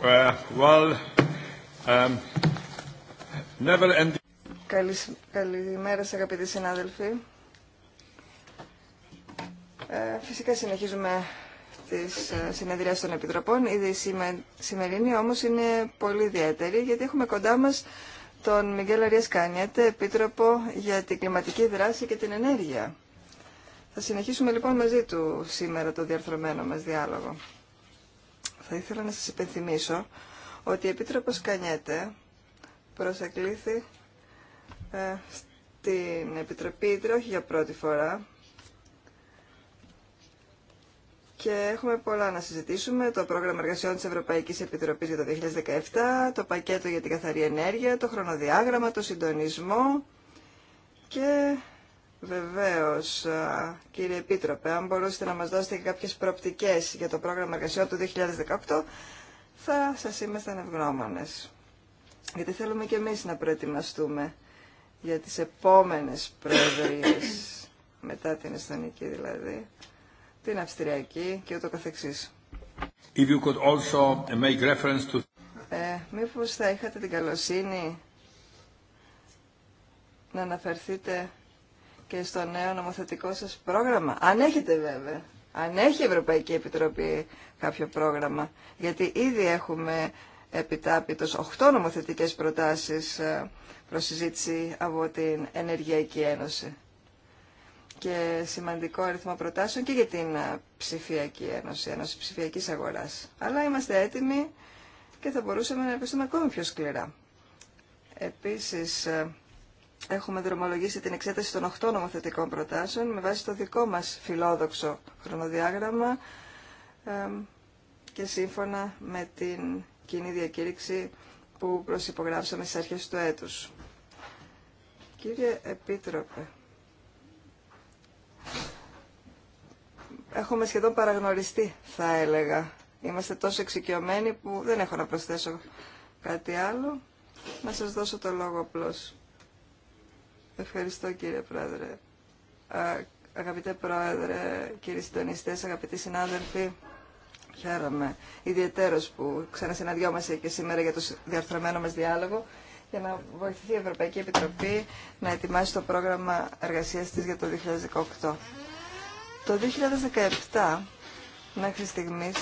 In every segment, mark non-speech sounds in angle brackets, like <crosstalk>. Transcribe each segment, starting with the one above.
Uh, um, καλημέρα σας αγαπητοί συνάδελφοι. Ε, φυσικά συνεχίζουμε τις ε, συνεδριάσεις των Επιτροπών. η σημερινή όμως είναι πολύ ιδιαίτερη γιατί έχουμε κοντά μας τον Μιγκέλα Αρίας Κάνιέτε, Επίτροπο για την Κλιματική Δράση και την Ενέργεια. Θα συνεχίσουμε λοιπόν μαζί του σήμερα το διαρθρωμένο μας διάλογο. Θα ήθελα να σας υπενθυμίσω ότι η Επίτροπος Κανιέτε προσεκλήθη ε, στην Επιτροπή Ήτρε, όχι για πρώτη φορά, και έχουμε πολλά να συζητήσουμε. Το πρόγραμμα εργασιών της Ευρωπαϊκής Επιτροπής για το 2017, το πακέτο για την καθαρή ενέργεια, το χρονοδιάγραμμα, το συντονισμό και Βεβαίως, κύριε Επίτροπε, αν μπορούσατε να μας δώσετε και κάποιες προοπτικές για το πρόγραμμα εργασιών του 2018, θα σας ήμασταν ευγνώμονες. Γιατί θέλουμε και εμείς να προετοιμαστούμε για τις επόμενες προεδρίες, <coughs> μετά την Εσθονική δηλαδή, την Αυστριακή και ούτω καθεξής. If ε, μήπως θα είχατε την καλοσύνη να αναφερθείτε και στο νέο νομοθετικό σας πρόγραμμα. Αν έχετε βέβαια, αν έχει η Ευρωπαϊκή Επιτροπή κάποιο πρόγραμμα, γιατί ήδη έχουμε επιτάπητος 8 νομοθετικές προτάσεις ε, προς συζήτηση από την Ενεργειακή Ένωση και σημαντικό αριθμό προτάσεων και για την ε, ψηφιακή ένωση, ένωση ψηφιακής αγοράς. Αλλά είμαστε έτοιμοι και θα μπορούσαμε να εργαστούμε ακόμη πιο σκληρά. Επίσης, ε, έχουμε δρομολογήσει την εξέταση των 8 νομοθετικών προτάσεων με βάση το δικό μας φιλόδοξο χρονοδιάγραμμα και σύμφωνα με την κοινή διακήρυξη που προσυπογράψαμε στις αρχές του έτους. Κύριε Επίτροπε, έχουμε σχεδόν παραγνωριστεί θα έλεγα. Είμαστε τόσο εξοικειωμένοι που δεν έχω να προσθέσω κάτι άλλο. Να σας δώσω το λόγο απλώς. Ευχαριστώ κύριε Πρόεδρε. Αγαπητέ Πρόεδρε, κύριοι συντονιστές, αγαπητοί συνάδελφοι, χαίρομαι ιδιαίτερος που ξανασυναντιόμαστε και σήμερα για το διαρθρωμένο μας διάλογο για να βοηθηθεί η Ευρωπαϊκή Επιτροπή να ετοιμάσει το πρόγραμμα εργασίας της για το 2018. Το 2017 μέχρι στιγμή,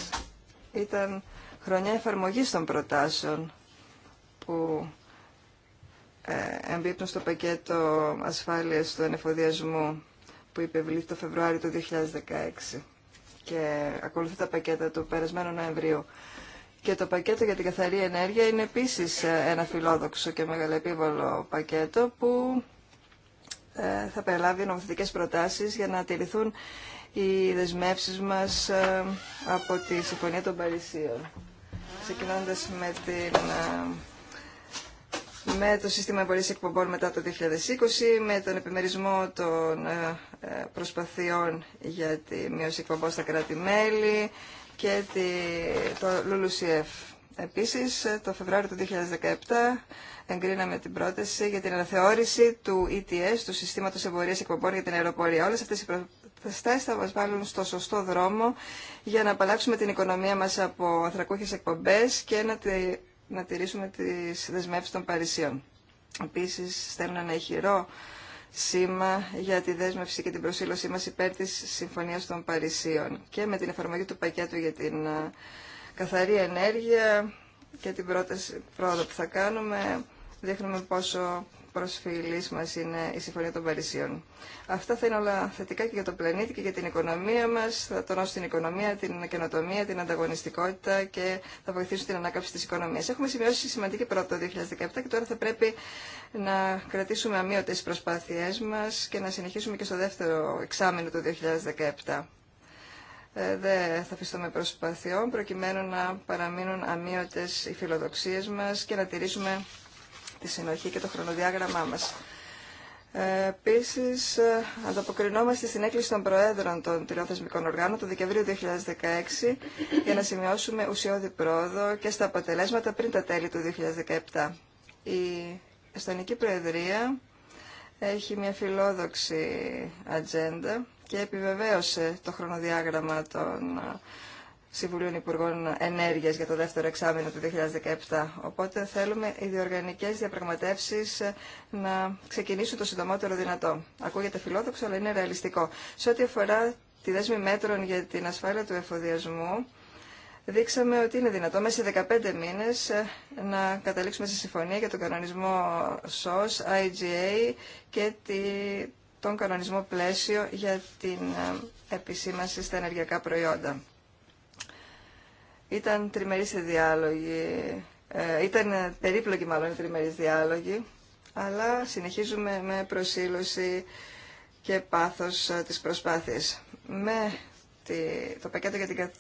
ήταν χρονιά εφαρμογής των προτάσεων που ε, εμπίπτουν στο πακέτο ασφάλειας του ανεφοδιασμού που υπευλήθη το Φεβρουάριο του 2016 και ακολουθεί τα πακέτα του περασμένου Νοεμβρίου. Και το πακέτο για την καθαρή ενέργεια είναι επίσης ε, ένα φιλόδοξο και μεγαλοεπίβολο πακέτο που ε, θα περιλάβει νομοθετικές προτάσεις για να τηρηθούν οι δεσμεύσεις μας από τη Συμφωνία των Παρισίων. Ξεκινώντας με την με το σύστημα εμπορίας εκπομπών μετά το 2020, με τον επιμερισμό των ε, ε, προσπαθειών για τη μείωση εκπομπών στα κράτη-μέλη και το LULUCF. Επίσης, ε, το Φεβράριο του 2017 εγκρίναμε την πρόταση για την αναθεώρηση του ETS, του Συστήματος Εμπορίας Εκπομπών για την Αεροπορία. Όλες αυτές οι προστάσεις θα μας βάλουν στο σωστό δρόμο για να απαλλάξουμε την οικονομία μας από ανθρακούχες εκπομπές και να να τηρήσουμε τις δεσμεύσεις των Παρισίων. Επίσης, θέλω ένα ηχηρό σήμα για τη δέσμευση και την προσήλωσή μας υπέρ της Συμφωνίας των Παρισίων και με την εφαρμογή του πακέτου για την ε, καθαρή ενέργεια και την πρόταση πρόοδο που θα κάνουμε δείχνουμε πόσο προσφυλής μας είναι η Συμφωνία των Παρισίων. Αυτά θα είναι όλα θετικά και για το πλανήτη και για την οικονομία μας. Θα τονώσουν την οικονομία, την καινοτομία, την ανταγωνιστικότητα και θα βοηθήσουν την ανάκαμψη της οικονομίας. Έχουμε σημειώσει σημαντική πρώτη το 2017 και τώρα θα πρέπει να κρατήσουμε αμύωτες τι προσπάθειές μας και να συνεχίσουμε και στο δεύτερο εξάμεινο του 2017 δεν ε, θα αφιστούμε προσπαθειών προκειμένου να παραμείνουν αμύωτες οι φιλοδοξίες μας και να τηρήσουμε τη συνοχή και το χρονοδιάγραμμά μας. Ε, Επίση, ε, ανταποκρινόμαστε στην έκκληση των Προέδρων των Τριοθεσμικών οργάνων το Δεκεμβρίου 2016 για να σημειώσουμε ουσιώδη πρόοδο και στα αποτελέσματα πριν τα τέλη του 2017. Η Εστονική Προεδρία έχει μια φιλόδοξη ατζέντα και επιβεβαίωσε το χρονοδιάγραμμα των ε, Συμβουλίων Υπουργών Ενέργειας για το δεύτερο εξάμεινο του 2017. Οπότε θέλουμε οι διοργανικές διαπραγματεύσεις να ξεκινήσουν το συντομότερο δυνατό. Ακούγεται φιλόδοξο, αλλά είναι ρεαλιστικό. Σε ό,τι αφορά τη δέσμη μέτρων για την ασφάλεια του εφοδιασμού, δείξαμε ότι είναι δυνατό μέσα σε 15 μήνες ε, να καταλήξουμε σε συμφωνία για τον κανονισμό SOS, IGA και τον κανονισμό πλαίσιο για την ε, επισήμανση στα ενεργειακά προϊόντα. Ήταν τριμερείς οι διάλογοι, ε, ήταν περίπλοκοι μάλλον οι τριμερείς διάλογοι, αλλά συνεχίζουμε με προσήλωση και πάθος ε, της προσπάθειας. Με τη, το πακέτο για την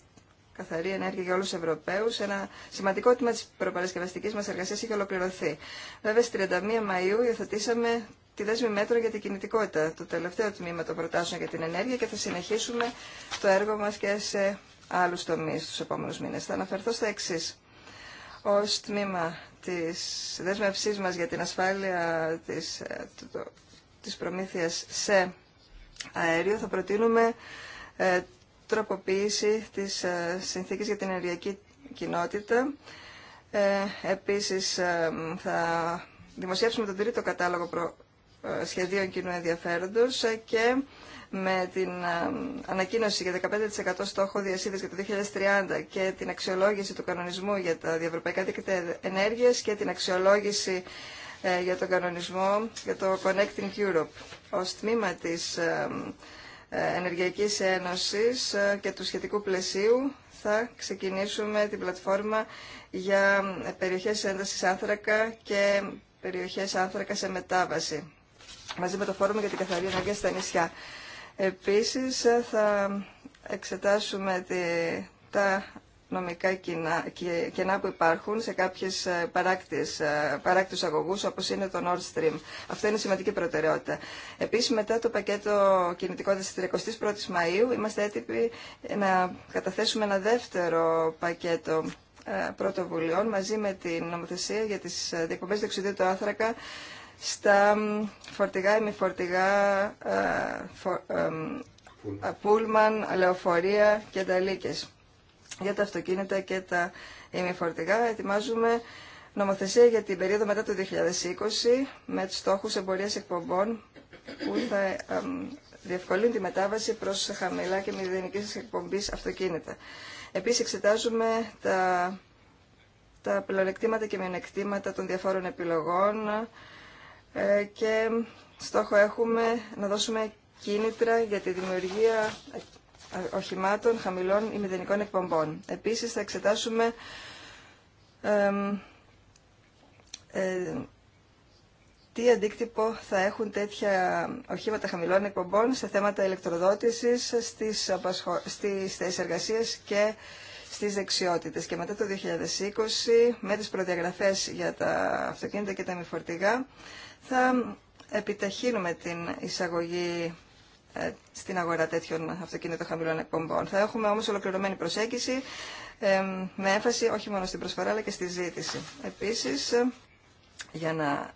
καθαρή ενέργεια για όλους τους Ευρωπαίους, Ένα σημαντικό τμήμα τη προπαρασκευαστικής μα εργασία είχε ολοκληρωθεί. Βέβαια, στις 31 Μαΐου υιοθετήσαμε τη δέσμη μέτρων για την κινητικότητα, το τελευταίο τμήμα των προτάσεων για την ενέργεια και θα συνεχίσουμε το έργο μας και σε άλλους τομείς τους επόμενους μήνες. Θα αναφερθώ στα εξή. Ω τμήμα της δέσμευσής μας για την ασφάλεια της, ε, της προμήθειας σε αέριο θα προτείνουμε ε, τροποποίηση της ε, συνθήκης για την ενεργειακή κοινότητα. Ε, επίσης ε, θα δημοσιεύσουμε τον τρίτο κατάλογο προ, ε, σχεδίων κοινού ενδιαφέροντος και με την ε, ανακοίνωση για 15% στόχο διασύνδεση για το 2030 και την αξιολόγηση του κανονισμού για τα διευρωπαϊκά δίκτυα ενέργειας και την αξιολόγηση ε, για τον κανονισμό για το Connecting Europe Ω τμήμα της ε, Ενεργειακής Ένωσης και του σχετικού πλαισίου θα ξεκινήσουμε την πλατφόρμα για περιοχές έντασης άνθρακα και περιοχές άνθρακα σε μετάβαση μαζί με το Φόρουμ για την Καθαρή Ενέργεια στα νησιά. Επίσης ε, θα εξετάσουμε τη, τα νομικά κοινά, κενά που υπάρχουν σε κάποιες ε, παράκτης, ε, παράκτης αγωγούς όπως είναι το Nord Stream. Αυτό είναι σημαντική προτεραιότητα. Επίσης μετά το πακέτο κινητικότητας της 31ης Μαΐου είμαστε έτοιμοι να καταθέσουμε ένα δεύτερο πακέτο πρωτοβουλειών μαζί με την νομοθεσία για τις διακοπές δεξιδίου του Άθρακα στα φορτηγά, ημιφορτηγά, ε, ε, πούλμαν, λεωφορεία και ταλίκες. Για τα αυτοκίνητα και τα ημιφορτηγά ετοιμάζουμε νομοθεσία για την περίοδο μετά το 2020 με στόχους εμπορίας εκπομπών που θα ε, διευκολύνει τη μετάβαση προς χαμηλά και μηδενικής εκπομπής αυτοκίνητα. Επίσης εξετάζουμε τα, τα πλεονεκτήματα και μειονεκτήματα των διαφόρων επιλογών ε, και στόχο έχουμε να δώσουμε κίνητρα για τη δημιουργία ε, οχημάτων χαμηλών ή μηδενικών εκπομπών. Επίσης θα εξετάσουμε ε, τι αντίκτυπο θα έχουν τέτοια οχήματα χαμηλών εκπομπών σε θέματα ηλεκτροδότησης, στις, στις θέσεις και στις δεξιότητες και μετά το 2020 με τις προδιαγραφές για τα αυτοκίνητα και τα μη φορτηγά θα επιταχύνουμε την εισαγωγή ε, στην αγορά τέτοιων αυτοκίνητων χαμηλών εκπομπών. Θα έχουμε όμως ολοκληρωμένη προσέγγιση ε, με έμφαση όχι μόνο στην προσφορά αλλά και στη ζήτηση. Επίσης, ε, για να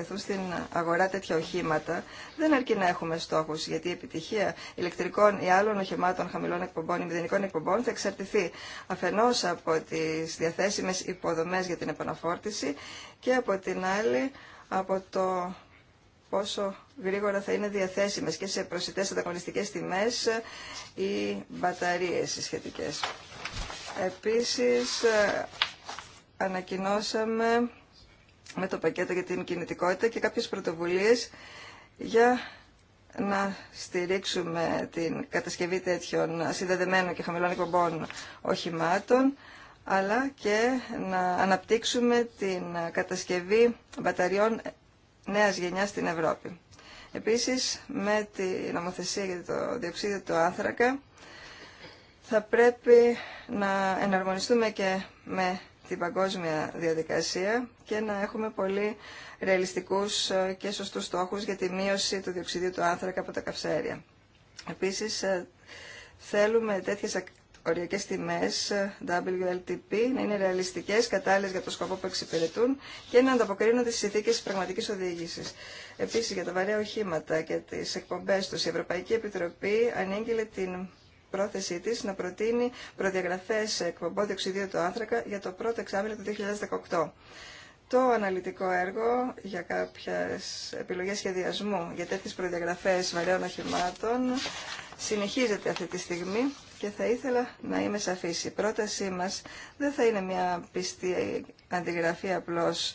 τεθούν στην αγορά τέτοια οχήματα, δεν αρκεί να έχουμε στόχου, γιατί η επιτυχία ηλεκτρικών ή άλλων οχημάτων χαμηλών εκπομπών ή μηδενικών εκπομπών θα εξαρτηθεί αφενό από τι διαθέσιμε υποδομέ για την επαναφόρτιση και από την άλλη από το πόσο γρήγορα θα είναι διαθέσιμες και σε προσιτές ανταγωνιστικές τιμές οι μπαταρίες οι σχετικές. Επίσης, ε, ανακοινώσαμε με το πακέτο για την κινητικότητα και κάποιες πρωτοβουλίες για να στηρίξουμε την κατασκευή τέτοιων συνδεδεμένων και χαμηλών εκπομπών οχημάτων, αλλά και να αναπτύξουμε την κατασκευή μπαταριών νέας γενιάς στην Ευρώπη. Επίσης, με την νομοθεσία για το διοξείδιο του άνθρακα, θα πρέπει να εναρμονιστούμε και με την παγκόσμια διαδικασία και να έχουμε πολύ ρεαλιστικούς ε, και σωστούς στόχους για τη μείωση του διοξιδίου του άνθρακα από τα καυσαέρια. Επίσης, ε, θέλουμε τέτοιες οριακές τιμές ε, WLTP να είναι ρεαλιστικές, κατάλληλες για το σκοπό που εξυπηρετούν και να ανταποκρίνονται στις συνθήκες της πραγματικής οδήγησης. Επίσης, για τα βαρέα οχήματα και τις εκπομπές τους, η Ευρωπαϊκή Επιτροπή ανήγγειλε την πρόθεσή της να προτείνει προδιαγραφέ εκπομπών διοξιδίου του άνθρακα για το πρώτο εξάμεινο του 2018. Το αναλυτικό έργο για κάποιε επιλογές σχεδιασμού για τέτοιε προδιαγραφέ βαρέων οχημάτων συνεχίζεται αυτή τη στιγμή και θα ήθελα να είμαι σαφή. Η πρότασή μα δεν θα είναι μια πιστή αντιγραφή απλώς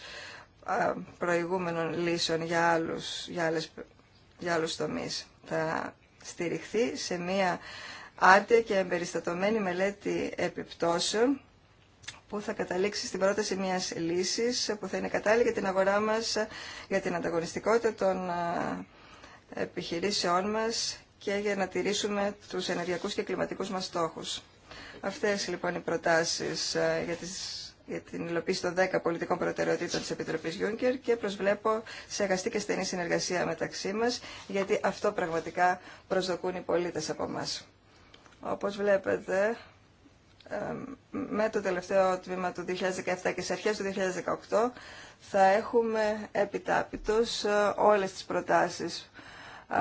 προηγούμενων λύσεων για άλλου για για άλλους Θα στηριχθεί σε μια άρτια και εμπεριστατωμένη μελέτη επιπτώσεων που θα καταλήξει στην πρόταση μιας λύσης που θα είναι κατάλληλη για την αγορά μας, για την ανταγωνιστικότητα των επιχειρήσεών μας και για να τηρήσουμε τους ενεργειακούς και κλιματικούς μας στόχους. Αυτές λοιπόν οι προτάσεις για, τις, για την υλοποίηση των 10 πολιτικών προτεραιοτήτων της Επιτροπής Γιούνκερ και προσβλέπω σε αγαστή και στενή συνεργασία μεταξύ μας γιατί αυτό πραγματικά προσδοκούν οι πολίτες από εμά. Όπως βλέπετε, με το τελευταίο τμήμα του 2017 και σε αρχές του 2018 θα έχουμε επιτάπητος ε, όλες τις προτάσεις ε,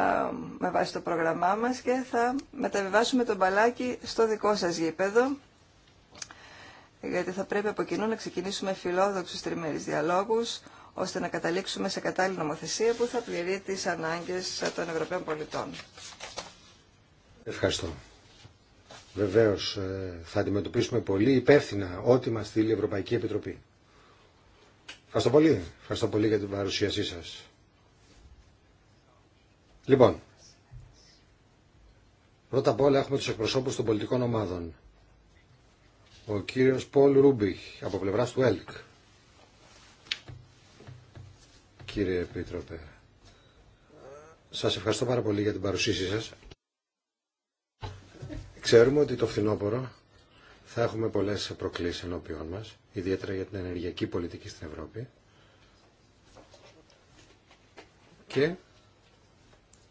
με βάση το πρόγραμμά μας και θα μεταβιβάσουμε τον μπαλάκι στο δικό σας γήπεδο γιατί θα πρέπει από κοινού να ξεκινήσουμε φιλόδοξους τριμέρις διαλόγους ώστε να καταλήξουμε σε κατάλληλη νομοθεσία που θα πληρεί τις ανάγκες των Ευρωπαίων πολιτών. Ευχαριστώ. Βεβαίω, ε, θα αντιμετωπίσουμε πολύ υπεύθυνα ό,τι μας στείλει η Ευρωπαϊκή Επιτροπή. Ευχαριστώ πολύ. Ευχαριστώ πολύ για την παρουσίασή σας. Λοιπόν, πρώτα απ' όλα έχουμε του εκπροσώπους των πολιτικών ομάδων. Ο κύριος Πολ Ρούμπιχ από πλευρά του ΕΛΚ. Κύριε Επίτροπε, σας ευχαριστώ πάρα πολύ για την παρουσίασή σα. Ξέρουμε ότι το φθινόπωρο θα έχουμε πολλές προκλήσεις ενώπιόν μας, ιδιαίτερα για την ενεργειακή πολιτική στην Ευρώπη. Και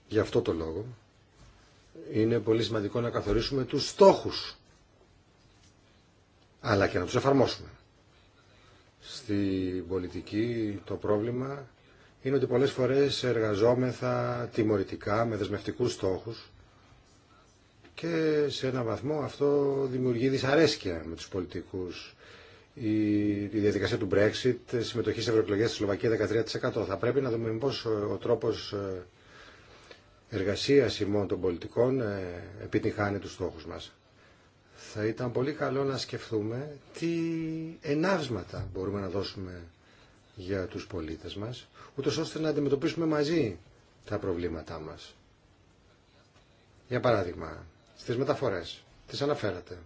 γι' αυτό το λόγο είναι πολύ σημαντικό να καθορίσουμε τους στόχους, αλλά και να τους εφαρμόσουμε. Στην πολιτική το πρόβλημα είναι ότι πολλές φορές εργαζόμεθα τιμωρητικά με δεσμευτικούς στόχους, και σε ένα βαθμό αυτό δημιουργεί δυσαρέσκεια με τους πολιτικούς. Η, διαδικασία του Brexit, συμμετοχή σε ευρωεκλογές στη Σλοβακία 13%. Θα πρέπει να δούμε πώς ε, ο τρόπος ε, εργασίας ημών των πολιτικών ε, επιτυχάνει τους στόχους μας. Θα ήταν πολύ καλό να σκεφτούμε τι ενάυσματα μπορούμε να δώσουμε για τους πολίτες μας, ούτως ώστε να αντιμετωπίσουμε μαζί τα προβλήματά μας. Για παράδειγμα, στις μεταφορές. Τις αναφέρατε.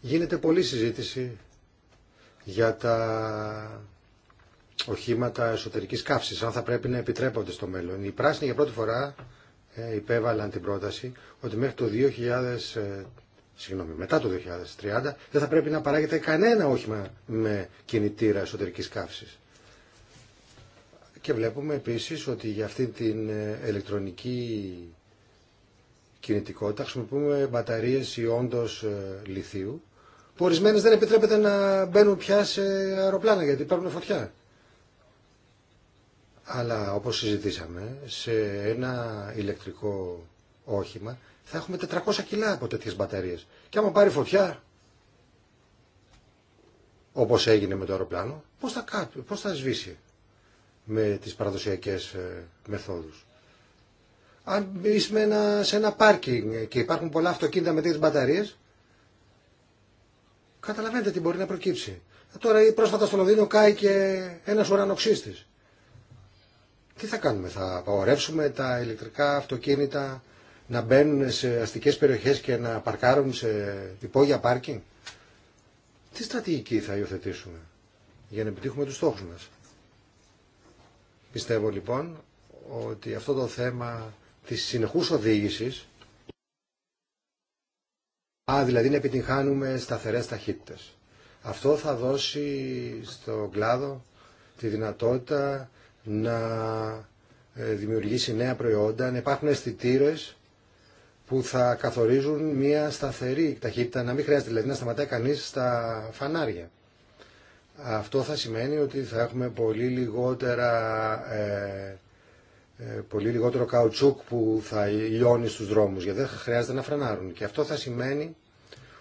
Γίνεται πολλή συζήτηση για τα οχήματα εσωτερικής καύσης, αν θα πρέπει να επιτρέπονται στο μέλλον. Οι πράσινοι για πρώτη φορά ε, υπέβαλαν την πρόταση ότι μέχρι το 2000, ε, συγγνώμη, μετά το 2030 δεν θα πρέπει να παράγεται κανένα όχημα με κινητήρα εσωτερικής καύσης. Και βλέπουμε επίσης ότι για αυτή την ε, ηλεκτρονική κινητικότητα χρησιμοποιούμε μπαταρίες ιόντος ε, λιθίου που ορισμένε δεν επιτρέπεται να μπαίνουν πια σε αεροπλάνα γιατί παίρνουν φωτιά. Αλλά όπως συζητήσαμε σε ένα ηλεκτρικό όχημα θα έχουμε 400 κιλά από τέτοιε μπαταρίες. Και άμα πάρει φωτιά όπως έγινε με το αεροπλάνο πώ θα, θα σβήσει με τις παραδοσιακές ε, μεθόδους αν μπει σε ένα, σε πάρκινγκ και υπάρχουν πολλά αυτοκίνητα με τέτοιες μπαταρίες, καταλαβαίνετε τι μπορεί να προκύψει. Ε, τώρα η πρόσφατα στο Λονδίνο κάει και ένας ουρανοξύστης. Τι θα κάνουμε, θα απαγορεύσουμε τα ηλεκτρικά αυτοκίνητα να μπαίνουν σε αστικές περιοχές και να παρκάρουν σε υπόγεια πάρκινγκ. Τι στρατηγική θα υιοθετήσουμε για να επιτύχουμε τους στόχους μας. Πιστεύω λοιπόν ότι αυτό το θέμα της συνεχούς οδήγησης, α, δηλαδή να επιτυγχάνουμε σταθερές ταχύτητες. Αυτό θα δώσει στον κλάδο τη δυνατότητα να ε, δημιουργήσει νέα προϊόντα, να υπάρχουν αισθητήρε που θα καθορίζουν μια σταθερή ταχύτητα, να μην χρειάζεται δηλαδή να σταματάει κανείς στα φανάρια. Αυτό θα σημαίνει ότι θα έχουμε πολύ λιγότερα ε, ε, πολύ λιγότερο καουτσούκ που θα λιώνει στους δρόμους γιατί δεν χρειάζεται να φρενάρουν και αυτό θα σημαίνει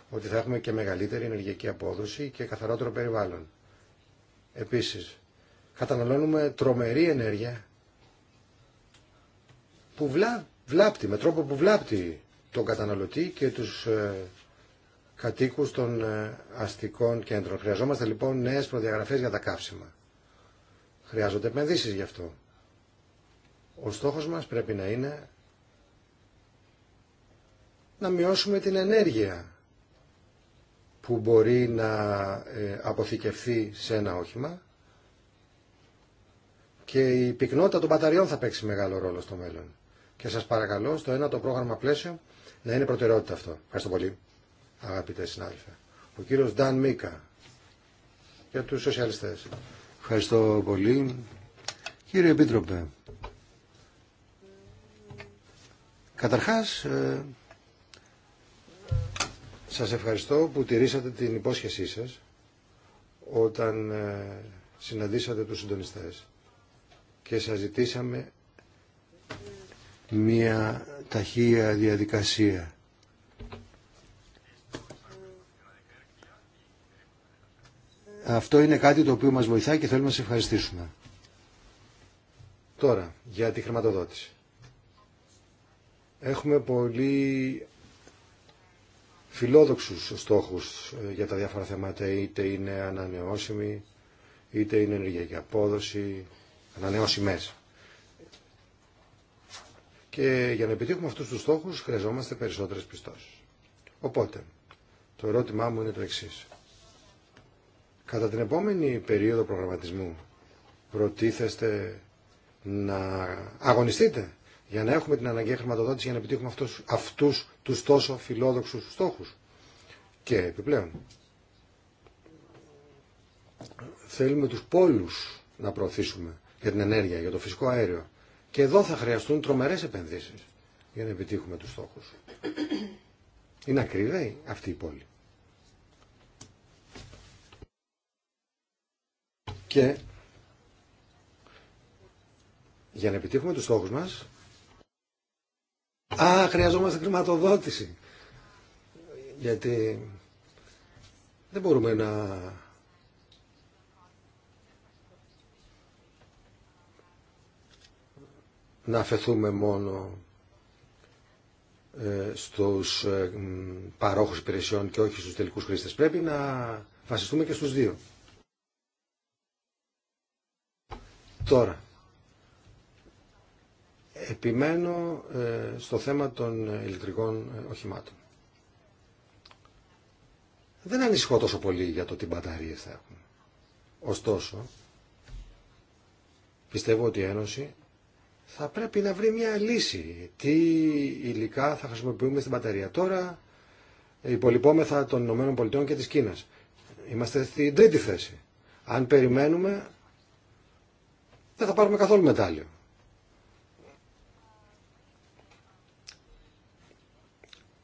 ότι θα έχουμε και μεγαλύτερη ενεργειακή απόδοση και καθαρότερο περιβάλλον. Επίσης, καταναλώνουμε τρομερή ενέργεια που βλάπτει, με τρόπο που βλάπτει τον καταναλωτή και τους ε, κατοίκους των ε, αστικών κέντρων. Χρειαζόμαστε λοιπόν νέες προδιαγραφές για τα καύσιμα. Χρειάζονται επενδύσεις γι' αυτό. Ο στόχος μας πρέπει να είναι να μειώσουμε την ενέργεια που μπορεί να ε, αποθηκευθεί σε ένα όχημα και η πυκνότητα των μπαταριών θα παίξει μεγάλο ρόλο στο μέλλον. Και σας παρακαλώ στο ένα το πρόγραμμα πλαίσιο να είναι προτεραιότητα αυτό. Ευχαριστώ πολύ, αγαπητέ συνάδελφε. Ο κύριος Νταν Μίκα για τους σοσιαλιστές. Ευχαριστώ πολύ. Κύριε Επίτροπε, Καταρχάς, ε, σας ευχαριστώ που τηρήσατε την υπόσχεσή σας όταν ε, συναντήσατε τους συντονιστές και σας ζητήσαμε μία ταχεία διαδικασία. Αυτό είναι κάτι το οποίο μας βοηθάει και θέλουμε να σε ευχαριστήσουμε. Τώρα, για τη χρηματοδότηση. Έχουμε πολύ φιλόδοξους στόχους ε, για τα διάφορα θέματα, είτε είναι ανανεώσιμοι, είτε είναι ενεργειακή απόδοση, ανανεώσιμες. Και για να επιτύχουμε αυτούς τους στόχους χρειαζόμαστε περισσότερες πιστώσεις. Οπότε, το ερώτημά μου είναι το εξής. Κατά την επόμενη περίοδο προγραμματισμού προτίθεστε να αγωνιστείτε για να έχουμε την αναγκαία χρηματοδότηση για να επιτύχουμε αυτούς, αυτούς τους τόσο φιλόδοξους στόχους. Και επιπλέον, θέλουμε τους πόλους να προωθήσουμε για την ενέργεια, για το φυσικό αέριο. Και εδώ θα χρειαστούν τρομερές επενδύσεις για να επιτύχουμε τους στόχους. Είναι ακριβή αυτή η πόλη. Και για να επιτύχουμε τους στόχους μας Α, χρειαζόμαστε χρηματοδότηση. Γιατί δεν μπορούμε να να αφαιθούμε μόνο ε, στους ε, παρόχους υπηρεσιών και όχι στους τελικούς χρήστες. Πρέπει να βασιστούμε και στους δύο. Τώρα, Επιμένω ε, στο θέμα των ε, ηλεκτρικών ε, οχημάτων. Δεν ανησυχώ τόσο πολύ για το τι μπαταρίε θα έχουν. Ωστόσο, πιστεύω ότι η Ένωση θα πρέπει να βρει μια λύση. Τι υλικά θα χρησιμοποιούμε στην μπαταρία. Τώρα υπολοιπόμεθα των ΗΠΑ και της Κίνας. Είμαστε στην τρίτη θέση. Αν περιμένουμε δεν θα πάρουμε καθόλου μετάλλιο.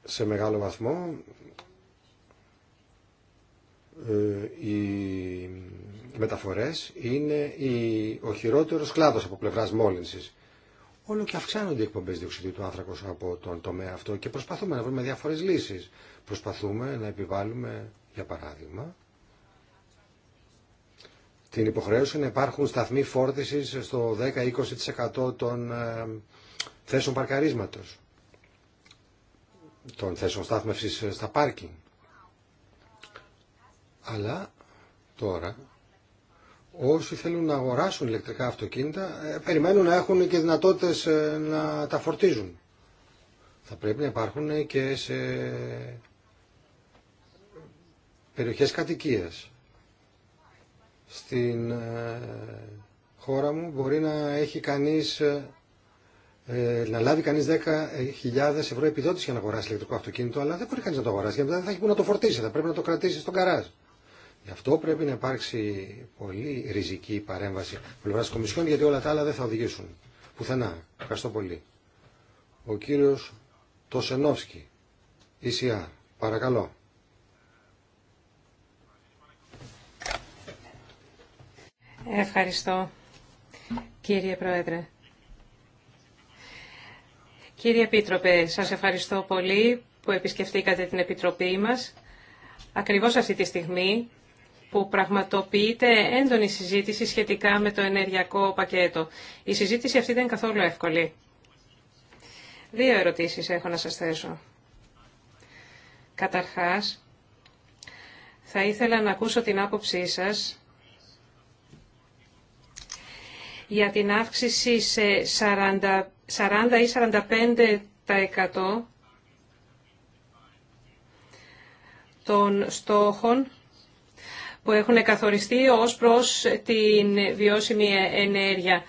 σε μεγάλο βαθμό ε, οι μεταφορές είναι ο χειρότερος κλάδος από πλευράς μόλυνσης. Όλο και αυξάνονται οι εκπομπέ διοξιδίου του άνθρακος από τον τομέα αυτό και προσπαθούμε να βρούμε διάφορες λύσεις. Προσπαθούμε να επιβάλλουμε, για παράδειγμα, την υποχρέωση να υπάρχουν σταθμοί φόρτισης στο 10-20% των ε, θέσεων παρκαρίσματος των θέσεων στάθμευσης ε, στα πάρκινγκ. Αλλά τώρα όσοι θέλουν να αγοράσουν ηλεκτρικά αυτοκίνητα ε, περιμένουν να έχουν και δυνατότητες ε, να τα φορτίζουν. Θα πρέπει να υπάρχουν και σε περιοχές κατοικίας. Στην χώρα μου μπορεί να έχει κανείς ε, να λάβει κανεί 10.000 ευρώ επιδότηση για να αγοράσει ηλεκτρικό αυτοκίνητο, αλλά δεν μπορεί κανεί να το αγοράσει γιατί δεν θα έχει που να το φορτίσει, θα πρέπει να το κρατήσει στον καράζ. Γι' αυτό πρέπει να υπάρξει πολύ ριζική παρέμβαση πλευρά τη Κομισιόν γιατί όλα τα άλλα δεν θα οδηγήσουν πουθενά. Ευχαριστώ πολύ. Ο κύριο Τοσενόφσκι, ECR, παρακαλώ. Ευχαριστώ, κύριε Πρόεδρε. Κύριε Επίτροπε, σας ευχαριστώ πολύ που επισκεφτήκατε την Επιτροπή μας. Ακριβώς αυτή τη στιγμή που πραγματοποιείται έντονη συζήτηση σχετικά με το ενεργειακό πακέτο. Η συζήτηση αυτή δεν είναι καθόλου εύκολη. Δύο ερωτήσεις έχω να σας θέσω. Καταρχάς, θα ήθελα να ακούσω την άποψή σας για την αύξηση σε 45 40 ή 45% των στόχων που έχουν καθοριστεί ως προς την βιώσιμη ενέργεια.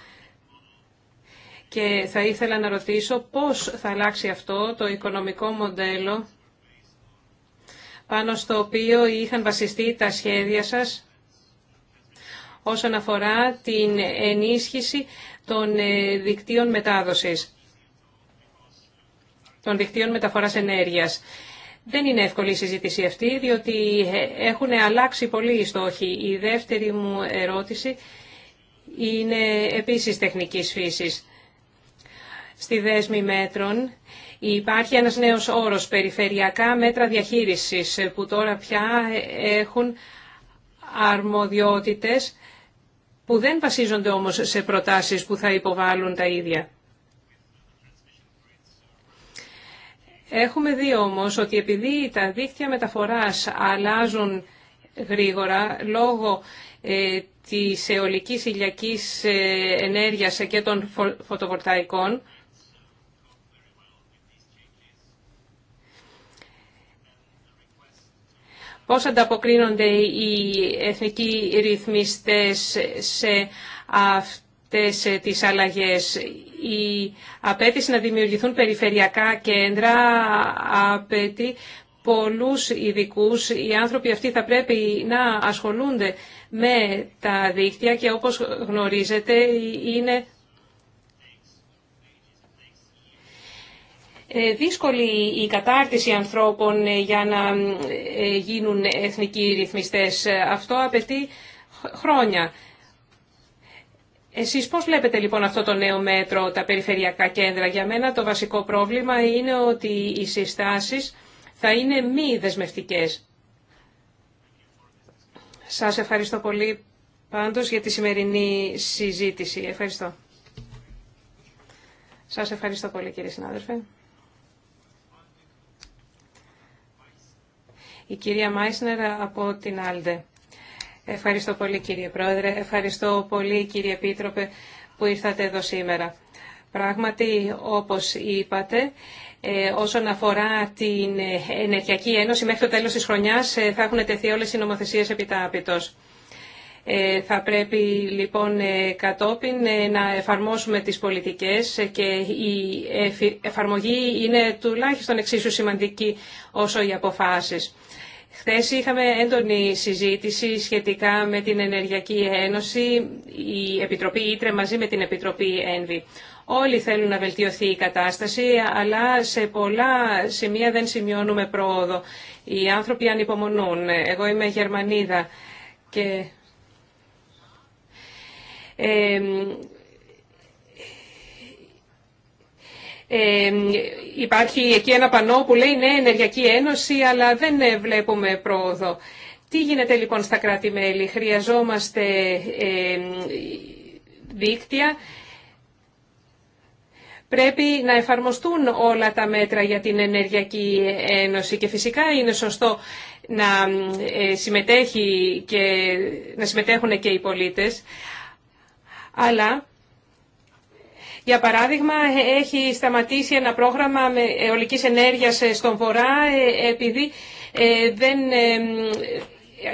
Και θα ήθελα να ρωτήσω πώς θα αλλάξει αυτό το οικονομικό μοντέλο πάνω στο οποίο είχαν βασιστεί τα σχέδια σας όσον αφορά την ενίσχυση των ε, δικτύων μετάδοσης, των δικτύων μεταφοράς ενέργειας. Δεν είναι εύκολη η συζήτηση αυτή, διότι ε, έχουν αλλάξει πολύ οι στόχοι. Η δεύτερη μου ερώτηση είναι επίσης τεχνικής φύσης. Στη δέσμη μέτρων υπάρχει ένας νέος όρος, περιφερειακά μέτρα διαχείρισης, ε, που τώρα πια έχουν αρμοδιότητες που δεν βασίζονται όμως σε προτάσεις που θα υποβάλουν τα ίδια. Έχουμε δει όμως ότι επειδή τα δίκτυα μεταφοράς αλλάζουν γρήγορα λόγω ε, της αιωλικής ηλιακής ε, ενέργειας και των φωτοβολταϊκών, πώς ανταποκρίνονται οι εθνικοί ρυθμιστές σε αυτές τις αλλαγές. Η απέτηση να δημιουργηθούν περιφερειακά κέντρα απέτει πολλούς ειδικού. Οι άνθρωποι αυτοί θα πρέπει να ασχολούνται με τα δίκτυα και όπως γνωρίζετε είναι Ε, δύσκολη η κατάρτιση ανθρώπων ε, για να ε, γίνουν εθνικοί ρυθμιστές. Αυτό απαιτεί χρόνια. Εσείς πώς βλέπετε λοιπόν αυτό το νέο μέτρο, τα περιφερειακά κέντρα. Για μένα το βασικό πρόβλημα είναι ότι οι συστάσεις θα είναι μη δεσμευτικές. Σας ευχαριστώ πολύ πάντως για τη σημερινή συζήτηση. Ευχαριστώ. Σας ευχαριστώ πολύ κύριε συνάδελφε. Η κυρία Μάισνερ από την Άλντε. Ευχαριστώ πολύ κύριε Πρόεδρε, ευχαριστώ πολύ κύριε Επίτροπε που ήρθατε εδώ σήμερα. Πράγματι, όπως είπατε, ε, όσον αφορά την Ενεργειακή Ένωση, μέχρι το τέλος της χρονιάς ε, θα έχουν τεθεί όλες οι νομοθεσίες επιτάπητος. Ε, θα πρέπει λοιπόν κατόπιν να εφαρμόσουμε τις πολιτικές και η εφαρμογή είναι τουλάχιστον εξίσου σημαντική όσο οι αποφάσεις. Χθε είχαμε έντονη συζήτηση σχετικά με την Ενεργειακή Ένωση, η Επιτροπή Ήτρε μαζί με την Επιτροπή Ένβη. Όλοι θέλουν να βελτιωθεί η κατάσταση, αλλά σε πολλά σημεία δεν σημειώνουμε πρόοδο. Οι άνθρωποι ανυπομονούν. Εγώ είμαι Γερμανίδα και υπάρχει εκεί ένα πανό που λέει ναι ενεργειακή ένωση αλλά δεν ε, βλέπουμε πρόοδο. Τι γίνεται λοιπόν στα κράτη-μέλη. Χρειαζόμαστε δίκτυα. Πρέπει να εφαρμοστούν όλα τα μέτρα για την Ενεργειακή Ένωση και φυσικά είναι σωστό να, ε, συμμετέχει και, να συμμετέχουν και οι πολίτες, αλλά για παράδειγμα, έχει σταματήσει ένα πρόγραμμα αιωλικής ενέργειας ε, στον Βορρά ε, επειδή ε, δεν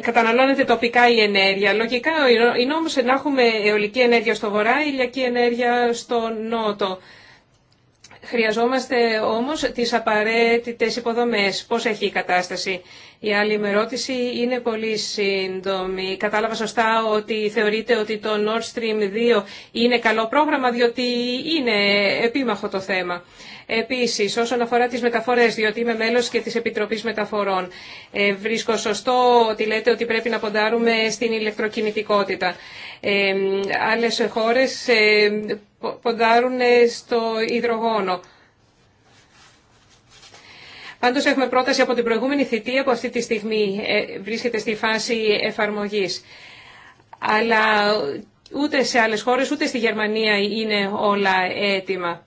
καταναλώνεται τοπικά η ενέργεια. Λογικά, είναι όμως να έχουμε αιωλική ενέργεια στον Βορρά, ηλιακή ενέργεια στον Νότο. Χρειαζόμαστε όμως τις απαραίτητες υποδομές. Πώς έχει η κατάσταση. Η άλλη με ερώτηση είναι πολύ σύντομη. Κατάλαβα σωστά ότι θεωρείτε ότι το Nord Stream 2 είναι καλό πρόγραμμα διότι είναι επίμαχο το θέμα. Επίσης, όσον αφορά τις μεταφορές, διότι είμαι μέλος και της Επιτροπής Μεταφορών, ε, βρίσκω σωστό ότι λέτε ότι πρέπει να ποντάρουμε στην ηλεκτροκινητικότητα. Ε, άλλες χώρες ε, ποντάρουν στο υδρογόνο. Πάντω έχουμε πρόταση από την προηγούμενη θητεία που αυτή τη στιγμή ε, βρίσκεται στη φάση εφαρμογής. Αλλά ούτε σε άλλε χώρε ούτε στη Γερμανία είναι όλα έτοιμα.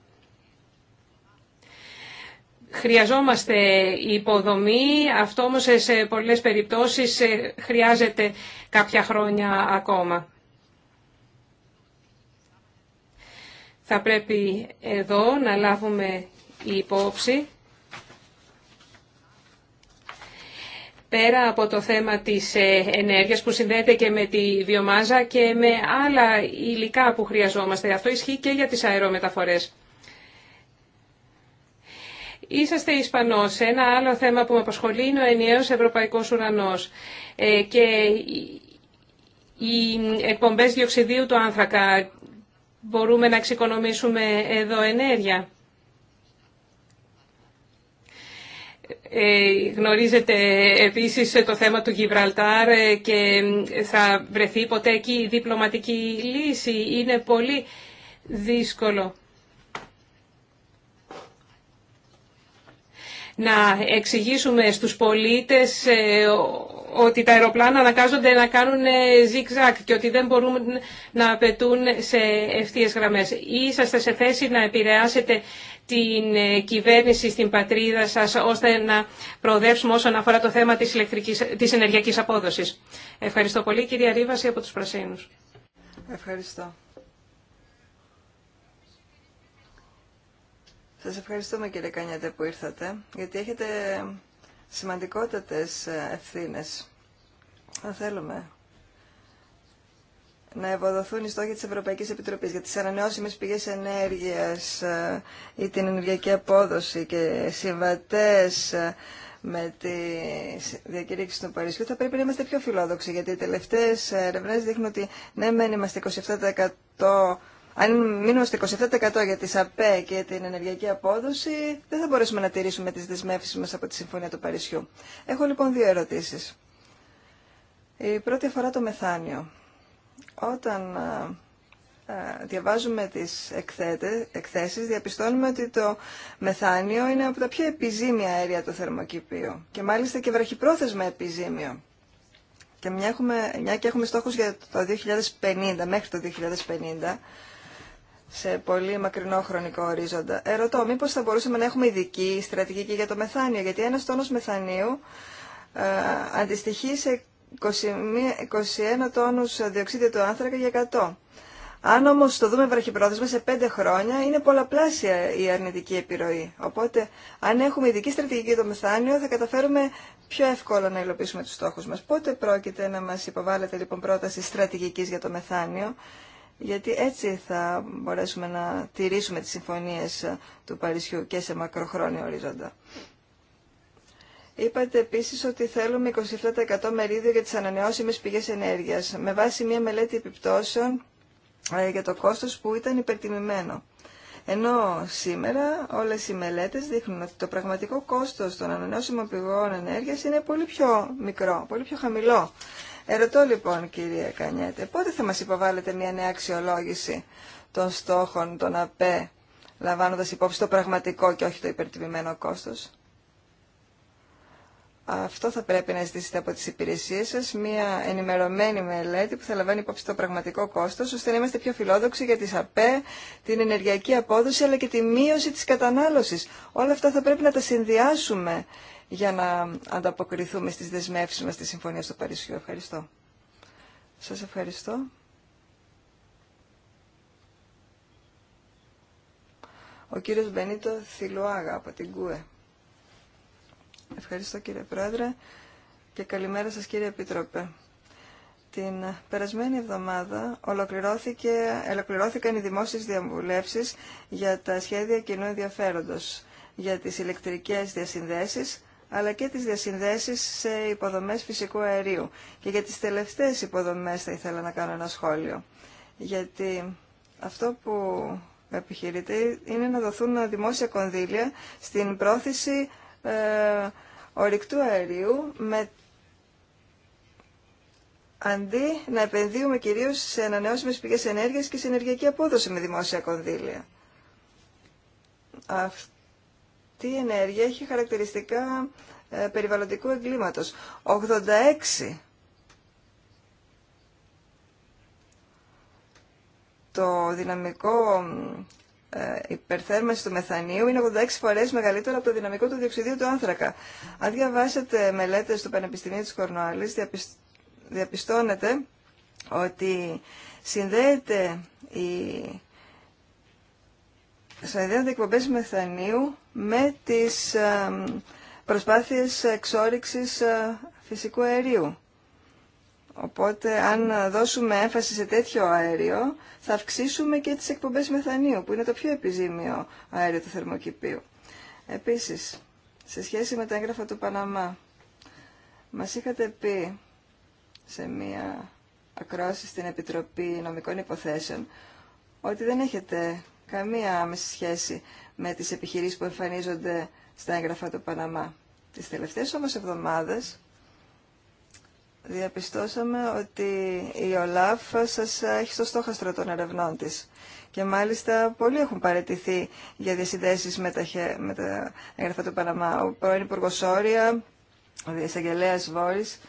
Χρειαζόμαστε υποδομή, αυτό όμως σε πολλές περιπτώσεις ε, χρειάζεται κάποια χρόνια ακόμα. Θα πρέπει εδώ να λάβουμε υπόψη πέρα από το θέμα της ε, ενέργειας που συνδέεται και με τη βιομάζα και με άλλα υλικά που χρειαζόμαστε. Αυτό ισχύει και για τις αερομεταφορές. Είσαστε Ισπανός. Ένα άλλο θέμα που με απασχολεί είναι ο ενιαίος ευρωπαϊκός ουρανός. Ε, και οι εκπομπές διοξιδίου του άνθρακα μπορούμε να εξοικονομήσουμε εδώ ενέργεια. Ε, γνωρίζετε επίσης το θέμα του Γιβραλτάρ και θα βρεθεί ποτέ εκεί η διπλωματική λύση. Είναι πολύ δύσκολο. Να εξηγήσουμε στους πολίτες ε, ότι τα αεροπλάνα αναγκάζονται να κάνουν ζιγ-ζακ ε, και ότι δεν μπορούν να πετούν σε ευθείες γραμμές. Είσαστε σε θέση να επηρεάσετε την ε, κυβέρνηση στην πατρίδα σας ώστε να προοδεύσουμε όσον αφορά το θέμα της, ηλεκτρικής, της ενεργειακής απόδοσης. Ευχαριστώ πολύ κυρία Ρίβαση από τους Πρασίνους. Ευχαριστώ. Σας ευχαριστούμε κύριε Κανιέτε που ήρθατε, γιατί έχετε σημαντικότατες ε, ευθύνες. Θα θέλουμε να ευοδοθούν οι στόχοι της Ευρωπαϊκής Επιτροπής για τις ανανεώσιμες πηγές ενέργειας ε, ή την ενεργειακή απόδοση και συμβατές ε, με τη διακήρυξη του Παρισιού θα πρέπει να είμαστε πιο φιλόδοξοι γιατί οι τελευταίες ερευνές δείχνουν ότι ναι μεν είμαστε 27% αν μείνουμε στο 27% για τις ΑΠΕ και την ενεργειακή απόδοση, δεν θα μπορέσουμε να τηρήσουμε τις δεσμεύσεις μας από τη Συμφωνία του Παρισιού. Έχω λοιπόν δύο ερωτήσεις. Η πρώτη αφορά το μεθάνιο. Όταν διαβάζουμε τις εκθέσεις, διαπιστώνουμε ότι το μεθάνιο είναι από τα πιο επιζήμια αέρια του θερμοκηπίου και μάλιστα και βραχυπρόθεσμα επιζήμιο. Και μια, έχουμε, και έχουμε στόχους για το 2050, μέχρι το 2050, σε πολύ μακρινό χρονικό ορίζοντα. Ερωτώ, μήπω θα μπορούσαμε να έχουμε ειδική στρατηγική για το μεθάνιο, γιατί ένα τόνο μεθανίου ε, αντιστοιχεί σε 21, 21 τόνους διοξίδιο του άνθρακα για 100. Αν όμως το δούμε βραχυπρόθεσμα σε 5 χρόνια, είναι πολλαπλάσια η αρνητική επιρροή. Οπότε, αν έχουμε ειδική στρατηγική για το μεθάνιο, θα καταφέρουμε πιο εύκολα να υλοποιήσουμε τους στόχους μας. Πότε πρόκειται να μας υποβάλλετε λοιπόν πρόταση στρατηγικής για το μεθάνιο γιατί έτσι θα μπορέσουμε να τηρήσουμε τις συμφωνίες του Παρισιού και σε μακροχρόνιο ορίζοντα. Είπατε επίσης ότι θέλουμε 27% μερίδιο για τις ανανεώσιμες πηγές ενέργειας, με βάση μια μελέτη επιπτώσεων ε, για το κόστος που ήταν υπερτιμημένο. Ενώ σήμερα όλες οι μελέτες δείχνουν ότι το πραγματικό κόστος των ανανεώσιμων πηγών ενέργειας είναι πολύ πιο μικρό, πολύ πιο χαμηλό Ερωτώ λοιπόν κυρία Κανιέτε, πότε θα μας υποβάλλετε μια νέα αξιολόγηση των στόχων των ΑΠΕ, λαμβάνοντας υπόψη το πραγματικό και όχι το υπερτιμημένο κόστος. Αυτό θα πρέπει να ζητήσετε από τις υπηρεσίες σας, μια ενημερωμένη μελέτη που θα λαμβάνει υπόψη το πραγματικό κόστος, ώστε να είμαστε πιο φιλόδοξοι για τις ΑΠΕ, την ενεργειακή απόδοση, αλλά και τη μείωση της κατανάλωσης. Όλα αυτά θα πρέπει να τα συνδυάσουμε για να ανταποκριθούμε στις δεσμεύσεις μας στη Συμφωνία στο Παρίσιου. Ευχαριστώ. Σας ευχαριστώ. Ο κύριος Μπενίτο Θηλουάγα από την ΚΟΕ. Ευχαριστώ κύριε Πρόεδρε και καλημέρα σας κύριε Επίτροπε. Την περασμένη εβδομάδα ολοκληρώθηκε, ολοκληρώθηκαν οι δημόσιες διαβουλεύσεις για τα σχέδια κοινού ενδιαφέροντος για τις ηλεκτρικές διασυνδέσεις αλλά και τις διασυνδέσεις σε υποδομές φυσικού αερίου. Και για τις τελευταίες υποδομές θα ήθελα να κάνω ένα σχόλιο. Γιατί αυτό που επιχειρείται είναι να δοθούν δημόσια κονδύλια στην πρόθεση ε, ορυκτού αερίου με αντί να επενδύουμε κυρίως σε ανανεώσιμες πηγές ενέργειας και σε ενεργειακή απόδοση με δημόσια κονδύλια. Αυτό τι ενέργεια έχει χαρακτηριστικά ε, περιβαλλοντικού εγκλήματος. 86 το δυναμικό ε, υπερθέρμανση του μεθανίου είναι 86 φορές μεγαλύτερο από το δυναμικό του διοξιδίου του άνθρακα. Αν διαβάσετε μελέτες του Πανεπιστημίου της Κορνοάλης, διαπιστώνετε ότι συνδέεται η ιδέα της εκπομπές μεθανίου με τις προσπάθειες εξόριξης ε, φυσικού αερίου. Οπότε αν δώσουμε έμφαση σε τέτοιο αέριο θα αυξήσουμε και τις εκπομπές μεθανίου που είναι το πιο επιζήμιο αέριο του θερμοκηπίου. Επίσης, σε σχέση με τα έγγραφα του Παναμά, μας είχατε πει σε μία ακρόση στην Επιτροπή Νομικών Υποθέσεων ότι δεν έχετε καμία άμεση σχέση με τις επιχειρήσεις που εμφανίζονται στα έγγραφα του Παναμά. Τις τελευταίες όμως εβδομάδες διαπιστώσαμε ότι η ΟΛΑΦ σας έχει στο στόχαστρο των ερευνών της. Και μάλιστα πολλοί έχουν παραιτηθεί για διασυνδέσεις με τα, με τα έγγραφα του Παναμά. Ο πρώην Υπουργός Όρια, ο Διασαγγελέας Βόρης,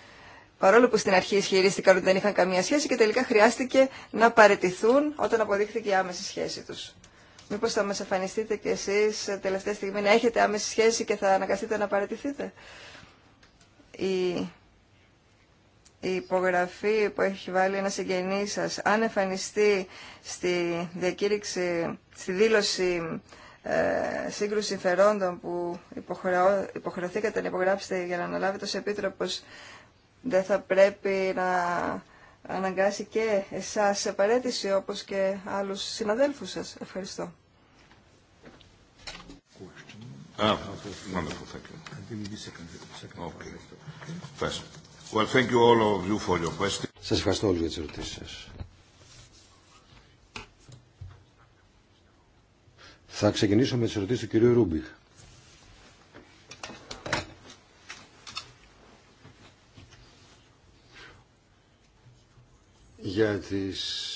παρόλο που στην αρχή ισχυρίστηκαν ότι δεν είχαν καμία σχέση και τελικά χρειάστηκε να παραιτηθούν όταν αποδείχθηκε η άμεση σχέση τους. Μήπω θα μα εμφανιστείτε κι εσείς ε, τελευταία στιγμή να έχετε άμεση σχέση και θα αναγκαστείτε να παρατηθείτε. Η, η υπογραφή που έχει βάλει ένα συγγενή σα αν εμφανιστεί στη διακήρυξη, στη δήλωση ε, σύγκρουση συμφερόντων που υποχρεωθήκατε να υπογράψετε για να αναλάβετε ως επίτροπος, δεν θα πρέπει να αναγκάσει και εσάς σε παρέτηση όπως και άλλους συναδέλφους σας. Ευχαριστώ. Ah, wonderful. Thank you. Okay. First. Well, thank you all of you for your questions. Σας ευχαριστώ όλους για τις ερωτήσεις σας. Θα ξεκινήσω με τις ερωτήσεις του κυρίου Ρούμπιχ. Για τις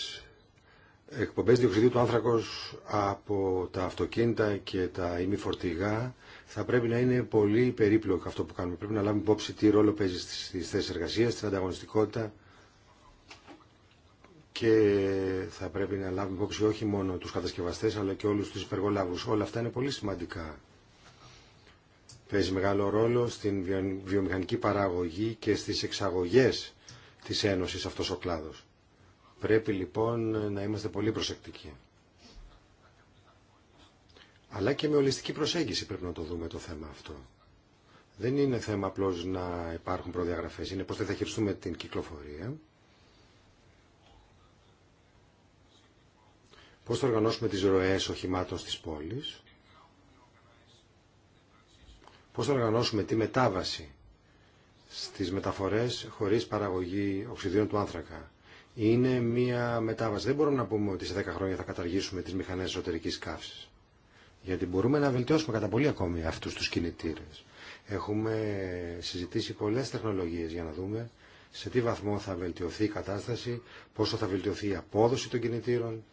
εκπομπές διοξιδίου του άνθρακος από τα αυτοκίνητα και τα ημιφορτηγά θα πρέπει να είναι πολύ περίπλοκο αυτό που κάνουμε. Πρέπει να λάβουμε υπόψη τι ρόλο παίζει στις θέσεις εργασίας, στην ανταγωνιστικότητα και θα πρέπει να λάβουμε υπόψη όχι μόνο τους κατασκευαστές αλλά και όλους τους υπεργολάβους. Όλα αυτά είναι πολύ σημαντικά. Παίζει μεγάλο ρόλο στην βιομηχανική παραγωγή και στις εξαγωγές της Ένωσης αυτός ο κλάδος. Πρέπει λοιπόν να είμαστε πολύ προσεκτικοί. Αλλά και με ολιστική προσέγγιση πρέπει να το δούμε το θέμα αυτό. Δεν είναι θέμα απλώ να υπάρχουν προδιαγραφές, είναι πώς θα χειριστούμε την κυκλοφορία, πώς θα οργανώσουμε τις ροές οχημάτων στις πόλεις, πώς θα οργανώσουμε τη μετάβαση στις μεταφορές χωρίς παραγωγή οξυδίων του άνθρακα είναι μια μετάβαση. Δεν μπορούμε να πούμε ότι σε 10 χρόνια θα καταργήσουμε τις μηχανές εσωτερική καύση. Γιατί μπορούμε να βελτιώσουμε κατά πολύ ακόμη αυτούς τους κινητήρες. Έχουμε συζητήσει πολλές τεχνολογίες για να δούμε σε τι βαθμό θα βελτιωθεί η κατάσταση, πόσο θα βελτιωθεί η απόδοση των κινητήρων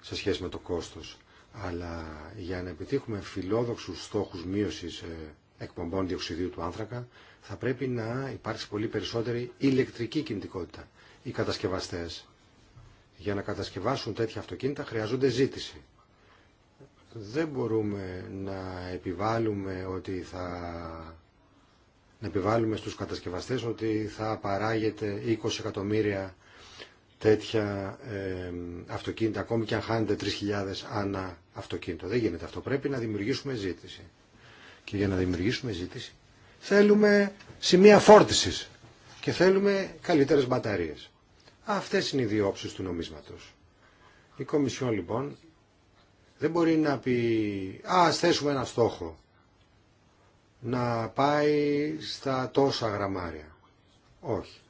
σε σχέση με το κόστος. Αλλά για να επιτύχουμε φιλόδοξους στόχους μείωσης ε, εκπομπών διοξιδίου του άνθρακα, θα πρέπει να υπάρξει πολύ περισσότερη ηλεκτρική κινητικότητα. Οι κατασκευαστές για να κατασκευάσουν τέτοια αυτοκίνητα χρειάζονται ζήτηση. Δεν μπορούμε να επιβάλλουμε ότι θα να επιβάλλουμε στους κατασκευαστές ότι θα παράγεται 20 εκατομμύρια τέτοια αυτοκίνητα, ακόμη και αν χάνεται 3.000 ανά αυτοκίνητο. Δεν γίνεται αυτό. Πρέπει να δημιουργήσουμε ζήτηση. Και για να δημιουργήσουμε ζήτηση θέλουμε σημεία φόρτισης και θέλουμε καλύτερες μπαταρίες. Αυτές είναι οι δύο όψεις του νομίσματος. Η Κομισιόν λοιπόν δεν μπορεί να πει «Α, ας θέσουμε ένα στόχο» να πάει στα τόσα γραμμάρια. Όχι.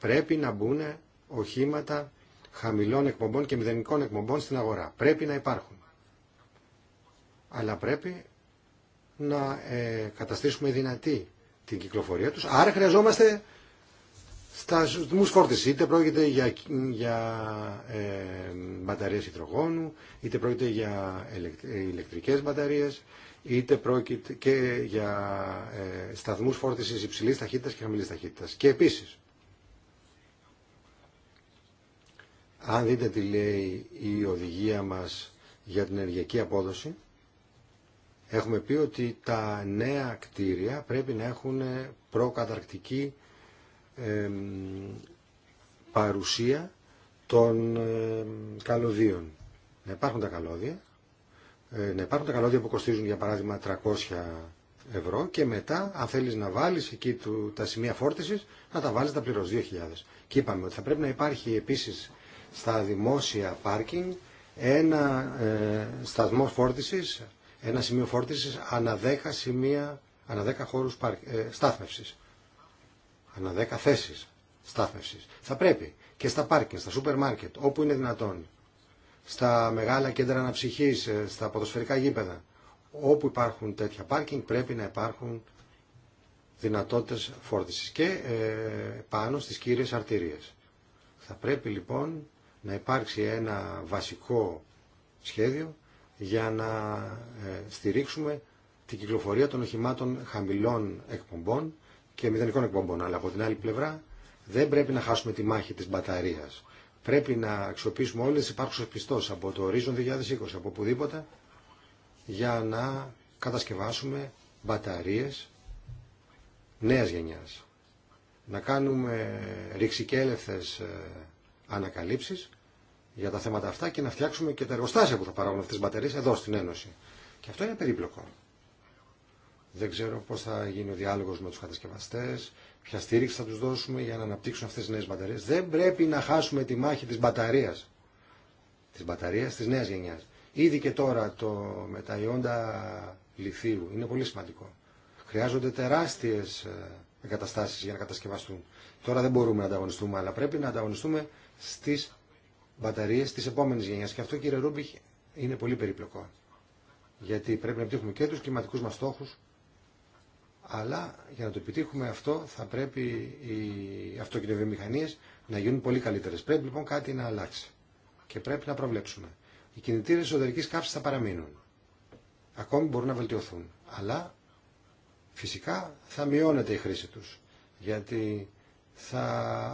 Πρέπει να μπουν οχήματα χαμηλών εκπομπών και μηδενικών εκπομπών στην αγορά. Πρέπει να υπάρχουν. Αλλά πρέπει να ε, καταστήσουμε δυνατή την κυκλοφορία τους. Άρα χρειαζόμαστε σταθμούς φόρτιση, είτε πρόκειται για, για ε, μπαταρίες υδρογόνου, είτε πρόκειται για ηλεκτρικές μπαταρίες, είτε πρόκειται και για ε, σταθμούς φόρτισης υψηλής ταχύτητας και χαμηλής ταχύτητας. Και επίσης, αν δείτε τι λέει η οδηγία μας για την ενεργειακή απόδοση, Έχουμε πει ότι τα νέα κτίρια πρέπει να έχουν προκαταρκτική παρουσία των καλωδίων. Να υπάρχουν τα καλώδια, ε, να υπάρχουν τα καλώδια που κοστίζουν για παράδειγμα 300 ευρώ και μετά αν θέλεις να βάλεις εκεί του, τα σημεία φόρτισης να τα βάλεις τα πληρώς 2.000. Και είπαμε ότι θα πρέπει να υπάρχει επίσης στα δημόσια πάρκινγκ ένα ε, σταθμό φόρτισης ένα σημείο φόρτισης ανά 10, σημεία, ανά 10 χώρους ε, στάθμευσης. Ανά 10 θέσεις στάθμευσης. Θα πρέπει και στα πάρκινγκ, στα σούπερ μάρκετ, όπου είναι δυνατόν, στα μεγάλα κέντρα αναψυχής, ε, στα ποδοσφαιρικά γήπεδα, όπου υπάρχουν τέτοια πάρκινγκ πρέπει να υπάρχουν δυνατότητες φόρτισης και ε, πάνω στις κύριες αρτηρίες. Θα πρέπει λοιπόν να υπάρξει ένα βασικό σχέδιο για να ε, στηρίξουμε την κυκλοφορία των οχημάτων χαμηλών εκπομπών και μηδενικών εκπομπών. Αλλά από την άλλη πλευρά δεν πρέπει να χάσουμε τη μάχη της μπαταρίας. Πρέπει να αξιοποιήσουμε όλες τις υπάρχουσες πιστώσεις από το Horizon 2020, από οπουδήποτε, για να κατασκευάσουμε μπαταρίες νέας γενιάς. Να κάνουμε ρηξικέλευθες ε, ανακαλύψεις για τα θέματα αυτά και να φτιάξουμε και τα εργοστάσια που θα παράγουν αυτές τις μπαταρίες εδώ στην Ένωση. Και αυτό είναι περίπλοκο. Δεν ξέρω πώς θα γίνει ο διάλογος με τους κατασκευαστές, ποια στήριξη θα τους δώσουμε για να αναπτύξουν αυτές τις νέες μπαταρίες. Δεν πρέπει να χάσουμε τη μάχη της μπαταρίας, της μπαταρίας της νέας γενιάς. Ήδη και τώρα το, με τα ιόντα λιθίου είναι πολύ σημαντικό. Χρειάζονται τεράστιες ε, εγκαταστάσεις για να κατασκευαστούν. Τώρα δεν μπορούμε να ανταγωνιστούμε, αλλά πρέπει να ανταγωνιστούμε στις μπαταρίες της επόμενης γενιάς. Και αυτό κύριε Ρούμπιχ είναι πολύ περιπλοκό. Γιατί πρέπει να επιτύχουμε και τους κλιματικούς μας στόχους, αλλά για να το επιτύχουμε αυτό θα πρέπει οι αυτοκινητοβιομηχανίες να γίνουν πολύ καλύτερες. Πρέπει λοιπόν κάτι να αλλάξει και πρέπει να προβλέψουμε. Οι κινητήρες εσωτερικής καύση θα παραμείνουν. Ακόμη μπορούν να βελτιωθούν, αλλά φυσικά θα μειώνεται η χρήση τους. Γιατί θα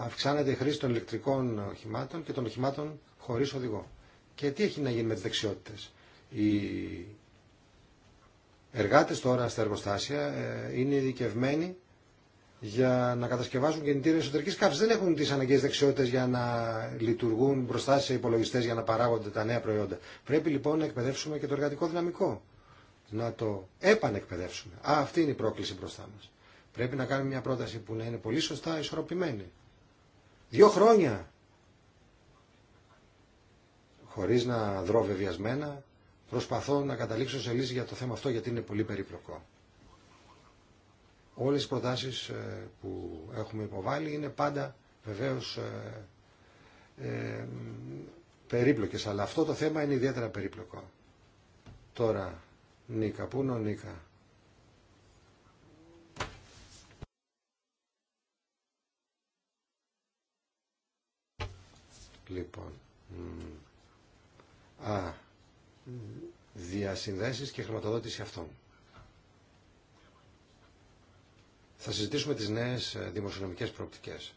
αυξάνεται η χρήση των ηλεκτρικών οχημάτων και των οχημάτων χωρί οδηγό. Και τι έχει να γίνει με τι δεξιότητε. Οι εργάτε τώρα στα εργοστάσια ε, είναι ειδικευμένοι για να κατασκευάζουν κινητήρια εσωτερική καύση. Δεν έχουν τι αναγκαίε δεξιότητε για να λειτουργούν μπροστά σε υπολογιστέ για να παράγονται τα νέα προϊόντα. Πρέπει λοιπόν να εκπαιδεύσουμε και το εργατικό δυναμικό. Να το επανεκπαιδεύσουμε. Α, αυτή είναι η πρόκληση μπροστά μα. Πρέπει να κάνουμε μια πρόταση που να είναι πολύ σωστά ισορροπημένη. Δύο χρόνια χωρίς να δρώ βεβαιασμένα, προσπαθώ να καταλήξω σε λύση για το θέμα αυτό γιατί είναι πολύ περίπλοκο. Όλες οι προτάσεις ε, που έχουμε υποβάλει είναι πάντα βεβαίως ε, ε, περίπλοκες, αλλά αυτό το θέμα είναι ιδιαίτερα περίπλοκο. Τώρα, Νίκα, πού είναι ο Νίκα. λοιπόν. Α, διασυνδέσεις και χρηματοδότηση αυτών. Θα συζητήσουμε τις νέες ε, δημοσιονομικές προοπτικές.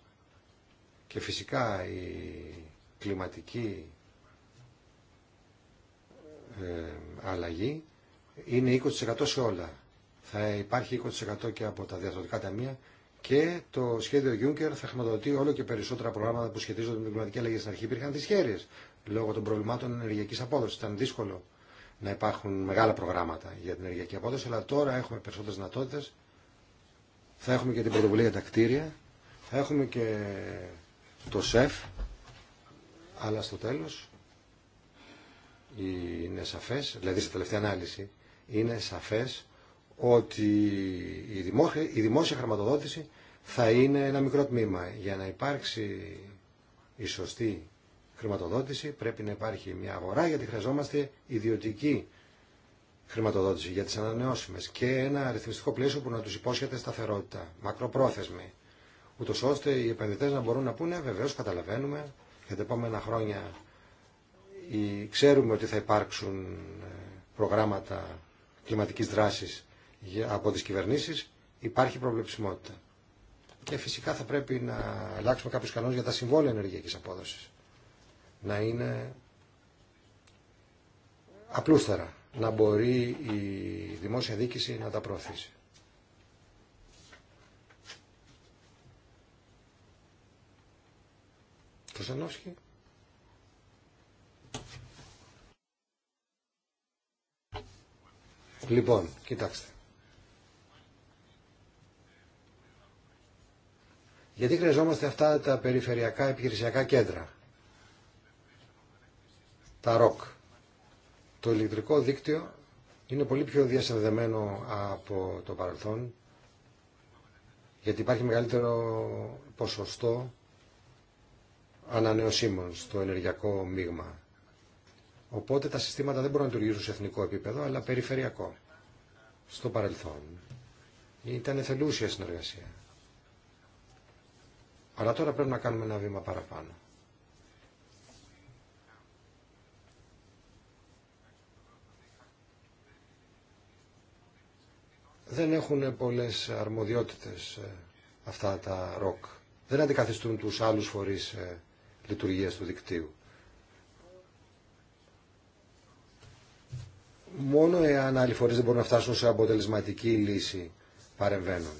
Και φυσικά η κλιματική ε, αλλαγή είναι 20% σε όλα. Θα υπάρχει 20% και από τα διαδροτικά ταμεία και το σχέδιο Juncker θα χρηματοδοτεί όλο και περισσότερα προγράμματα που σχετίζονται με την κλιματική αλλαγή. Στην αρχή υπήρχαν δυσχέρειε λόγω των προβλημάτων ενεργειακή απόδοση. Ήταν δύσκολο να υπάρχουν μεγάλα προγράμματα για την ενεργειακή απόδοση, αλλά τώρα έχουμε περισσότερε δυνατότητε. Θα έχουμε και την πρωτοβουλία για τα κτίρια, θα έχουμε και το ΣΕΦ, αλλά στο τέλο είναι σαφέ, δηλαδή στη τελευταία ανάλυση, είναι σαφέ ότι η δημόσια, η δημόσια χρηματοδότηση θα είναι ένα μικρό τμήμα. Για να υπάρξει η σωστή χρηματοδότηση πρέπει να υπάρχει μια αγορά γιατί χρειαζόμαστε ιδιωτική χρηματοδότηση για τις ανανεώσιμες και ένα αριθμιστικό πλαίσιο που να τους υπόσχεται σταθερότητα, μακροπρόθεσμη, ούτως ώστε οι επενδυτές να μπορούν να πούνε βεβαίως καταλαβαίνουμε για τα επόμενα χρόνια ξέρουμε ότι θα υπάρξουν ε, προγράμματα κλιματικής δράσης από τις κυβερνήσεις υπάρχει προβλεψιμότητα. Και φυσικά θα πρέπει να αλλάξουμε κάποιους κανόνες για τα συμβόλαια ενεργειακής απόδοσης. Να είναι απλούστερα, να μπορεί η δημόσια δίκηση να τα προωθήσει. Κοζανόφσκι. Λοιπόν, κοιτάξτε. Γιατί χρειαζόμαστε αυτά τα περιφερειακά επιχειρησιακά κέντρα. Τα ΡΟΚ. Το ηλεκτρικό δίκτυο είναι πολύ πιο διασυνδεμένο από το παρελθόν γιατί υπάρχει μεγαλύτερο ποσοστό ανανεωσίμων στο ενεργειακό μείγμα. Οπότε τα συστήματα δεν μπορούν να λειτουργήσουν σε εθνικό επίπεδο, αλλά περιφερειακό. Στο παρελθόν ήταν εθελούσια συνεργασία. Αλλά τώρα πρέπει να κάνουμε ένα βήμα παραπάνω. Δεν έχουν πολλές αρμοδιότητες ε, αυτά τα ροκ. Δεν αντικαθιστούν τους άλλους φορείς ε, λειτουργίας του δικτύου. Μόνο εάν άλλοι φορείς δεν μπορούν να φτάσουν σε αποτελεσματική λύση παρεμβαίνουν.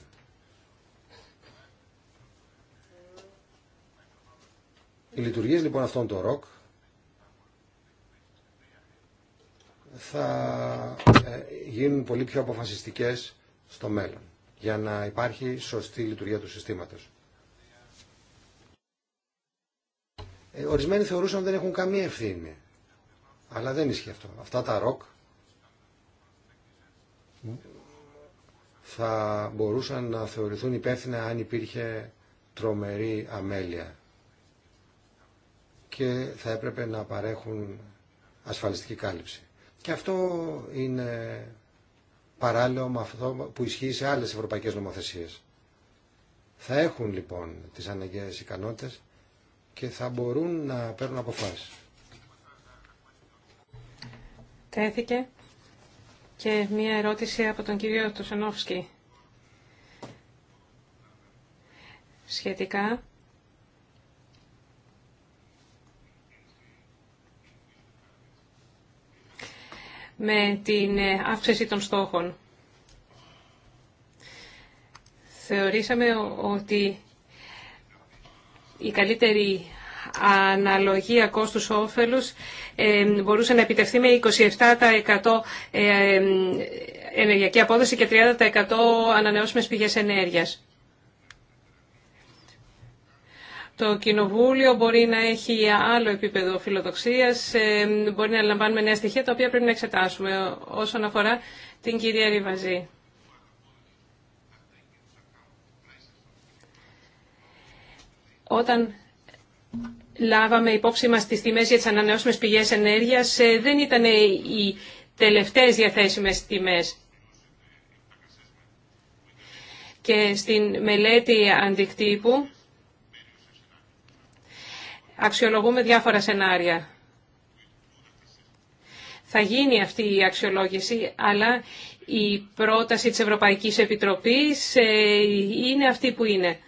Οι λειτουργίες λοιπόν αυτών των ΡΟΚ θα ε, γίνουν πολύ πιο αποφασιστικές στο μέλλον για να υπάρχει σωστή λειτουργία του συστήματος. Ε, ορισμένοι θεωρούσαν ότι δεν έχουν καμία ευθύνη. Αλλά δεν ισχύει αυτό. Αυτά τα ροκ θα μπορούσαν να θεωρηθούν υπεύθυνα αν υπήρχε τρομερή αμέλεια και θα έπρεπε να παρέχουν ασφαλιστική κάλυψη. Και αυτό είναι παράλληλο με αυτό που ισχύει σε άλλες ευρωπαϊκές νομοθεσίες. Θα έχουν λοιπόν τις αναγκαίες ικανότητες και θα μπορούν να παίρνουν αποφάσεις. Τέθηκε και μία ερώτηση από τον κύριο Τουσενόφσκι σχετικά με την ε, αύξηση των στόχων. Θεωρήσαμε ότι η καλύτερη αναλογία κόστους όφελους ε, μπορούσε να επιτευχθεί με 27% ε, ενεργειακή απόδοση και 30% ανανεώσιμες πηγές ενέργειας. Το Κοινοβούλιο μπορεί να έχει άλλο επίπεδο φιλοδοξίας, ε, μπορεί να λαμβάνουμε νέα στοιχεία τα οποία πρέπει να εξετάσουμε όσον αφορά την κυρία Ριβαζή. Όταν λάβαμε υπόψη μας τις τιμές για τις ανανεώσιμες πηγές ενέργειας, ε, δεν ήταν οι τελευταίες διαθέσιμες τιμές. Και στην μελέτη αντικτύπου αξιολογούμε διάφορα σενάρια. Θα γίνει αυτή η αξιολόγηση, αλλά η πρόταση της Ευρωπαϊκής Επιτροπής ε, είναι αυτή που είναι.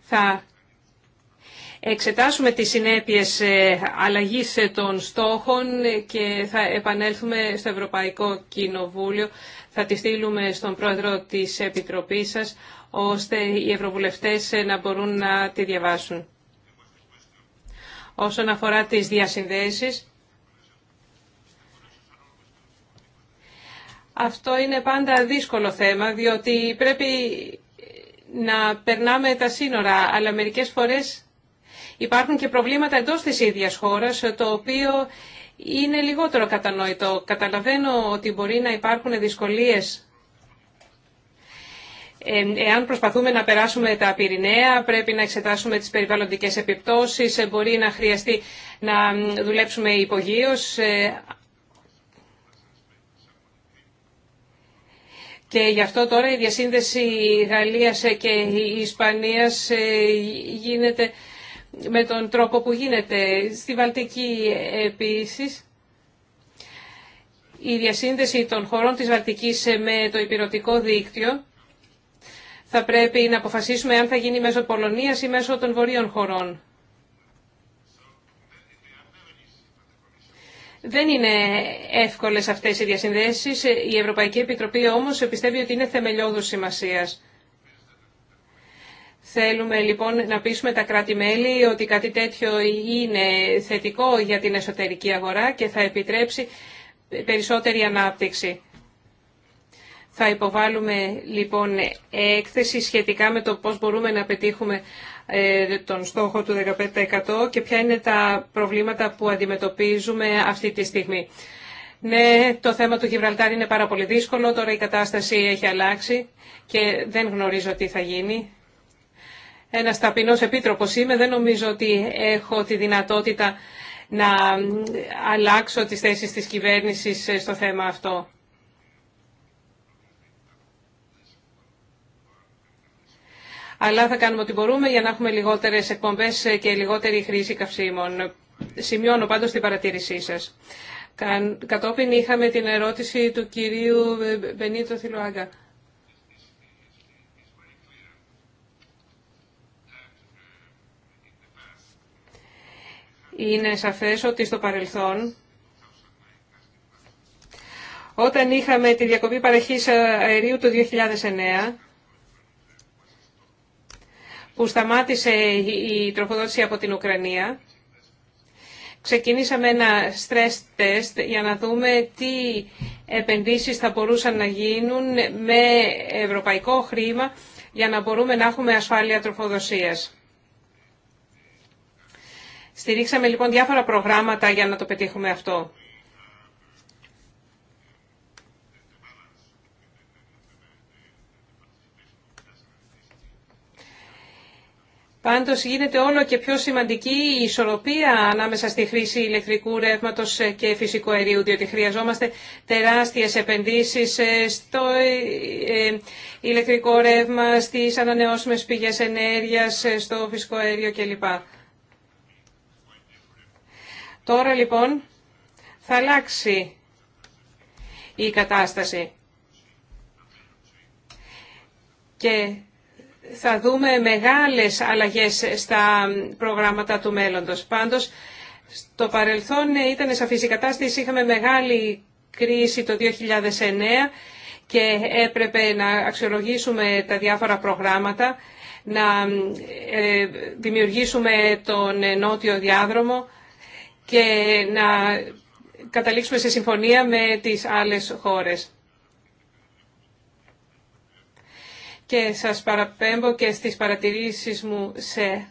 Θα εξετάσουμε τις συνέπειες ε, αλλαγής των στόχων και θα επανέλθουμε στο Ευρωπαϊκό Κοινοβούλιο θα τη στείλουμε στον πρόεδρο της Επιτροπής σας, ώστε οι ευρωβουλευτές να μπορούν να τη διαβάσουν. Όσον αφορά τις διασυνδέσεις, αυτό είναι πάντα δύσκολο θέμα, διότι πρέπει να περνάμε τα σύνορα, αλλά μερικές φορές υπάρχουν και προβλήματα εντός της ίδιας χώρας, το οποίο είναι λιγότερο κατανόητο. Καταλαβαίνω ότι μπορεί να υπάρχουν δυσκολίες ε, Εάν προσπαθούμε να περάσουμε τα πυρηναία, πρέπει να εξετάσουμε τις περιβαλλοντικές επιπτώσεις, ε, μπορεί να χρειαστεί να δουλέψουμε υπογείως. Ε, και γι' αυτό τώρα η διασύνδεση Γαλλίας και Ισπανίας γίνεται με τον τρόπο που γίνεται. Στη Βαλτική επίσης, η διασύνδεση των χωρών της Βαλτικής με το υπηρετικό δίκτυο θα πρέπει να αποφασίσουμε αν θα γίνει μέσω Πολωνίας ή μέσω των βορείων χωρών. Δεν είναι εύκολες αυτές οι διασυνδέσεις. Η Ευρωπαϊκή Επιτροπή όμως πιστεύει ότι είναι θεμελιώδους σημασίας. Θέλουμε λοιπόν να πείσουμε τα κράτη-μέλη ότι κάτι τέτοιο είναι θετικό για την εσωτερική αγορά και θα επιτρέψει περισσότερη ανάπτυξη. Θα υποβάλουμε λοιπόν έκθεση σχετικά με το πώς μπορούμε να πετύχουμε ε, τον στόχο του 15% και ποια είναι τα προβλήματα που αντιμετωπίζουμε αυτή τη στιγμή. Ναι, το θέμα του Γιβραλτάρ είναι πάρα πολύ δύσκολο, τώρα η κατάσταση έχει αλλάξει και δεν γνωρίζω τι θα γίνει ένας ταπεινός επίτροπος είμαι, δεν νομίζω ότι έχω τη δυνατότητα να αλλάξω τις θέσεις της κυβέρνησης στο θέμα αυτό. Αλλά θα κάνουμε ό,τι μπορούμε για να έχουμε λιγότερες εκπομπές και λιγότερη χρήση καυσίμων. Σημειώνω πάντως την παρατήρησή σας. Κατόπιν είχαμε την ερώτηση του κυρίου Μπενίτο Θηλουάγκα. Είναι σαφές ότι στο παρελθόν, όταν είχαμε τη διακοπή παραχής αερίου του 2009, που σταμάτησε η τροφοδότηση από την Ουκρανία, ξεκινήσαμε ένα stress test για να δούμε τι επενδύσεις θα μπορούσαν να γίνουν με ευρωπαϊκό χρήμα για να μπορούμε να έχουμε ασφάλεια τροφοδοσίας. Στηρίξαμε λοιπόν διάφορα προγράμματα για να το πετύχουμε αυτό. Πάντως γίνεται όλο και πιο σημαντική η ισορροπία ανάμεσα στη χρήση ηλεκτρικού ρεύματος και φυσικού αερίου, διότι χρειαζόμαστε τεράστιες επενδύσεις ε, στο ε, ε, ηλεκτρικό ρεύμα, στις ανανεώσιμες πηγές ενέργειας, στο φυσικό αέριο κλπ. Τώρα λοιπόν θα αλλάξει η κατάσταση. Και θα δούμε μεγάλες αλλαγές στα προγράμματα του μέλλοντος. Πάντως, στο παρελθόν ήταν σαφής η κατάσταση, είχαμε μεγάλη κρίση το 2009 και έπρεπε να αξιολογήσουμε τα διάφορα προγράμματα, να ε, δημιουργήσουμε τον νότιο διάδρομο, και να καταλήξουμε σε συμφωνία με τις άλλες χώρες. Και σας παραπέμπω και στις παρατηρήσεις μου σε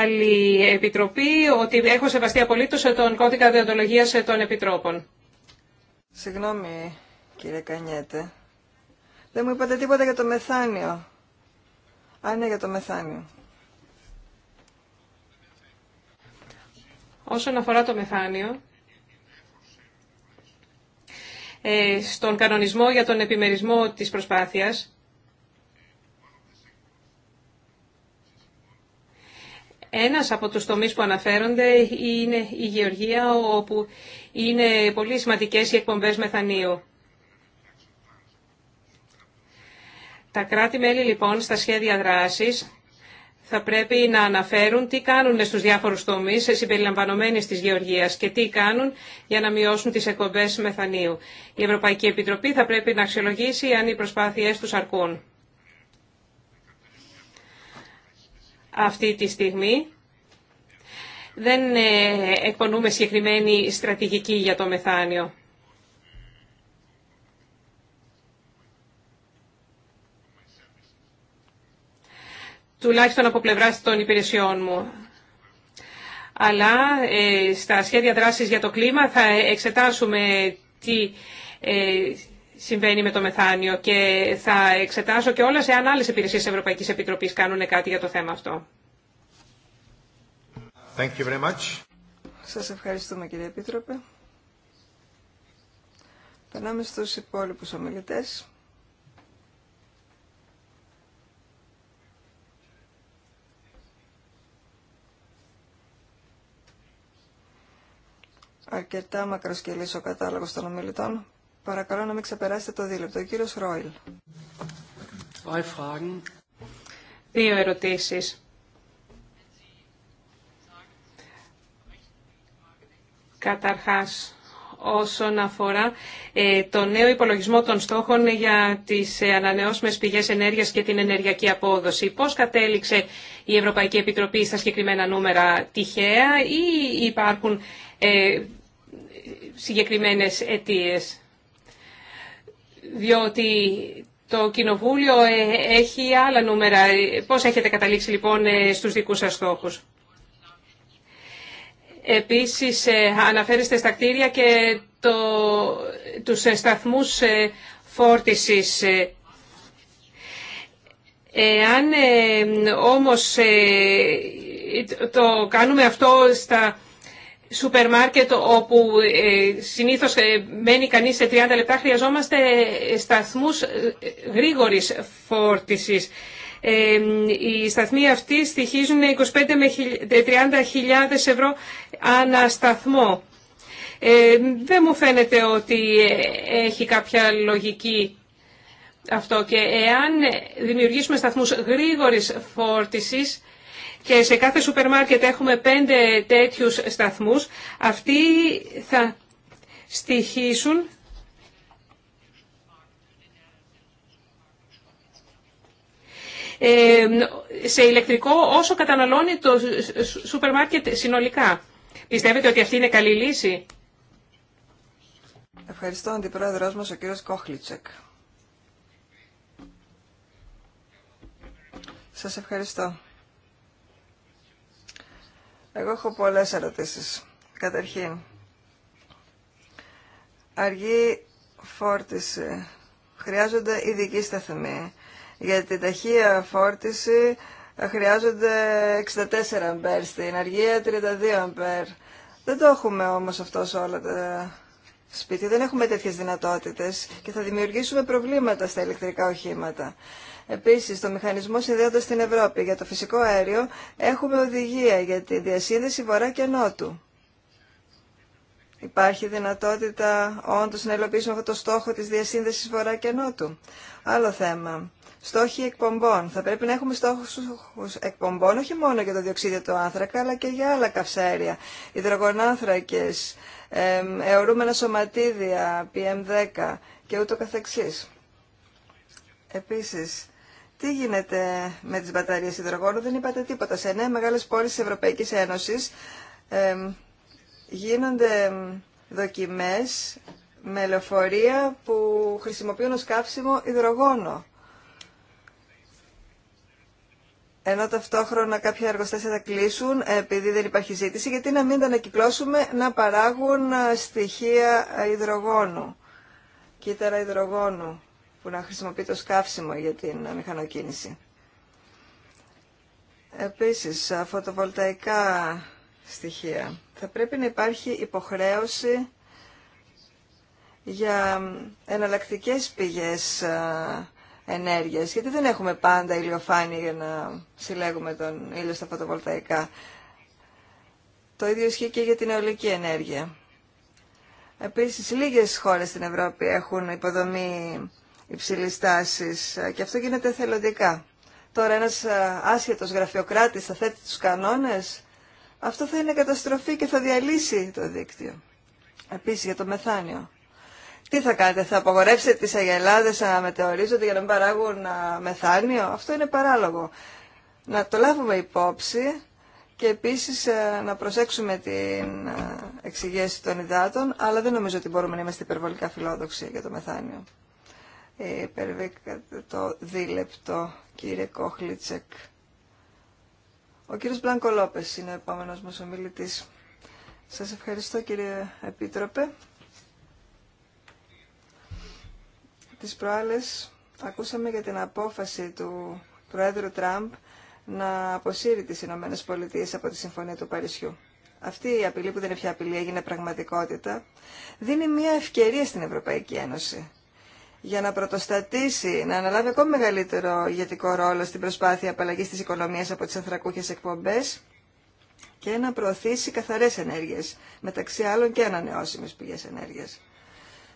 άλλη επιτροπή ότι έχω σεβαστεί απολύτως τον κώδικα διοντολογίας των επιτρόπων. Συγγνώμη κύριε Κανιέτε. Δεν μου είπατε τίποτα για το μεθάνιο. Α, ναι, για το μεθάνιο. Όσον αφορά το μεθάνιο, ε, στον κανονισμό για τον επιμερισμό της προσπάθειας, Ένας από τους τομείς που αναφέρονται είναι η γεωργία, όπου είναι πολύ σημαντικές οι εκπομπές μεθανίου. Τα κράτη-μέλη λοιπόν στα σχέδια δράσης θα πρέπει να αναφέρουν τι κάνουν στους διάφορους τομείς ε, συμπεριλαμβανομένες της γεωργίας και τι κάνουν για να μειώσουν τις εκπομπές μεθανίου. Η Ευρωπαϊκή Επιτροπή θα πρέπει να αξιολογήσει αν οι προσπάθειές τους αρκούν. Αυτή τη στιγμή δεν ε, εκπονούμε συγκεκριμένη στρατηγική για το μεθάνιο. τουλάχιστον από πλευρά των υπηρεσιών μου. Αλλά ε, στα σχέδια δράσης για το κλίμα θα εξετάσουμε τι ε, συμβαίνει με το μεθάνιο και θα εξετάσω και όλα σε αν άλλες υπηρεσίες της Ευρωπαϊκής Επιτροπής κάνουν κάτι για το θέμα αυτό. Thank you very much. Σας ευχαριστούμε κύριε Επίτροπε. Περνάμε στους υπόλοιπους ομιλητές. αρκετά μακροσκελή ο κατάλογος των ομιλητών. Παρακαλώ να μην ξεπεράσετε το δίλεπτο. Ο κύριος Ρόιλ. Δύο ερωτήσεις. Καταρχάς, όσον αφορά ε, το νέο υπολογισμό των στόχων για τις ε, ανανεώσιμες πηγές ενέργειας και την ενεργειακή απόδοση. Πώς κατέληξε η Ευρωπαϊκή Επιτροπή στα συγκεκριμένα νούμερα τυχαία ή υπάρχουν ε, συγκεκριμένες αιτίες. Διότι το Κοινοβούλιο ε, έχει άλλα νούμερα. Πώς έχετε καταλήξει λοιπόν ε, στους δικούς σας στόχους. Επίσης ε, αναφέρεστε στα κτίρια και το, τους σταθμούς φόρτισης. Εάν όμως το κάνουμε αυτό στα σούπερ όπου ε, συνήθως ε, μένει κανείς σε 30 λεπτά χρειαζόμαστε ε, σταθμούς γρήγορης φόρτισης. Οι σταθμοί αυτοί στοιχίζουν 25 με 30.000 ευρώ ανά σταθμό. Δεν μου φαίνεται ότι έχει κάποια λογική αυτό και εάν δημιουργήσουμε σταθμούς γρήγορης φόρτισης και σε κάθε σούπερ μάρκετ έχουμε πέντε τέτοιους σταθμούς, αυτοί θα στοιχήσουν σε ηλεκτρικό όσο καταναλώνει το σούπερ μάρκετ συνολικά. Πιστεύετε ότι αυτή είναι καλή λύση. Ευχαριστώ, Αντιπρόεδρος μας, ο κύριος Κόχλιτσεκ. Σας ευχαριστώ. Εγώ έχω πολλές ερωτήσεις. Καταρχήν, αργή φόρτιση. Χρειάζονται ειδικοί σταθμοί. Για την ταχεία φόρτιση ε, χρειάζονται 64 αμπέρ, στην αργία 32 αμπέρ. Δεν το έχουμε όμως αυτό σε όλα τα σπίτια, δεν έχουμε τέτοιες δυνατότητες και θα δημιουργήσουμε προβλήματα στα ηλεκτρικά οχήματα. Επίσης, το μηχανισμό συνδέοντας την Ευρώπη για το φυσικό αέριο έχουμε οδηγία για τη διασύνδεση βορρά και νότου. Υπάρχει δυνατότητα όντως να υλοποιήσουμε αυτό το στόχο της διασύνδεσης βορρά και νότου. Άλλο θέμα. Στόχοι εκπομπών. Θα πρέπει να έχουμε στόχους εκπομπών όχι μόνο για το διοξίδιο του άνθρακα, αλλά και για άλλα καυσαέρια. Υδρογονάνθρακες, αιωρούμενα σωματίδια, PM10 και ούτω καθεξής. Επίσης, τι γίνεται με τις μπαταρίες υδρογόνου, δεν είπατε τίποτα. Σε νέα μεγάλες πόλεις της Ευρωπαϊκής Ένωσης γίνονται δοκιμές με λεωφορεία που χρησιμοποιούν ως καύσιμο υδρογόνο. Ενώ ταυτόχρονα κάποια εργοστάσια θα κλείσουν επειδή δεν υπάρχει ζήτηση, γιατί να μην τα ανακυκλώσουμε να παράγουν ε, στοιχεία ε, υδρογόνου, κύτταρα υδρογόνου που να χρησιμοποιεί το για την μηχανοκίνηση. Επίσης, φωτοβολταϊκά στοιχεία. Θα πρέπει να υπάρχει υποχρέωση για εναλλακτικές πηγές ενέργειας, γιατί δεν έχουμε πάντα ηλιοφάνεια για να συλλέγουμε τον ήλιο στα φωτοβολταϊκά. Το ίδιο ισχύει και για την αιωλική ενέργεια. Επίσης, λίγες χώρες στην Ευρώπη έχουν υποδομή Υψηλή τάση. Ε, και αυτό γίνεται θελοντικά. Τώρα ένα ε, άσχετο γραφειοκράτη, θα θέτει του κανόνε, αυτό θα είναι καταστροφή και θα διαλύσει το δίκτυο. Επίση για το μεθάνιο. Τι θα κάνετε, θα απαγορεύσετε τι αγελάδε, να μετεωρίζονται για να μην παράγουν ε, μεθάνιο. Αυτό είναι παράλογο. Να το λάβουμε υπόψη και επίσης να προσέξουμε την εξηγέση των υδάτων, αλλά δεν νομίζω ότι μπορούμε να είμαστε υπερβολικά φιλόδοξοι για το μεθάνιο. Ε, υπερβήκατε το δίλεπτο, κύριε Κόχλιτσεκ. Ο κύριος Μπλάνκο Λόπες είναι ο επόμενος μας ομιλητής. Σας ευχαριστώ κύριε Επίτροπε. Τις προάλλες ακούσαμε για την απόφαση του Προέδρου Τραμπ να αποσύρει τις Ηνωμένε Πολιτείε από τη Συμφωνία του Παρισιού. Αυτή η απειλή που δεν είναι πια απειλή, έγινε πραγματικότητα, δίνει μια ευκαιρία στην Ευρωπαϊκή Ένωση για να πρωτοστατήσει, να αναλάβει ακόμη μεγαλύτερο ηγετικό ρόλο στην προσπάθεια απαλλαγή τη οικονομίας από τις ανθρακούχε εκπομπές και να προωθήσει καθαρές ενέργειες, μεταξύ άλλων και ανανεώσιμες πηγές ενέργειας.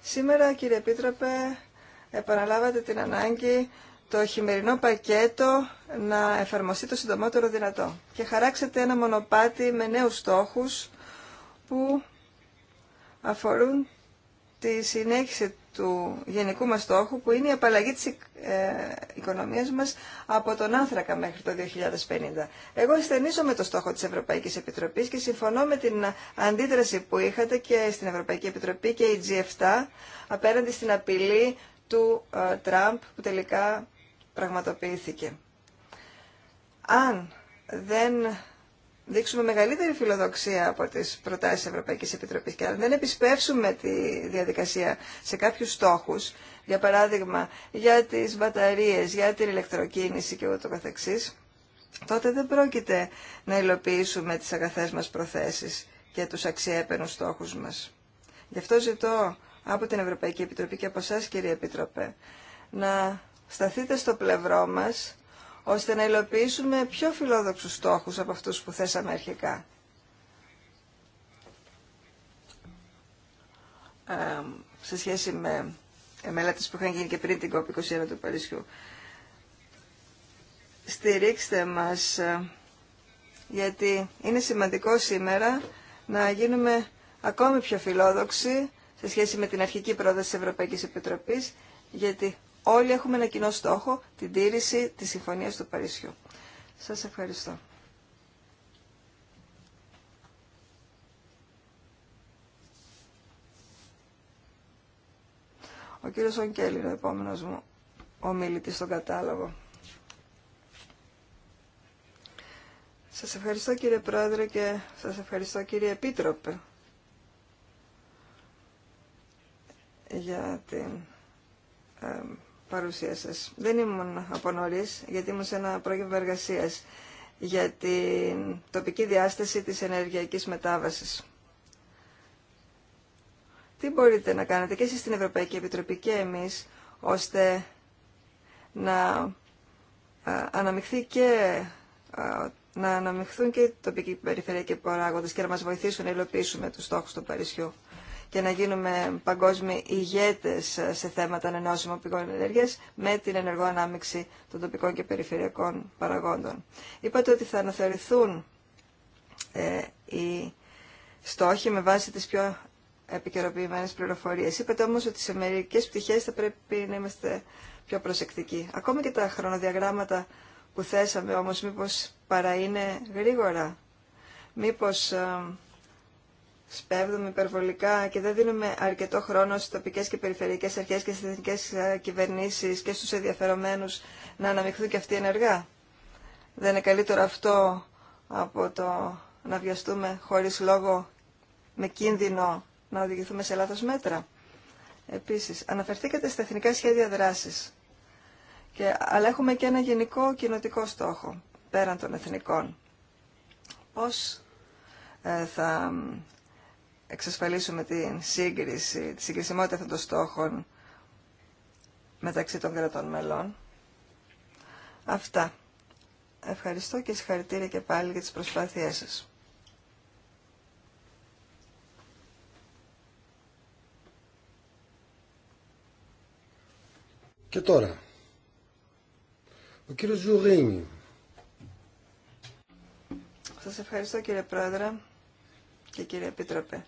Σήμερα, κύριε Επίτροπε, επαναλάβατε την ανάγκη το χειμερινό πακέτο να εφαρμοστεί το συντομότερο δυνατό και χαράξετε ένα μονοπάτι με νέους στόχους που αφορούν τη συνέχιση του γενικού μας στόχου που είναι η απαλλαγή της ε, οικονομίας μας από τον άνθρακα μέχρι το 2050. Εγώ στενίζω με το στόχο της Ευρωπαϊκής Επιτροπής και συμφωνώ με την αντίδραση που είχατε και στην Ευρωπαϊκή Επιτροπή και η G7 απέναντι στην απειλή του ε, Τραμπ που τελικά πραγματοποιήθηκε. Αν δεν δείξουμε μεγαλύτερη φιλοδοξία από τις προτάσεις Ευρωπαϊκής Επιτροπής και αν δεν επισπεύσουμε τη διαδικασία σε κάποιους στόχους, για παράδειγμα για τις μπαταρίες, για την ηλεκτροκίνηση και ούτω καθεξής, τότε δεν πρόκειται να υλοποιήσουμε τις αγαθές μας προθέσεις και τους αξιέπαινους στόχους μας. Γι' αυτό ζητώ από την Ευρωπαϊκή Επιτροπή και από εσά, κύριε Επίτροπε, να σταθείτε στο πλευρό μας ώστε να υλοποιήσουμε πιο φιλόδοξους στόχους από αυτούς που θέσαμε αρχικά. σε σχέση με μελέτες που είχαν γίνει και πριν την COP21 του Παρισιού. Στηρίξτε μας, ε, γιατί είναι σημαντικό σήμερα να γίνουμε ακόμη πιο φιλόδοξοι σε σχέση με την αρχική πρόταση της Ευρωπαϊκής Επιτροπής, γιατί όλοι έχουμε ένα κοινό στόχο, την τήρηση της Συμφωνίας του Παρισιού. Σας ευχαριστώ. Ο κύριος Ονκέλη είναι ο επόμενος μου ομιλητής στον κατάλογο. Σας ευχαριστώ κύριε Πρόεδρε και σας ευχαριστώ κύριε Επίτροπε για την ε, παρουσία Δεν ήμουν από νωρίς, γιατί ήμουν σε ένα πρόγραμμα εργασία για την τοπική διάσταση της ενεργειακής μετάβασης. Τι μπορείτε να κάνετε και εσείς στην Ευρωπαϊκή Επιτροπή και εμείς, ώστε να αναμειχθεί και να αναμειχθούν και οι τοπικοί περιφερειακοί παράγοντες και να μας βοηθήσουν να υλοποιήσουμε τους στόχους του Παρισιού και να γίνουμε παγκόσμιοι ηγέτες σε θέματα ανανεώσιμων πηγών ενέργειας με την ενεργό ανάμειξη των τοπικών και περιφερειακών παραγόντων. Είπατε ότι θα αναθεωρηθούν ε, οι στόχοι με βάση τις πιο επικαιροποιημένες πληροφορίες. Είπατε όμως ότι σε μερικές πτυχές θα πρέπει να είμαστε πιο προσεκτικοί. Ακόμα και τα χρονοδιαγράμματα που θέσαμε όμως μήπως παρά είναι γρήγορα. Μήπως... Ε, σπέβδουμε υπερβολικά και δεν δίνουμε αρκετό χρόνο στι τοπικέ και περιφερειακές αρχέ και στι εθνικέ κυβερνήσει και στους ενδιαφερομένους να αναμειχθούν και αυτοί ενεργά. Δεν είναι καλύτερο αυτό από το να βιαστούμε χωρίς λόγο με κίνδυνο να οδηγηθούμε σε λάθος μέτρα. Επίσης, αναφερθήκατε στα εθνικά σχέδια δράση. Και, αλλά έχουμε και ένα γενικό κοινοτικό στόχο πέραν των εθνικών. Πώς ε, θα εξασφαλίσουμε την σύγκριση, τη συγκρισιμότητα αυτών των στόχων μεταξύ των κρατών μελών. Αυτά. Ευχαριστώ και συγχαρητήρια και πάλι για τις προσπάθειές σας. Και τώρα, ο κύριος Ζουρίνη. Σας ευχαριστώ κύριε Πρόεδρε και κύριε Επίτροπε.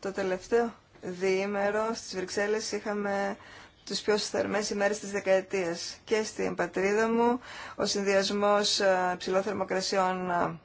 Το τελευταίο διήμερο στις Βρυξέλλες είχαμε τους πιο θερμές ημέρες της δεκαετίας. Και στην πατρίδα μου ο συνδυασμός ε, ψηλόθερμοκρασιών θερμοκρασιών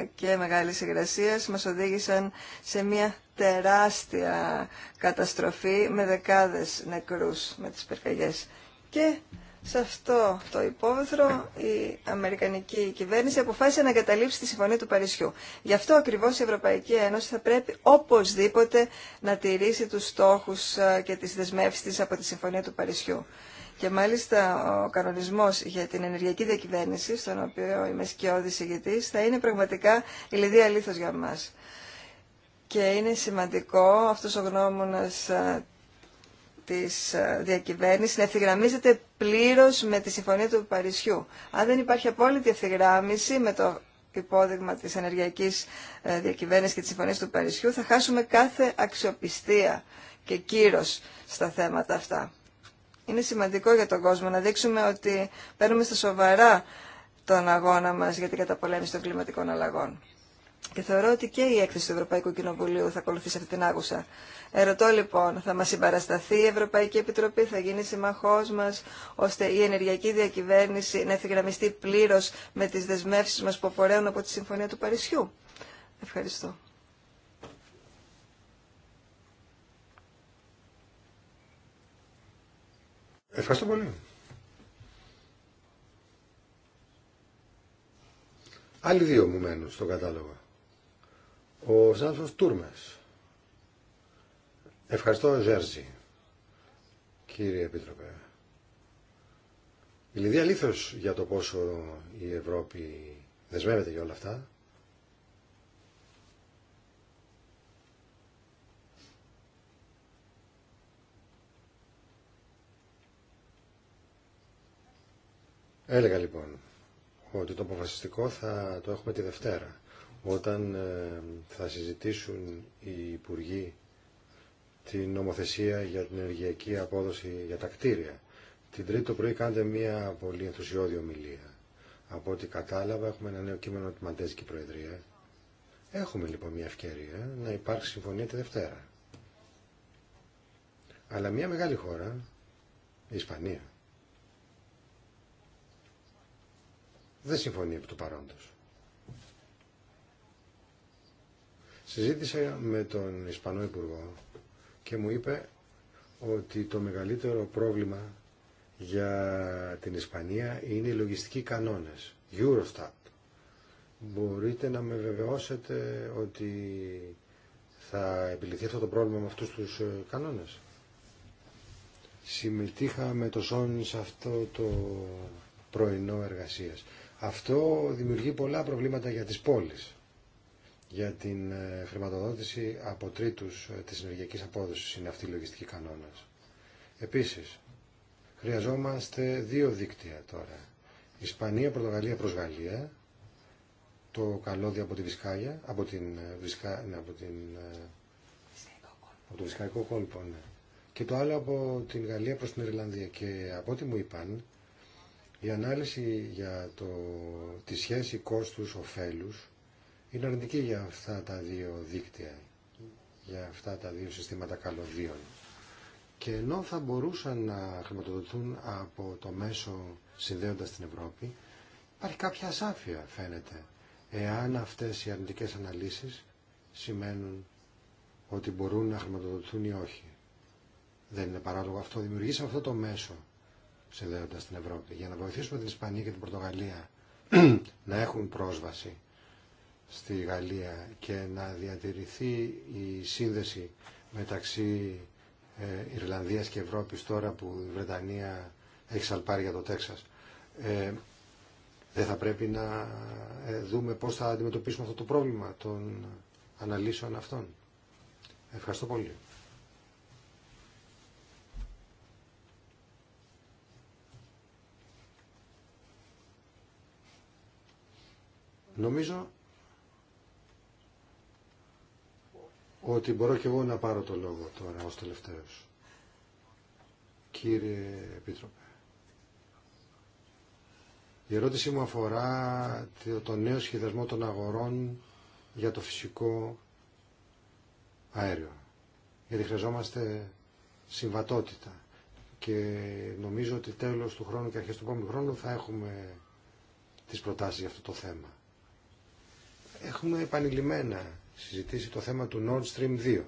ε, και μεγάλης υγρασίας μας οδήγησαν σε μια τεράστια καταστροφή με δεκάδες νεκρούς με τις πυρκαγιές. Και σε αυτό το υπόβαθρο η Αμερικανική κυβέρνηση αποφάσισε να εγκαταλείψει τη Συμφωνία του Παρισιού. Γι' αυτό ακριβώς η Ευρωπαϊκή Ένωση θα πρέπει οπωσδήποτε να τηρήσει τους στόχους ε, και τις δεσμεύσεις της από τη Συμφωνία του Παρισιού. Και μάλιστα ο κανονισμός για την ενεργειακή διακυβέρνηση, στον οποίο είμαι σκιώδης ηγετής, θα είναι πραγματικά η λιδία για μας. Και είναι σημαντικό αυτός ο γνώμονας ε, της ε, διακυβέρνησης να ευθυγραμμίζεται πλήρως με τη Συμφωνία του Παρισιού. Αν δεν υπάρχει απόλυτη ευθυγράμμιση με το υπόδειγμα της ενεργειακής ε, διακυβέρνησης και της συμφωνία του Παρισιού, θα χάσουμε κάθε αξιοπιστία και κύρος στα θέματα αυτά. Είναι σημαντικό για τον κόσμο να δείξουμε ότι παίρνουμε στα σοβαρά τον αγώνα μας για την καταπολέμηση των κλιματικών αλλαγών. Και θεωρώ ότι και η έκθεση του Ευρωπαϊκού Κοινοβουλίου θα ακολουθήσει αυτή την άγουσα. Ερωτώ λοιπόν, θα μας συμπαρασταθεί η Ευρωπαϊκή Επιτροπή, θα γίνει συμμαχός μας, ώστε η ενεργειακή διακυβέρνηση να ευθυγραμμιστεί πλήρως με τις δεσμεύσεις μας που απορρέουν από τη Συμφωνία του Παρισιού. Ευχαριστώ. Ευχαριστώ πολύ. Άλλοι δύο μου μένουν στο κατάλογο. Ο Ζάνθος Τούρμες. Ευχαριστώ, Ζέρζη. Κύριε Επίτροπε. Η Λιδία για το πόσο η Ευρώπη δεσμεύεται για όλα αυτά. Έλεγα λοιπόν ότι το αποφασιστικό θα το έχουμε τη Δευτέρα όταν ε, θα συζητήσουν οι Υπουργοί την νομοθεσία για την ενεργειακή απόδοση για τα κτίρια. Την τρίτη το πρωί κάνετε μια πολύ ενθουσιώδη ομιλία. Από ό,τι κατάλαβα έχουμε ένα νέο κείμενο τη Μαντέζικη Προεδρία. Έχουμε λοιπόν μια ευκαιρία να υπάρξει συμφωνία τη Δευτέρα. Αλλά μια μεγάλη χώρα, η Ισπανία, δεν συμφωνεί του παρόντος. Συζήτησα με τον Ισπανό Υπουργό και μου είπε ότι το μεγαλύτερο πρόβλημα για την Ισπανία είναι οι λογιστικοί κανόνες, Eurostat. Μπορείτε να με βεβαιώσετε ότι θα επιληθεί αυτό το πρόβλημα με αυτούς τους ε, κανόνες. Συμμετείχα με το Σόν σε αυτό το πρωινό εργασίας. Αυτό δημιουργεί πολλά προβλήματα για τις πόλεις για την ε, χρηματοδότηση από τρίτους ε, της ενεργειακή απόδοσης είναι αυτή η λογιστική κανόνα. Επίσης, χρειαζόμαστε δύο δίκτυα τώρα. Ισπανία, Πορτογαλία προς Γαλλία, το καλώδιο από τη Βισκάγια, από την, ε, ναι, από την από το Βυσκαϊκό κόλπο, ναι. Και το άλλο από την Γαλλία προς την Ιρλανδία. Και από ό,τι μου είπαν, η ανάλυση για το, τη σχέση κόστους-οφέλους είναι αρνητική για αυτά τα δύο δίκτυα, για αυτά τα δύο συστήματα καλωδίων. Και ενώ θα μπορούσαν να χρηματοδοτούν από το μέσο συνδέοντας την Ευρώπη, υπάρχει κάποια ασάφεια φαίνεται, εάν αυτές οι αρνητικές αναλύσεις σημαίνουν ότι μπορούν να χρηματοδοτηθούν ή όχι. Δεν είναι παράλογο αυτό. Δημιουργήσαμε αυτό το μέσο συνδέοντας την Ευρώπη για να βοηθήσουμε την Ισπανία και την Πορτογαλία <clears throat> να έχουν πρόσβαση στη Γαλλία και να διατηρηθεί η σύνδεση μεταξύ ε, Ιρλανδίας και Ευρώπης τώρα που η Βρετανία έχει σαλπάρει για το Τέξας. Ε, δεν θα πρέπει να ε, δούμε πώς θα αντιμετωπίσουμε αυτό το πρόβλημα των αναλύσεων αυτών. Ευχαριστώ πολύ. Νομίζω ότι μπορώ και εγώ να πάρω το λόγο τώρα ως τελευταίος. Κύριε Επίτροπε, η ερώτησή μου αφορά το νέο σχεδιασμό των αγορών για το φυσικό αέριο. Γιατί χρειαζόμαστε συμβατότητα και νομίζω ότι τέλος του χρόνου και αρχές του επόμενου χρόνου θα έχουμε τις προτάσεις για αυτό το θέμα. Έχουμε επανειλημμένα συζητήσει το θέμα του Nord Stream 2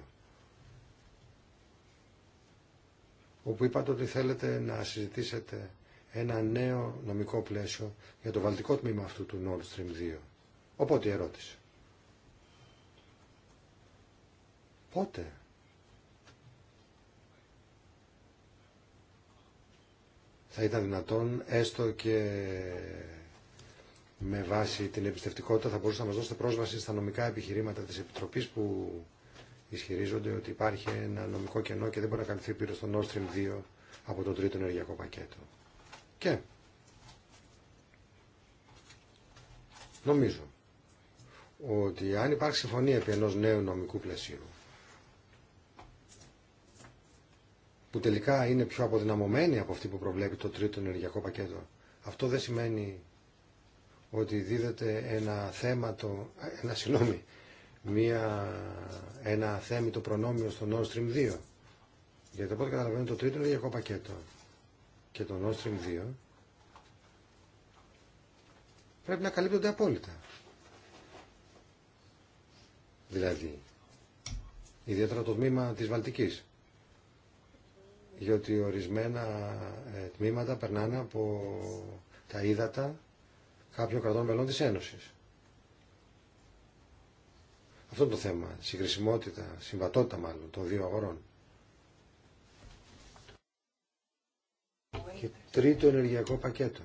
όπου είπατε ότι θέλετε να συζητήσετε ένα νέο νομικό πλαίσιο για το βαλτικό τμήμα αυτού του Nord Stream 2. Οπότε η ερώτηση. Πότε θα ήταν δυνατόν έστω και με βάση την εμπιστευτικότητα θα μπορούσατε να μας δώσετε πρόσβαση στα νομικά επιχειρήματα της Επιτροπής που ισχυρίζονται ότι υπάρχει ένα νομικό κενό και δεν μπορεί να καλυφθεί πύρο στο Nord Stream 2 από το τρίτο ενεργειακό πακέτο. Και νομίζω ότι αν υπάρχει συμφωνία επί ενός νέου νομικού πλαισίου που τελικά είναι πιο αποδυναμωμένη από αυτή που προβλέπει το τρίτο ενεργειακό πακέτο αυτό δεν σημαίνει ότι δίδεται ένα θέμα το ένα συγγνώμη, μία, ένα θέμητο προνόμιο στο Nord Stream 2. Γιατί από ό,τι καταλαβαίνω το τρίτο είναι πακέτο. Και το Nord Stream 2 πρέπει να καλύπτονται απόλυτα. Δηλαδή, ιδιαίτερα το τμήμα της Βαλτικής. Γιατί ορισμένα ε, τμήματα περνάνε από τα ύδατα κάποιων κρατών μελών της Ένωσης. Αυτό το θέμα, συγκρισιμότητα, συμβατότητα μάλλον των δύο αγορών. Και τρίτο ενεργειακό πακέτο.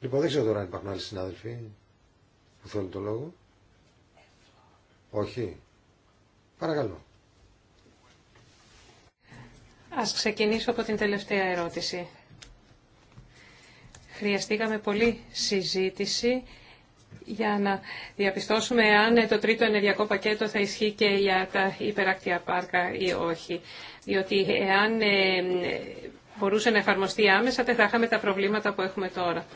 Λοιπόν, δεν ξέρω τώρα αν υπάρχουν άλλοι συνάδελφοι που θέλουν το λόγο. Όχι. Παρακαλώ. Ας ξεκινήσω από την τελευταία ερώτηση. Χρειαστήκαμε πολύ συζήτηση για να διαπιστώσουμε αν το τρίτο ενεργειακό πακέτο θα ισχύει και για τα υπεράκτια πάρκα ή όχι. Διότι εάν ε, μπορούσε να εφαρμοστεί άμεσα δεν θα είχαμε τα προβλήματα που έχουμε τώρα.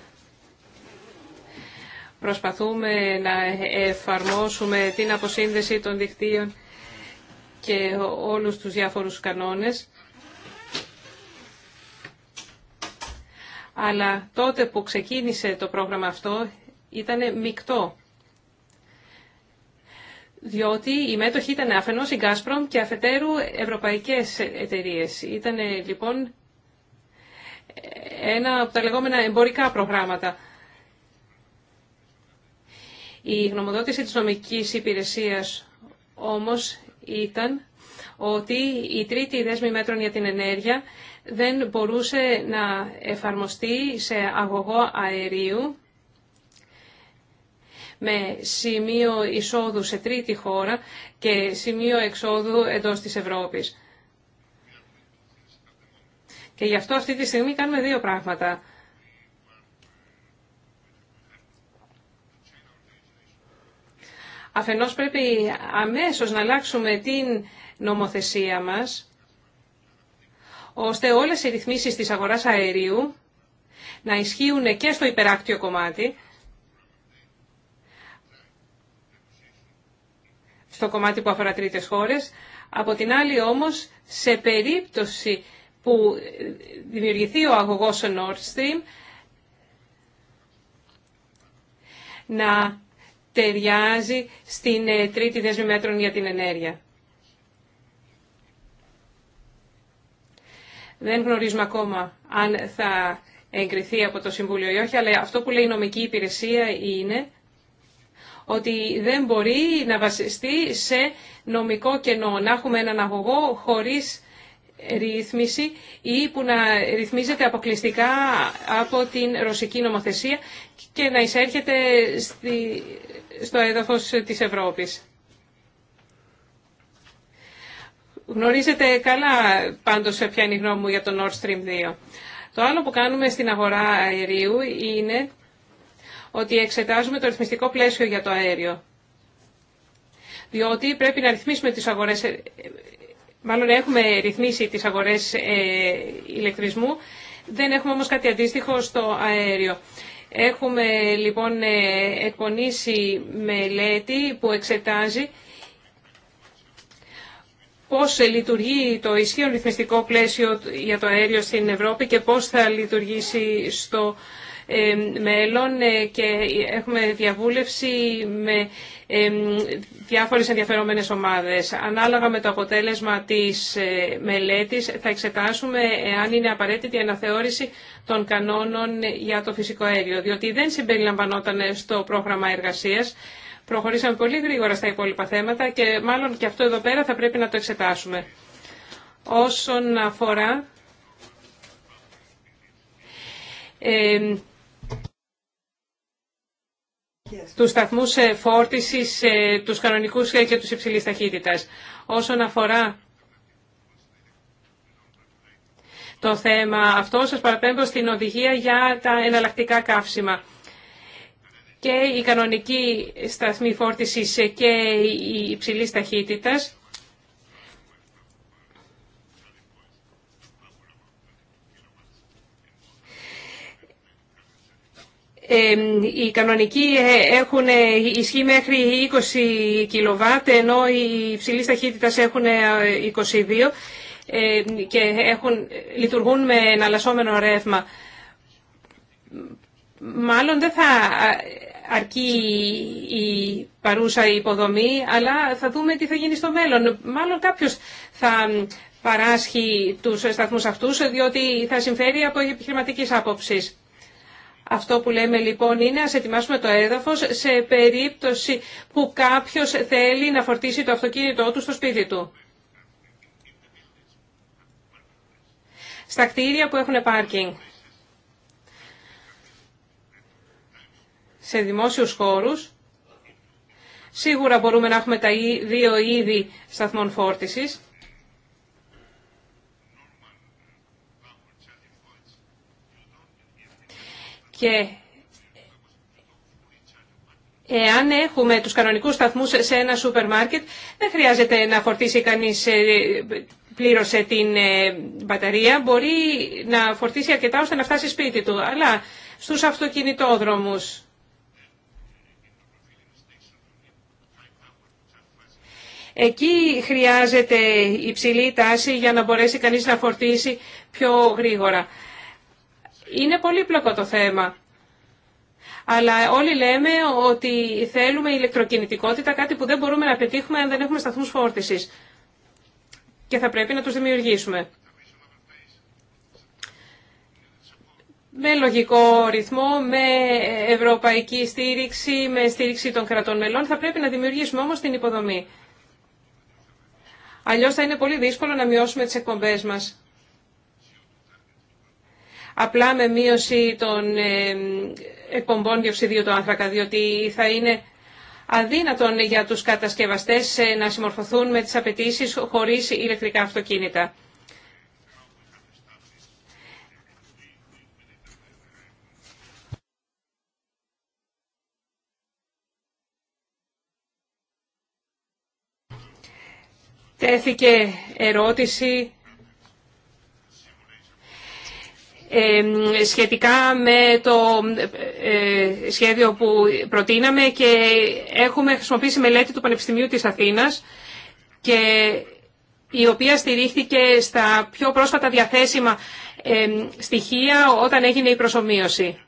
Προσπαθούμε να εφαρμόσουμε την αποσύνδεση των δικτύων και όλους τους διάφορους κανόνες αλλά τότε που ξεκίνησε το πρόγραμμα αυτό ήταν μεικτό. Διότι οι μέτοχοι ήταν αφενός η Gazprom και αφετέρου ευρωπαϊκές εταιρείες. Ήταν λοιπόν ένα από τα λεγόμενα εμπορικά προγράμματα. Η γνωμοδότηση της νομικής υπηρεσίας όμως ήταν ότι η τρίτη δέσμη μέτρων για την ενέργεια δεν μπορούσε να εφαρμοστεί σε αγωγό αερίου με σημείο εισόδου σε τρίτη χώρα και σημείο εξόδου εντός της Ευρώπης. Και γι' αυτό αυτή τη στιγμή κάνουμε δύο πράγματα. Αφενός πρέπει αμέσως να αλλάξουμε την νομοθεσία μας ώστε όλες οι ρυθμίσεις της αγοράς αερίου να ισχύουν και στο υπεράκτιο κομμάτι, στο κομμάτι που αφορά τρίτες χώρες. Από την άλλη όμως, σε περίπτωση που δημιουργηθεί ο αγωγός Nord Stream, να ταιριάζει στην ε, τρίτη δέσμη μέτρων για την ενέργεια. Δεν γνωρίζουμε ακόμα αν θα εγκριθεί από το Συμβούλιο ή όχι, αλλά αυτό που λέει η νομική υπηρεσία είναι ότι δεν μπορεί να βασιστεί σε νομικό κενό. Να έχουμε έναν αγωγό χωρίς ρύθμιση ή που να ρυθμίζεται αποκλειστικά από την ρωσική νομοθεσία και να εισέρχεται στο έδαφος της Ευρώπης. Γνωρίζετε καλά πάντως ποια είναι η γνώμη μου για το Nord Stream 2. Το άλλο που κάνουμε στην αγορά αερίου είναι ότι εξετάζουμε το ρυθμιστικό πλαίσιο για το αέριο. Διότι πρέπει να ρυθμίσουμε τις αγορές, ε, μάλλον έχουμε ρυθμίσει τις αγορές ε, ηλεκτρισμού, δεν έχουμε όμως κάτι αντίστοιχο στο αέριο. Έχουμε λοιπόν ε, εκπονήσει μελέτη που εξετάζει πώς λειτουργεί το ισχύον ρυθμιστικό πλαίσιο για το αέριο στην Ευρώπη και πώς θα λειτουργήσει στο ε, μέλλον ε, και έχουμε διαβούλευση με ε, διάφορες ενδιαφερόμενες ομάδες. Ανάλογα με το αποτέλεσμα της μελέτης θα εξετάσουμε αν είναι απαραίτητη η αναθεώρηση των κανόνων για το φυσικό αέριο, διότι δεν συμπεριλαμβανόταν στο πρόγραμμα εργασίας. Προχωρήσαμε πολύ γρήγορα στα υπόλοιπα θέματα και μάλλον και αυτό εδώ πέρα θα πρέπει να το εξετάσουμε. Όσον αφορά ε, ε, τους σταθμούς φόρτισης, τους κανονικούς ε, και τους υψηλής ταχύτητας. Όσον αφορά το θέμα αυτό, σας παραπέμπω στην οδηγία για τα εναλλακτικά καύσιμα και η κανονική σταθμή φόρτισης και η υψηλή ταχύτητας. οι κανονικοί ε, έχουν ισχύ μέχρι 20 κιλοβάτ, ενώ οι υψηλής ταχύτητας έχουν 22 ε, και έχουν, λειτουργούν με εναλλασσόμενο ρεύμα. Μάλλον δεν θα αρκεί η παρούσα υποδομή, αλλά θα δούμε τι θα γίνει στο μέλλον. Μάλλον κάποιος θα παράσχει τους σταθμούς αυτούς, διότι θα συμφέρει από επιχειρηματική άποψη. Αυτό που λέμε λοιπόν είναι ας ετοιμάσουμε το έδαφος σε περίπτωση που κάποιος θέλει να φορτίσει το αυτοκίνητό του στο σπίτι του. Στα κτίρια που έχουν πάρκινγκ. σε δημόσιους χώρους. Σίγουρα μπορούμε να έχουμε τα δύο είδη σταθμών φόρτισης. Και εάν έχουμε τους κανονικούς σταθμούς σε ένα σούπερ μάρκετ, δεν χρειάζεται να φορτίσει κανείς ε, πλήρωσε την ε, μπαταρία, μπορεί να φορτίσει αρκετά ώστε να φτάσει σπίτι του. Αλλά στους αυτοκινητόδρομους Εκεί χρειάζεται υψηλή τάση για να μπορέσει κανείς να φορτίσει πιο γρήγορα. Είναι πολύπλοκο το θέμα. Αλλά όλοι λέμε ότι θέλουμε ηλεκτροκινητικότητα, κάτι που δεν μπορούμε να πετύχουμε αν δεν έχουμε σταθμούς φόρτισης. Και θα πρέπει να τους δημιουργήσουμε. με λογικό ρυθμό, με ευρωπαϊκή στήριξη, με στήριξη των κρατών μελών. Θα πρέπει να δημιουργήσουμε όμως την υποδομή. Αλλιώς θα είναι πολύ δύσκολο να μειώσουμε τις εκπομπές μας. Απλά με μείωση των ε, εκπομπών διοξιδίου του άνθρακα, διότι θα είναι αδύνατον για τους κατασκευαστές ε, να συμμορφωθούν με τις απαιτήσεις χωρίς ηλεκτρικά αυτοκίνητα. Τέθηκε ερώτηση σχετικά με το ε, σχέδιο που προτείναμε και έχουμε χρησιμοποιήσει μελέτη του Πανεπιστημίου της Αθήνας και η οποία στηρίχθηκε στα πιο πρόσφατα διαθέσιμα στοιχεία όταν έγινε η προσωμείωση.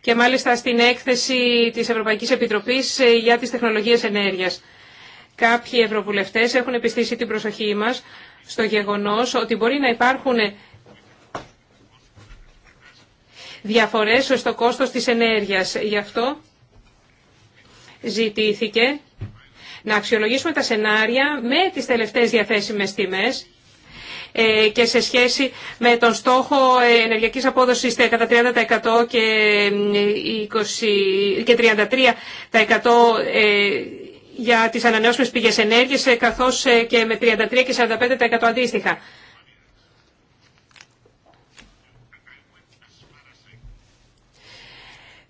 Και μάλιστα στην έκθεση της Ευρωπαϊκής Επιτροπής ε, για τις τεχνολογίες ενέργειας. Κάποιοι ευρωβουλευτές έχουν επιστήσει την προσοχή μας στο γεγονός ότι μπορεί να υπάρχουν διαφορές στο κόστος της ενέργειας. Γι' αυτό ζητήθηκε να αξιολογήσουμε τα σενάρια με τις τελευταίες διαθέσιμες τιμές ε, και σε σχέση με τον στόχο ε, ενεργειακής απόδοσης κατά 30% και 33% ε, για τις ανανεώσιμες πηγές ενέργειας, ε, καθώς ε, και με 33% και 45% αντίστοιχα.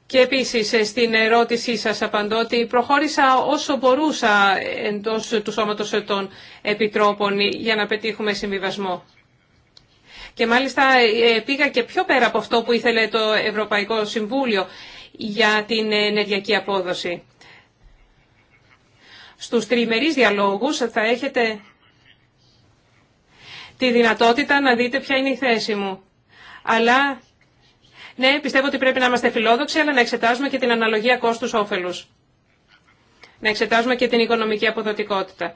Και επίσης ε, στην ερώτησή σας απαντώ ότι προχώρησα όσο μπορούσα εντός του σώματος των επιτρόπων για να πετύχουμε συμβιβασμό. Και μάλιστα πήγα και πιο πέρα από αυτό που ήθελε το Ευρωπαϊκό Συμβούλιο για την ενεργειακή απόδοση. Στους τριμερείς διαλόγους θα έχετε τη δυνατότητα να δείτε ποια είναι η θέση μου. Αλλά, ναι, πιστεύω ότι πρέπει να είμαστε φιλόδοξοι, αλλά να εξετάζουμε και την αναλογία κόστους-όφελους. Να εξετάζουμε και την οικονομική αποδοτικότητα.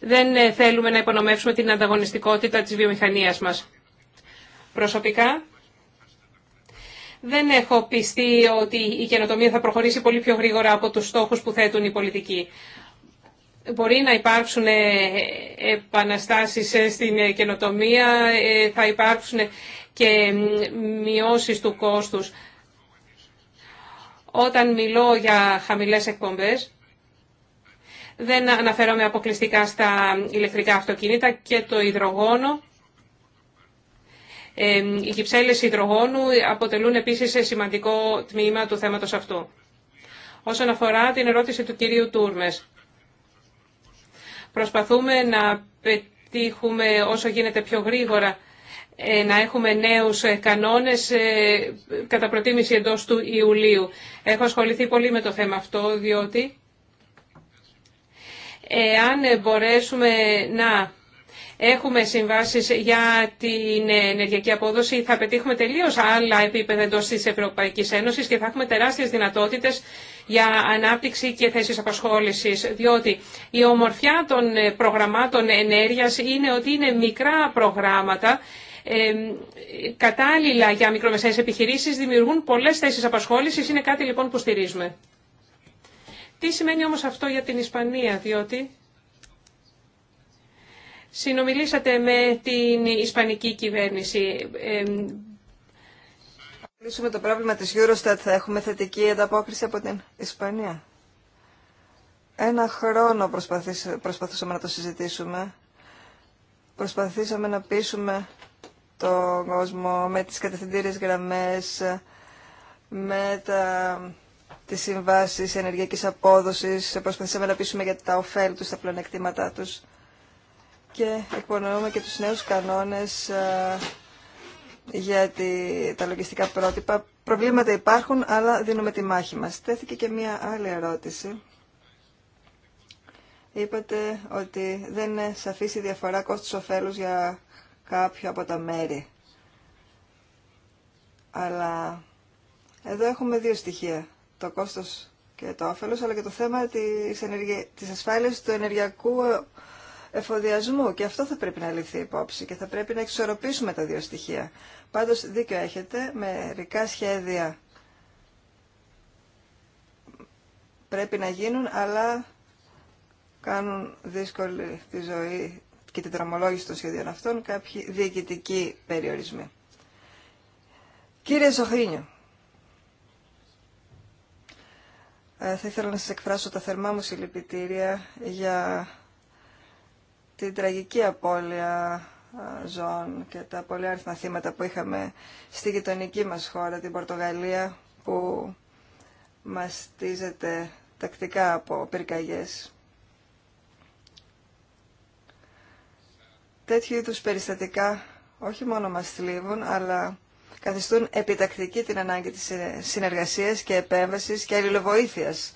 Δεν ε, θέλουμε να υπονομεύσουμε την ανταγωνιστικότητα της βιομηχανίας μας. Προσωπικά, δεν έχω πιστεί ότι η καινοτομία θα προχωρήσει πολύ πιο γρήγορα από τους στόχους που θέτουν οι πολιτικοί. Μπορεί να υπάρξουν ε, ε, επαναστάσεις ε, στην καινοτομία, θα υπάρξουν και μειώσεις του κόστους. Όταν μιλώ για χαμηλές εκπομπές, δεν αναφέρομαι αποκλειστικά στα ηλεκτρικά αυτοκίνητα και το υδρογόνο οι κυψέλες υδρογόνου αποτελούν επίσης σημαντικό τμήμα του θέματος αυτού. Όσον αφορά την ερώτηση του κυρίου Τούρμες, προσπαθούμε να πετύχουμε όσο γίνεται πιο γρήγορα ε, να έχουμε νέους ε, κανόνες ε, κατά προτίμηση εντό του Ιουλίου. Έχω ασχοληθεί πολύ με το θέμα αυτό, διότι εάν μπορέσουμε να έχουμε συμβάσει για την ενεργειακή απόδοση, θα πετύχουμε τελείω άλλα επίπεδα εντό τη Ευρωπαϊκή Ένωσης και θα έχουμε τεράστιες δυνατότητες για ανάπτυξη και θέσεις απασχόλησης, διότι η ομορφιά των προγραμμάτων ενέργειας είναι ότι είναι μικρά προγράμματα ε, κατάλληλα για μικρομεσαίες επιχειρήσεις, δημιουργούν πολλές θέσεις απασχόλησης, είναι κάτι λοιπόν που στηρίζουμε. Τι σημαίνει όμως αυτό για την Ισπανία, διότι συνομιλήσατε με την Ισπανική κυβέρνηση. Θα λύσουμε το πρόβλημα της Eurostat, θα έχουμε θετική ανταπόκριση από την Ισπανία. Ένα χρόνο προσπαθήσαμε να το συζητήσουμε. Προσπαθήσαμε να πείσουμε τον κόσμο με τις κατευθυντήριες γραμμές, με τα, τις συμβάσεις ενεργειακής απόδοσης. Προσπαθήσαμε να πείσουμε για τα ωφέλη τους, τα πλεονεκτήματά τους και υπονοούμε και τους νέους κανόνες ε, για τα λογιστικά πρότυπα. Προβλήματα υπάρχουν, αλλά δίνουμε τη μάχη μας. Τέθηκε και μία άλλη ερώτηση. Είπατε ότι δεν είναι σαφής η διαφορά κοστος ωφέλους για κάποιο από τα μέρη. Αλλά εδώ έχουμε δύο στοιχεία. Το κόστος και το όφελος, αλλά και το θέμα της, ενεργεια... της ασφάλειας του ενεργειακού εφοδιασμού και αυτό θα πρέπει να ληφθεί υπόψη και θα πρέπει να εξορροπήσουμε τα δύο στοιχεία. Πάντως δίκιο έχετε, μερικά σχέδια πρέπει να γίνουν αλλά κάνουν δύσκολη τη ζωή και την τρομολόγηση των σχεδίων αυτών κάποιοι διοικητικοί περιορισμοί. Κύριε Ζωχρίνιο, ε, θα ήθελα να σας εκφράσω τα θερμά μου συλληπιτήρια για την τραγική απώλεια ζώων και τα πολύ άριθμα θύματα που είχαμε στη γειτονική μας χώρα, την Πορτογαλία, που μαστίζεται τακτικά από πυρκαγιές. Τέτοιου είδους περιστατικά όχι μόνο μας θλίβουν, αλλά καθιστούν επιτακτική την ανάγκη της συνεργασίας και επέμβασης και αλληλοβοήθειας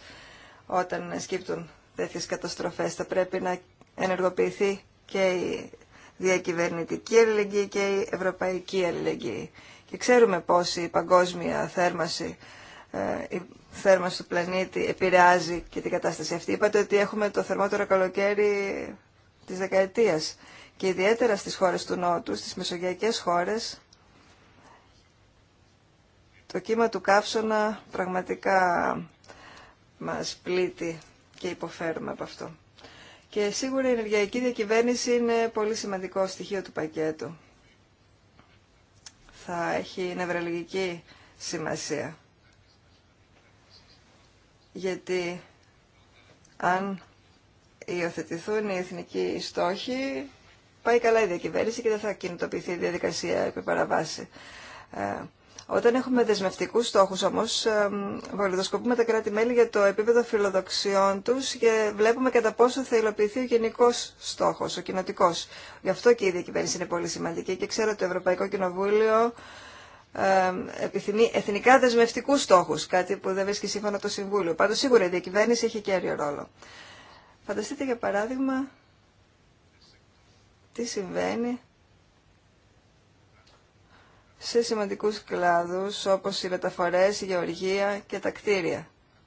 όταν σκύπτουν τέτοιες καταστροφές. Θα πρέπει να ενεργοποιηθεί και η διακυβερνητική αλληλεγγύη και η ευρωπαϊκή αλληλεγγύη. Και ξέρουμε πώς η παγκόσμια θέρμαση, ε, η θέρμαση του πλανήτη επηρεάζει και την κατάσταση αυτή. Είπατε ότι έχουμε το θερμότερο καλοκαίρι της δεκαετίας και ιδιαίτερα στις χώρες του Νότου, στις μεσογειακές χώρες, το κύμα του καύσωνα πραγματικά μας πλήττει και υποφέρουμε από αυτό. Και σίγουρα η ενεργειακή διακυβέρνηση είναι πολύ σημαντικό στοιχείο του πακέτου. Θα έχει νευραλγική σημασία. Γιατί αν υιοθετηθούν οι εθνικοί στόχοι, πάει καλά η διακυβέρνηση και δεν θα κινητοποιηθεί η διαδικασία επί παραβάση. Ε, όταν έχουμε δεσμευτικούς στόχους όμως, βολιδοσκοπούμε τα κράτη-μέλη για το επίπεδο φιλοδοξιών τους και βλέπουμε κατά πόσο θα υλοποιηθεί ο γενικός στόχος, ο κοινοτικό. Γι' αυτό και η διακυβέρνηση είναι πολύ σημαντική και ξέρω ότι το Ευρωπαϊκό Κοινοβούλιο επιθυμεί εθνικά δεσμευτικούς στόχους, κάτι που δεν βρίσκει σύμφωνα το Συμβούλιο. Πάντως σίγουρα η διακυβέρνηση έχει κέριο ρόλο. Φανταστείτε για παράδειγμα τι συμβαίνει σε σημαντικούς κλάδους όπως οι μεταφορές, η γεωργία και τα κτίρια.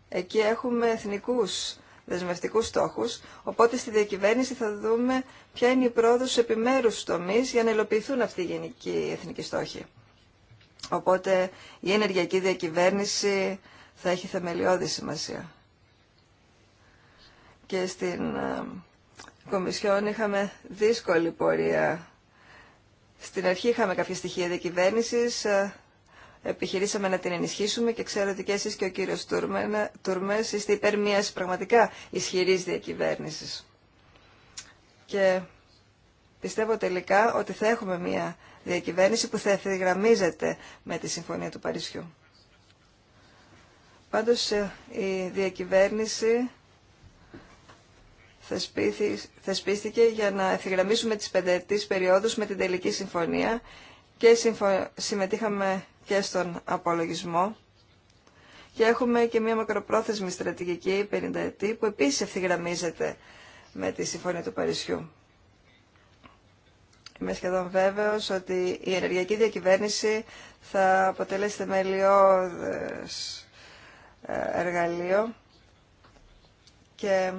Εκεί έχουμε εθνικούς δεσμευτικούς στόχους, οπότε στη διακυβέρνηση θα δούμε ποια είναι η πρόοδος σε επιμέρους τομείς για να υλοποιηθούν αυτοί οι γενικοί εθνικοί στόχοι. Οπότε η ενεργειακή διακυβέρνηση θα έχει θεμελιώδη σημασία. Και στην ε, Κομισιόν είχαμε δύσκολη πορεία στην αρχή είχαμε κάποια στοιχεία διακυβέρνηση. Ε, επιχειρήσαμε να την ενισχύσουμε και ξέρω ότι και εσεί και ο κύριος Τουρμές ε, είστε υπέρ μιας πραγματικά ισχυρή διακυβέρνηση. Και πιστεύω τελικά ότι θα έχουμε μια διακυβέρνηση που θα ευθυγραμμίζεται με τη Συμφωνία του Παρισιού. Πάντως ε, η διακυβέρνηση θεσπίστηκε για να ευθυγραμμίσουμε τις πενταετής περιόδους με την τελική συμφωνία και συμμετείχαμε και στον απολογισμό και έχουμε και μια μακροπρόθεσμη στρατηγική 50 που επίσης ευθυγραμμίζεται με τη Συμφωνία του Παρισιού. Είμαι σχεδόν βέβαιος ότι η ενεργειακή διακυβέρνηση θα αποτελέσει θεμελιώδες ε, εργαλείο και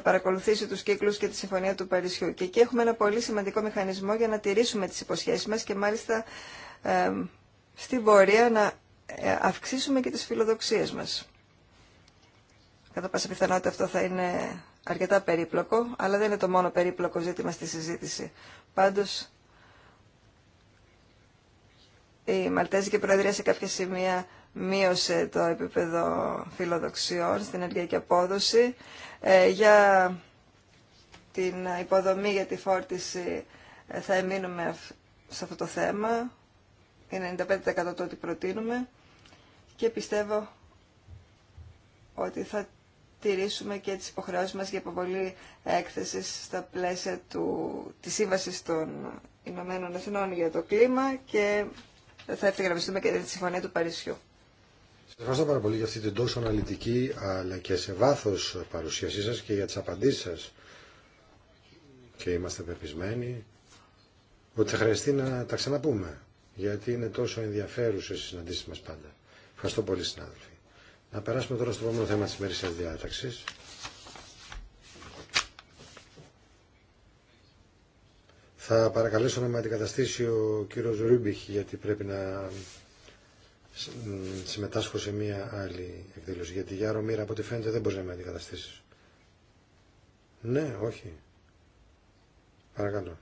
θα παρακολουθήσει του κύκλου και τη Συμφωνία του Παρισιού. Και εκεί έχουμε ένα πολύ σημαντικό μηχανισμό για να τηρήσουμε τι υποσχέσει μα και μάλιστα ε, στην πορεία να ε, αυξήσουμε και τι φιλοδοξίε μα. Κατά πάσα πιθανότητα αυτό θα είναι αρκετά περίπλοκο, αλλά δεν είναι το μόνο περίπλοκο ζήτημα στη συζήτηση. Πάντω η Μαλτέζικη Προεδρία σε κάποια σημεία μείωσε το επίπεδο φιλοδοξιών στην ενεργειακή απόδοση, ε, για την υποδομή για τη φόρτιση ε, θα εμείνουμε σε αυτό το θέμα, είναι 95% το ότι προτείνουμε και πιστεύω ότι θα τηρήσουμε και τις υποχρεώσεις μας για πολλή έκθεσης στα πλαίσια του, της σύμβαση των Ηνωμένων Εθνών για το κλίμα και θα ευθυγραμμιστούμε και τη Συμφωνία του Παρισιού ευχαριστώ πάρα πολύ για αυτή την τόσο αναλυτική αλλά και σε βάθος παρουσίασή σας και για τις απαντήσεις σας. Και είμαστε πεπισμένοι ότι θα χρειαστεί να τα ξαναπούμε γιατί είναι τόσο ενδιαφέρουσε οι συναντήσει μας πάντα. Ευχαριστώ πολύ συνάδελφοι. Να περάσουμε τώρα στο επόμενο θέμα τη μέρης διάταξη. Θα παρακαλέσω να με αντικαταστήσει ο κύριο Ρούμπιχ γιατί πρέπει να συμμετάσχω σε μία άλλη εκδήλωση. Γιατί για Ρωμήρα από ό,τι φαίνεται δεν μπορεί να με αντικαταστήσει. Ναι, όχι. Παρακαλώ.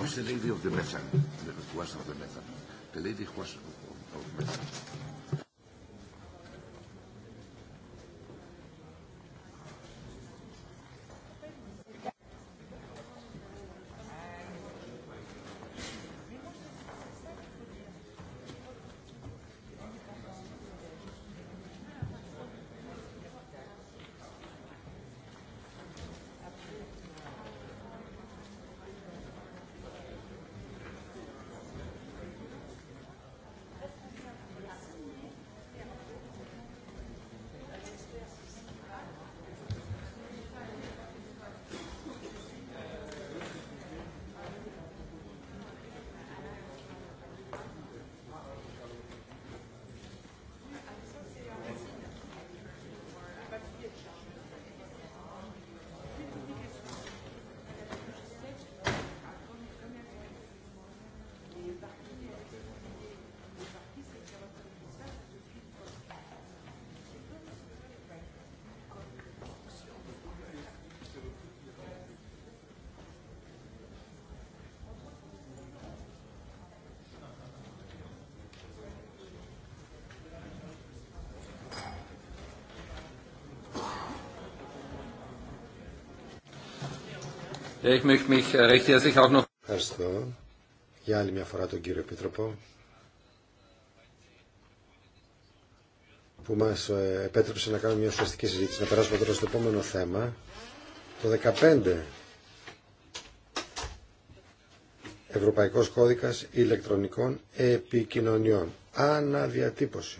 Who's the lady of the method? The, was of the method. The lady who was of, of method. Äh, Ευχαριστώ για άλλη μια φορά τον κύριο Επίτροπο που μας ε, επέτρεψε να κάνουμε μια ουσιαστική συζήτηση. Να περάσουμε τώρα στο επόμενο θέμα, το 15. Ευρωπαϊκός Κώδικας Ηλεκτρονικών Επικοινωνιών. Αναδιατύπωση.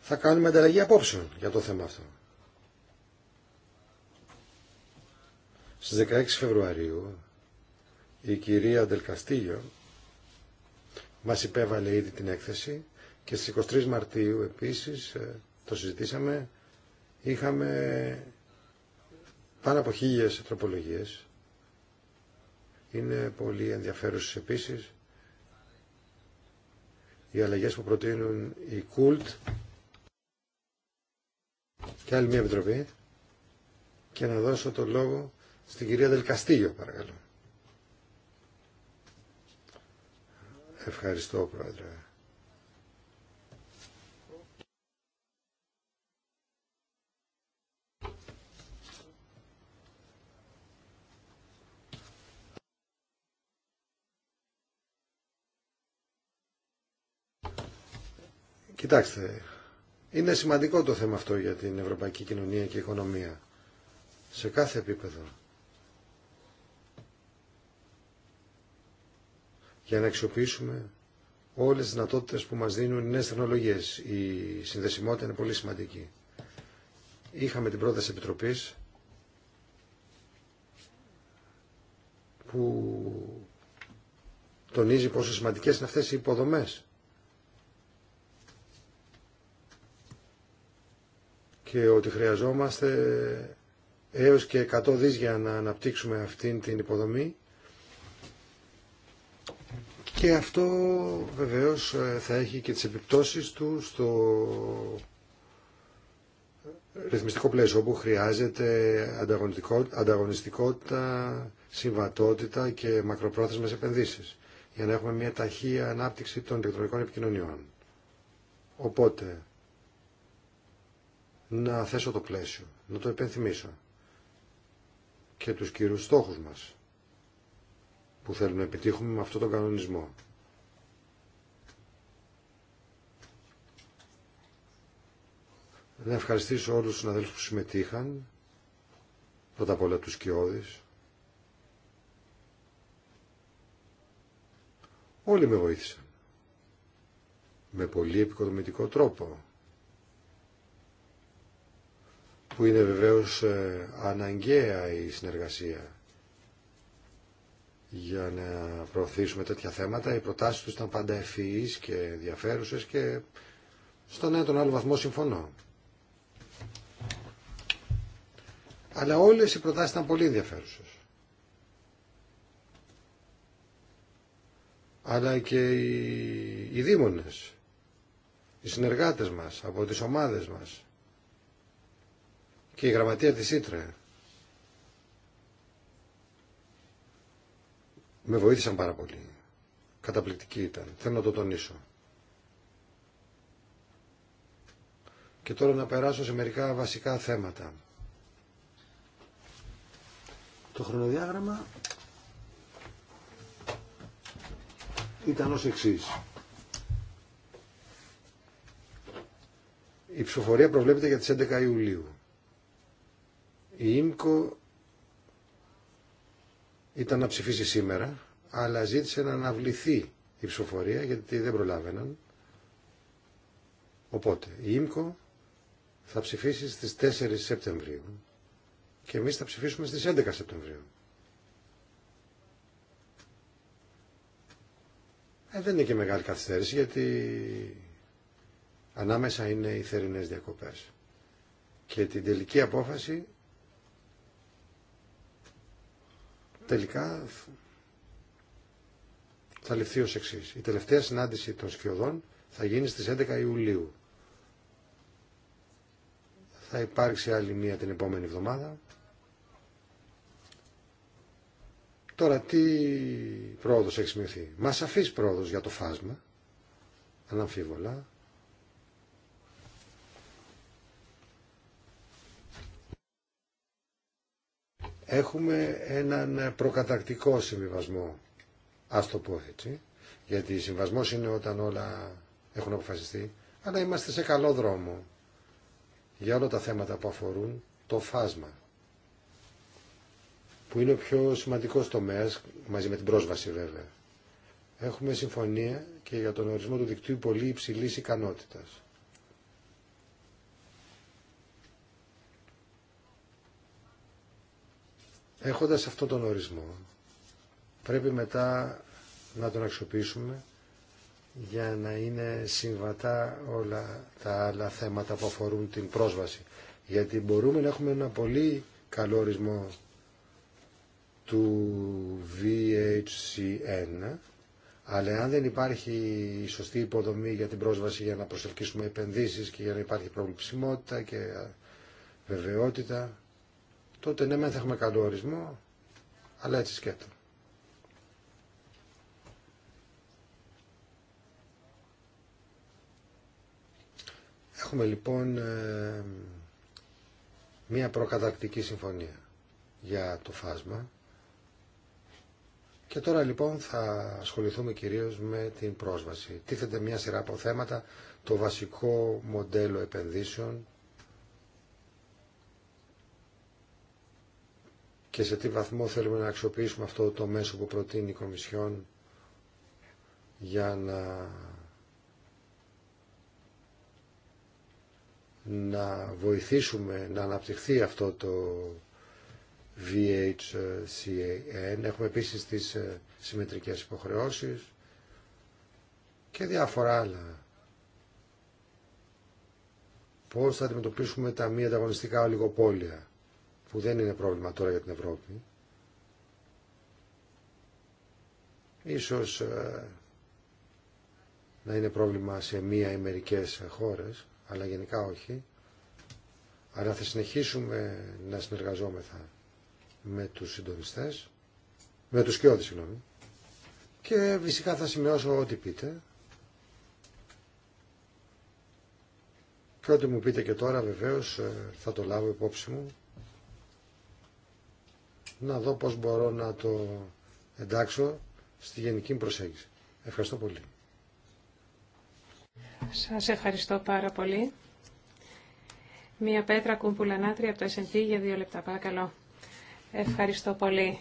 Θα κάνουμε ανταλλαγή απόψεων για το θέμα αυτό. Στις 16 Φεβρουαρίου η κυρία Ντελκαστίγιο μας υπέβαλε ήδη την έκθεση και στις 23 Μαρτίου επίσης ε, το συζητήσαμε είχαμε πάνω από χίλιες τροπολογίες είναι πολύ ενδιαφέρουσες επίσης οι αλλαγές που προτείνουν η Κούλτ και άλλη μια επιτροπή και να δώσω το λόγο στην κυρία Δελκαστήγιο, παρακαλώ. Ευχαριστώ, Πρόεδρε. Κοιτάξτε, είναι σημαντικό το θέμα αυτό για την ευρωπαϊκή κοινωνία και οικονομία σε κάθε επίπεδο. για να αξιοποιήσουμε όλες τι δυνατότητε που μας δίνουν οι νέες τεχνολογίες. Η συνδεσιμότητα είναι πολύ σημαντική. Είχαμε την πρόταση επιτροπή που τονίζει πόσο σημαντικές είναι αυτές οι υποδομές. Και ότι χρειαζόμαστε έως και 100 δις για να αναπτύξουμε αυτήν την υποδομή και αυτό βεβαίως ε, θα έχει και τις επιπτώσεις του στο ρυθμιστικό πλαίσιο όπου χρειάζεται ανταγωνιστικότητα, συμβατότητα και μακροπρόθεσμες επενδύσεις για να έχουμε μια ταχεία ανάπτυξη των ηλεκτρονικών επικοινωνιών. Οπότε, να θέσω το πλαίσιο, να το επενθυμίσω και τους κύριους στόχους μας που θέλουμε να επιτύχουμε με αυτόν τον κανονισμό. Να ευχαριστήσω όλους τους συναδέλφους που συμμετείχαν, πρώτα απ' όλα τους Κιώδης. Όλοι με βοήθησαν, με πολύ επικοδομητικό τρόπο, που είναι βεβαίως ε, αναγκαία η συνεργασία για να προωθήσουμε τέτοια θέματα. Οι προτάσει τους ήταν πάντα ευφυεί και ενδιαφέρουσε και στον ένα τον άλλο βαθμό συμφωνώ. Αλλά όλες οι προτάσεις ήταν πολύ ενδιαφέρουσες. Αλλά και οι, οι οι συνεργάτες μας από τις ομάδες μας και η γραμματεία της Ήτρε με βοήθησαν πάρα πολύ. Καταπληκτική ήταν. Θέλω να το τονίσω. Και τώρα να περάσω σε μερικά βασικά θέματα. Το χρονοδιάγραμμα ήταν ως εξής. Η ψηφοφορία προβλέπεται για τις 11 Ιουλίου. Η ΙΜΚΟ ήταν να ψηφίσει σήμερα, αλλά ζήτησε να αναβληθεί η ψηφοφορία γιατί δεν προλάβαιναν. Οπότε η ΙΜΚΟ θα ψηφίσει στις 4 Σεπτεμβρίου και εμείς θα ψηφίσουμε στις 11 Σεπτεμβρίου. Ε, δεν είναι και μεγάλη καθυστέρηση γιατί ανάμεσα είναι οι θερινές διακοπές. Και την τελική απόφαση τελικά θα ληφθεί ως εξής. Η τελευταία συνάντηση των σκιωδών θα γίνει στις 11 Ιουλίου. Θα υπάρξει άλλη μία την επόμενη εβδομάδα. Τώρα τι πρόοδος έχει σημειωθεί. Μας αφής πρόοδος για το φάσμα, αναμφίβολα. έχουμε έναν προκατακτικό συμβιβασμό, α το πω έτσι, γιατί συμβασμός είναι όταν όλα έχουν αποφασιστεί, αλλά είμαστε σε καλό δρόμο για όλα τα θέματα που αφορούν το φάσμα, που είναι ο πιο σημαντικός τομέας, μαζί με την πρόσβαση βέβαια. Έχουμε συμφωνία και για τον ορισμό του δικτύου πολύ υψηλής ικανότητας. Έχοντας αυτόν τον ορισμό, πρέπει μετά να τον αξιοποιήσουμε για να είναι συμβατά όλα τα άλλα θέματα που αφορούν την πρόσβαση. Γιατί μπορούμε να έχουμε ένα πολύ καλό ορισμό του VHCN, αλλά αν δεν υπάρχει η σωστή υποδομή για την πρόσβαση για να προσελκύσουμε επενδύσεις και για να υπάρχει προβληψιμότητα και βεβαιότητα, τότε ναι, μεν θα έχουμε καλό ορισμό, αλλά έτσι σκέτο. Έχουμε λοιπόν ε, μία προκατακτική συμφωνία για το φάσμα και τώρα λοιπόν θα ασχοληθούμε κυρίως με την πρόσβαση. Τίθεται μια σειρά από θέματα, το βασικό μοντέλο επενδύσεων, και σε τι βαθμό θέλουμε να αξιοποιήσουμε αυτό το μέσο που προτείνει η Κομισιόν για να να βοηθήσουμε να αναπτυχθεί αυτό το VHCAN. Έχουμε επίσης τις ε, συμμετρικές υποχρεώσεις και διάφορα άλλα. Πώς θα αντιμετωπίσουμε τα μη ανταγωνιστικά ολιγοπόλια που δεν είναι πρόβλημα τώρα για την Ευρώπη. Ίσως ε, να είναι πρόβλημα σε μία ή μερικές χώρες, αλλά γενικά όχι. Αλλά θα συνεχίσουμε να συνεργαζόμεθα με τους συντονιστές, με τους σκιώδες, συγγνώμη. Και φυσικά θα σημειώσω ό,τι πείτε. Και ό,τι μου πείτε και τώρα βεβαίως ε, θα το λάβω υπόψη μου να δω πώς μπορώ να το εντάξω στη γενική μου προσέγγιση. Ευχαριστώ πολύ. Σας ευχαριστώ πάρα πολύ. Μία πέτρα νάτρια από το S&P για δύο λεπτά, παρακαλώ. Ευχαριστώ πολύ.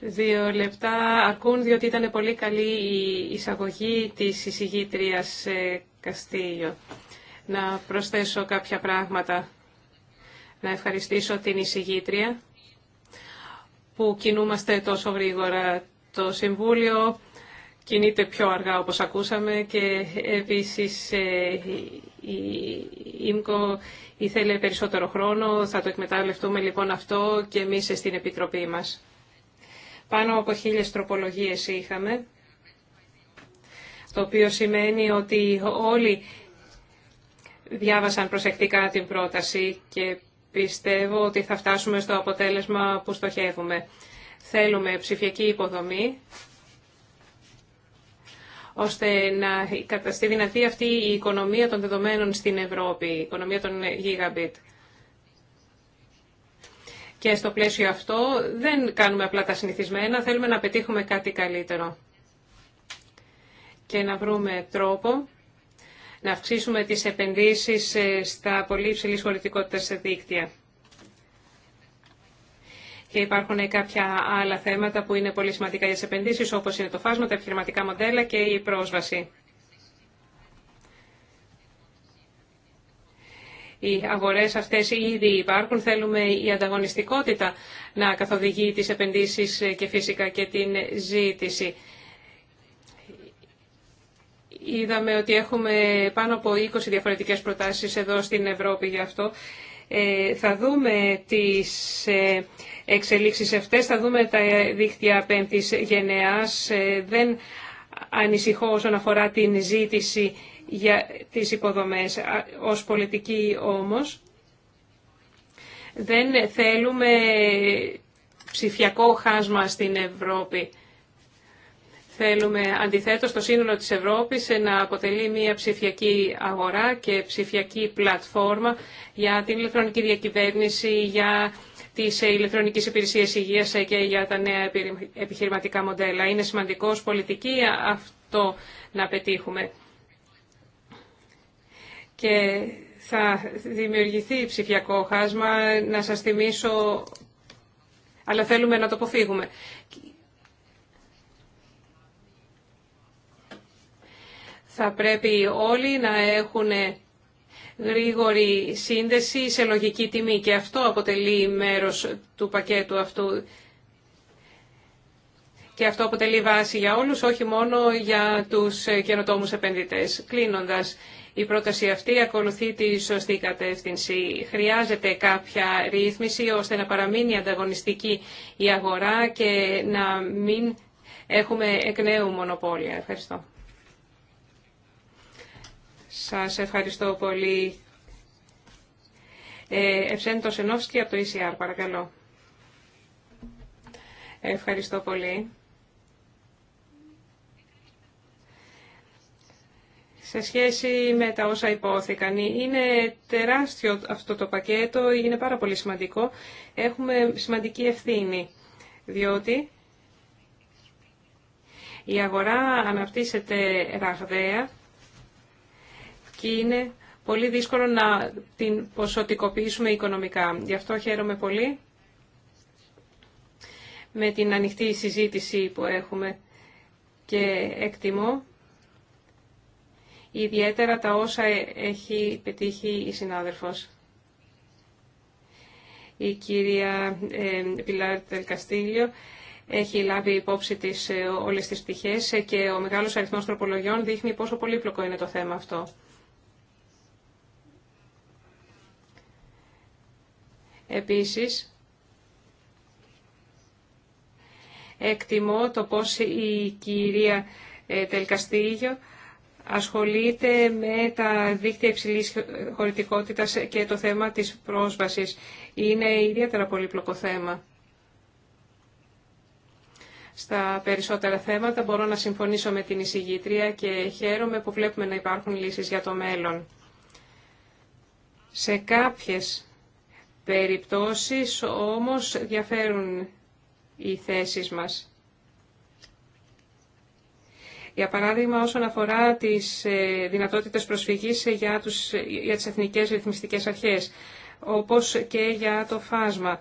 Δύο λεπτά αρκούν, διότι ήταν πολύ καλή η εισαγωγή της εισηγήτριας ε, Καστήλιο. Να προσθέσω κάποια πράγματα. Να ευχαριστήσω την εισηγήτρια που κινούμαστε τόσο γρήγορα. Το Συμβούλιο κινείται πιο αργά όπως ακούσαμε και επίσης ε, η ΙΜΚΟ ήθελε περισσότερο χρόνο. Θα το εκμεταλλευτούμε λοιπόν αυτό και εμείς στην Επιτροπή μας. Πάνω από χίλιες τροπολογίες είχαμε, το οποίο σημαίνει ότι όλοι διάβασαν προσεκτικά την πρόταση και πιστεύω ότι θα φτάσουμε στο αποτέλεσμα που στοχεύουμε. Θέλουμε ψηφιακή υποδομή, ώστε να καταστεί δυνατή αυτή η οικονομία των δεδομένων στην Ευρώπη, η οικονομία των gigabit. Και στο πλαίσιο αυτό δεν κάνουμε απλά τα συνηθισμένα, θέλουμε να πετύχουμε κάτι καλύτερο και να βρούμε τρόπο να αυξήσουμε τις επενδύσεις ε, στα πολύ υψηλή χωρητικότητα σε δίκτυα. Και υπάρχουν κάποια άλλα θέματα που είναι πολύ σημαντικά για τις επενδύσεις, όπως είναι το φάσμα, τα επιχειρηματικά μοντέλα και η πρόσβαση. οι αγορές αυτές ήδη υπάρχουν. Θέλουμε η ανταγωνιστικότητα να καθοδηγεί τις επενδύσεις ε, και φυσικά και την ζήτηση. Είδαμε ότι έχουμε πάνω από 20 διαφορετικές προτάσεις εδώ στην Ευρώπη γι' αυτό. Ε, θα δούμε τις ε, εξελίξεις αυτές, θα δούμε τα δίχτυα πέμπτης γενεάς. Ε, δεν ανησυχώ όσον αφορά την ζήτηση για τις υποδομές. Ως πολιτική όμως δεν θέλουμε ψηφιακό χάσμα στην Ευρώπη. Θέλουμε αντιθέτως το σύνολο της Ευρώπης να αποτελεί μια ψηφιακή αγορά και ψηφιακή πλατφόρμα για την ηλεκτρονική διακυβέρνηση, για τις ηλεκτρονικές υπηρεσίες υγείας και για τα νέα επιχειρηματικά μοντέλα. Είναι σημαντικό πολιτική αυτό να πετύχουμε. Και θα δημιουργηθεί ψηφιακό χάσμα, να σας θυμίσω, αλλά θέλουμε να το αποφύγουμε. Θα πρέπει όλοι να έχουν γρήγορη σύνδεση σε λογική τιμή και αυτό αποτελεί μέρος του πακέτου αυτού. Και αυτό αποτελεί βάση για όλους, όχι μόνο για τους καινοτόμους επενδυτές. Κλείνοντας, η πρόταση αυτή ακολουθεί τη σωστή κατεύθυνση. Χρειάζεται κάποια ρύθμιση ώστε να παραμείνει ανταγωνιστική η αγορά και να μην έχουμε εκ νέου μονοπόλια. Ευχαριστώ. Σας ευχαριστώ πολύ. Ε, Ευσέντο Σενόφσκι από το ECR, παρακαλώ. Ευχαριστώ πολύ. σε σχέση με τα όσα υπόθηκαν. Είναι τεράστιο αυτό το πακέτο, είναι πάρα πολύ σημαντικό. Έχουμε σημαντική ευθύνη, διότι η αγορά αναπτύσσεται ραγδαία και είναι πολύ δύσκολο να την ποσοτικοποιήσουμε οικονομικά. Γι' αυτό χαίρομαι πολύ με την ανοιχτή συζήτηση που έχουμε και εκτιμώ ιδιαίτερα τα όσα έχει πετύχει η συνάδελφος. Η κυρία ε, Πιλάρ Τελκαστήλιο έχει λάβει υπόψη της ε, όλες τις πτυχές και ο μεγάλος αριθμός τροπολογιών δείχνει πόσο πολύπλοκο είναι το θέμα αυτό. Επίσης, εκτιμώ το πώς η κυρία ε, Τελκαστήγιο ασχολείται με τα δίκτυα υψηλής χωρητικότητας και το θέμα της πρόσβασης. Είναι ιδιαίτερα πολύπλοκο θέμα. Στα περισσότερα θέματα μπορώ να συμφωνήσω με την εισηγήτρια και χαίρομαι που βλέπουμε να υπάρχουν λύσεις για το μέλλον. Σε κάποιες περιπτώσεις όμως διαφέρουν οι θέσεις μας. Για παράδειγμα, όσον αφορά τις ε, δυνατότητες προσφυγής για, τους, για τις εθνικές ρυθμιστικές αρχές, όπως και για το φάσμα.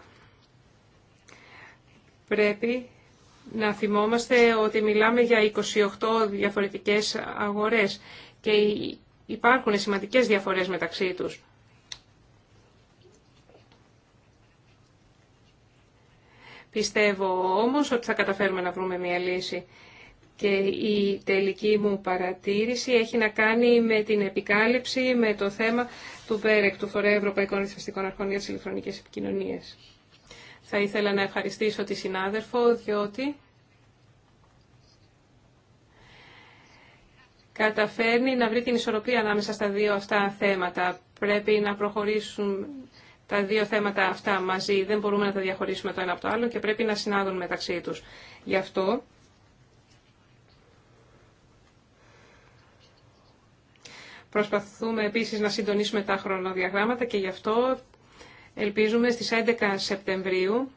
Πρέπει να θυμόμαστε ότι μιλάμε για 28 διαφορετικές αγορές και υπάρχουν σημαντικές διαφορές μεταξύ τους. Πιστεύω όμως ότι θα καταφέρουμε να βρούμε μια λύση. Και η τελική μου παρατήρηση έχει να κάνει με την επικάλυψη με το θέμα του ΠΕΡΕΚ, του Φορέα Ευρωπαϊκών Ρυθμιστικών Αρχών για τις ηλεκτρονικές επικοινωνίες. Θα ήθελα να ευχαριστήσω τη συνάδελφο, διότι καταφέρνει να βρει την ισορροπία ανάμεσα στα δύο αυτά θέματα. Πρέπει να προχωρήσουν τα δύο θέματα αυτά μαζί δεν μπορούμε να τα διαχωρίσουμε το ένα από το άλλο και πρέπει να συνάδουν μεταξύ τους. Γι' αυτό προσπαθούμε επίσης να συντονίσουμε τα χρονοδιαγράμματα και γι' αυτό ελπίζουμε στις 11 Σεπτεμβρίου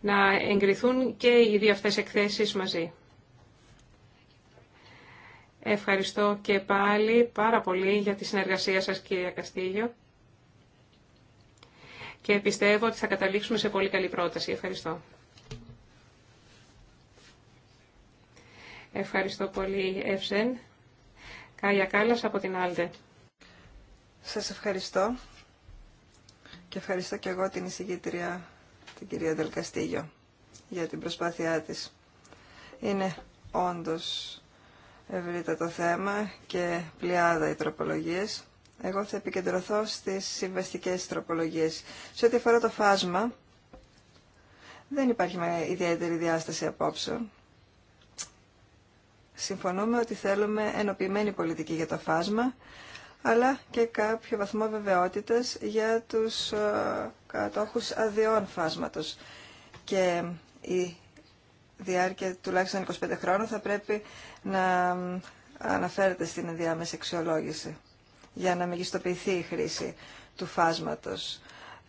να εγκριθούν και οι δύο αυτές εκθέσεις μαζί. Ευχαριστώ και πάλι πάρα πολύ για τη συνεργασία σας κύριε Καστίγιο και πιστεύω ότι θα καταλήξουμε σε πολύ καλή πρόταση. Ευχαριστώ. Ευχαριστώ πολύ, Εύσεν. Κάλια Κάλλας από την Άλτε. Σας ευχαριστώ και ευχαριστώ και εγώ την εισηγήτρια, την κυρία Δελκαστήγιο, για την προσπάθειά της. Είναι όντως ευρύτατο θέμα και πλειάδα οι τροπολογίες. Εγώ θα επικεντρωθώ στις συμβαστικές τροπολογίες. Σε ό,τι αφορά το φάσμα, δεν υπάρχει με ιδιαίτερη διάσταση απόψε. Συμφωνούμε ότι θέλουμε ενοποιημένη πολιτική για το φάσμα, αλλά και κάποιο βαθμό βεβαιότητας για τους ε, κατόχους αδειών φάσματος. Και η διάρκεια τουλάχιστον 25 χρόνων θα πρέπει να αναφέρεται στην ενδιάμεση αξιολόγηση για να μεγιστοποιηθεί η χρήση του φάσματος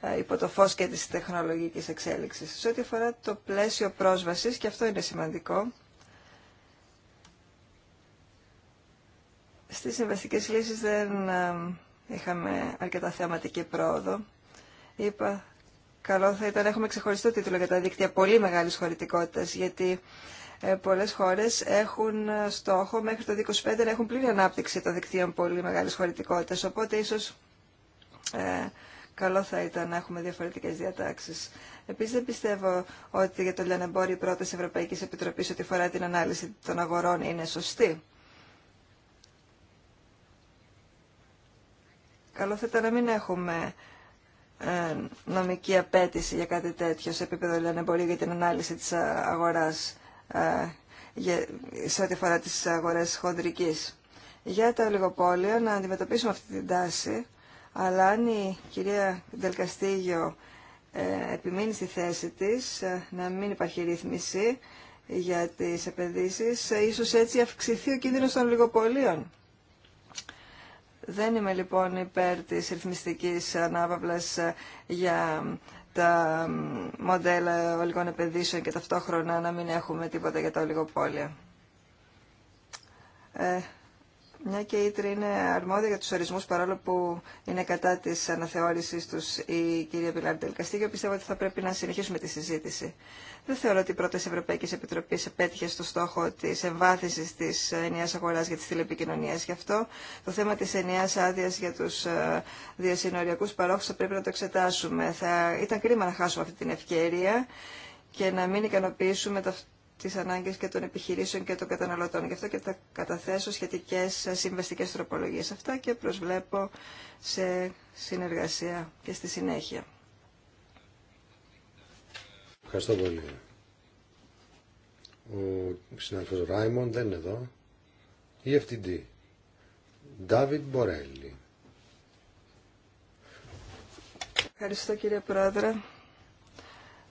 ε, υπό το φως και της τεχνολογικής εξέλιξης. Σε ό,τι αφορά το πλαίσιο πρόσβασης, και αυτό είναι σημαντικό, στις συμβαστικές λύσεις δεν ε, είχαμε αρκετά θεαματική πρόοδο. Είπα, καλό θα ήταν να έχουμε ξεχωριστό τίτλο για τα δίκτυα πολύ μεγάλης χωρητικότητας, γιατί ε, Πολλέ χώρες έχουν ε, στόχο μέχρι το 2025 να έχουν πλήρη ανάπτυξη των δικτύων πολύ μεγάλη χωρητικότητα. Οπότε ίσως ε, καλό θα ήταν να έχουμε διαφορετικές διατάξεις. Επίσης δεν πιστεύω ότι για το λιανεμπόριο η πρόταση Ευρωπαϊκή Επιτροπή ότι φορά την ανάλυση των αγορών είναι σωστή. Καλό θα ήταν να μην έχουμε ε, νομική απέτηση για κάτι τέτοιο σε επίπεδο λιανεμπορίου για την ανάλυση της αγοράς. Ε, σε ό,τι αφορά τις αγορές χοντρικής. Για τα ολιγοπόλια να αντιμετωπίσουμε αυτή την τάση, αλλά αν η κυρία Δελκαστήγιο ε, επιμείνει στη θέση της, ε, να μην υπάρχει ρύθμιση για τις επενδύσεις, ίσως έτσι αυξηθεί ο κίνδυνος των λιγοπολίων. Δεν είμαι λοιπόν υπέρ της ρυθμιστικής ανάπαυλας για τα μοντέλα ολικών επενδύσεων και ταυτόχρονα να μην έχουμε τίποτα για τα ολιγοπόλια. Ε, μια και η είναι αρμόδια για τους ορισμούς, παρόλο που είναι κατά της αναθεώρησης τους η κυρία Πιλάρ Καστίγιο. πιστεύω ότι θα πρέπει να συνεχίσουμε τη συζήτηση. Δεν θεωρώ ότι η πρώτη Ευρωπαϊκή Επιτροπή επέτυχε στο στόχο τη εμβάθυνση τη ενιαία αγορά για τι τηλεπικοινωνίε. Γι' αυτό το θέμα τη ενιαία άδεια για του ε, διασυνοριακού παρόχου θα πρέπει να το εξετάσουμε. Θα ήταν κρίμα να χάσουμε αυτή την ευκαιρία και να μην ικανοποιήσουμε τις ανάγκες και των επιχειρήσεων και των καταναλωτών. Γι' αυτό και θα καταθέσω σχετικές συμβαστικέ τροπολογίες αυτά και προσβλέπω σε συνεργασία και στη συνέχεια. Ευχαριστώ πολύ. Ο συνάδελφος Ράιμον δεν είναι εδώ. Η FTD. Ντάβιτ Μπορέλη. Ευχαριστώ κύριε Πρόεδρε.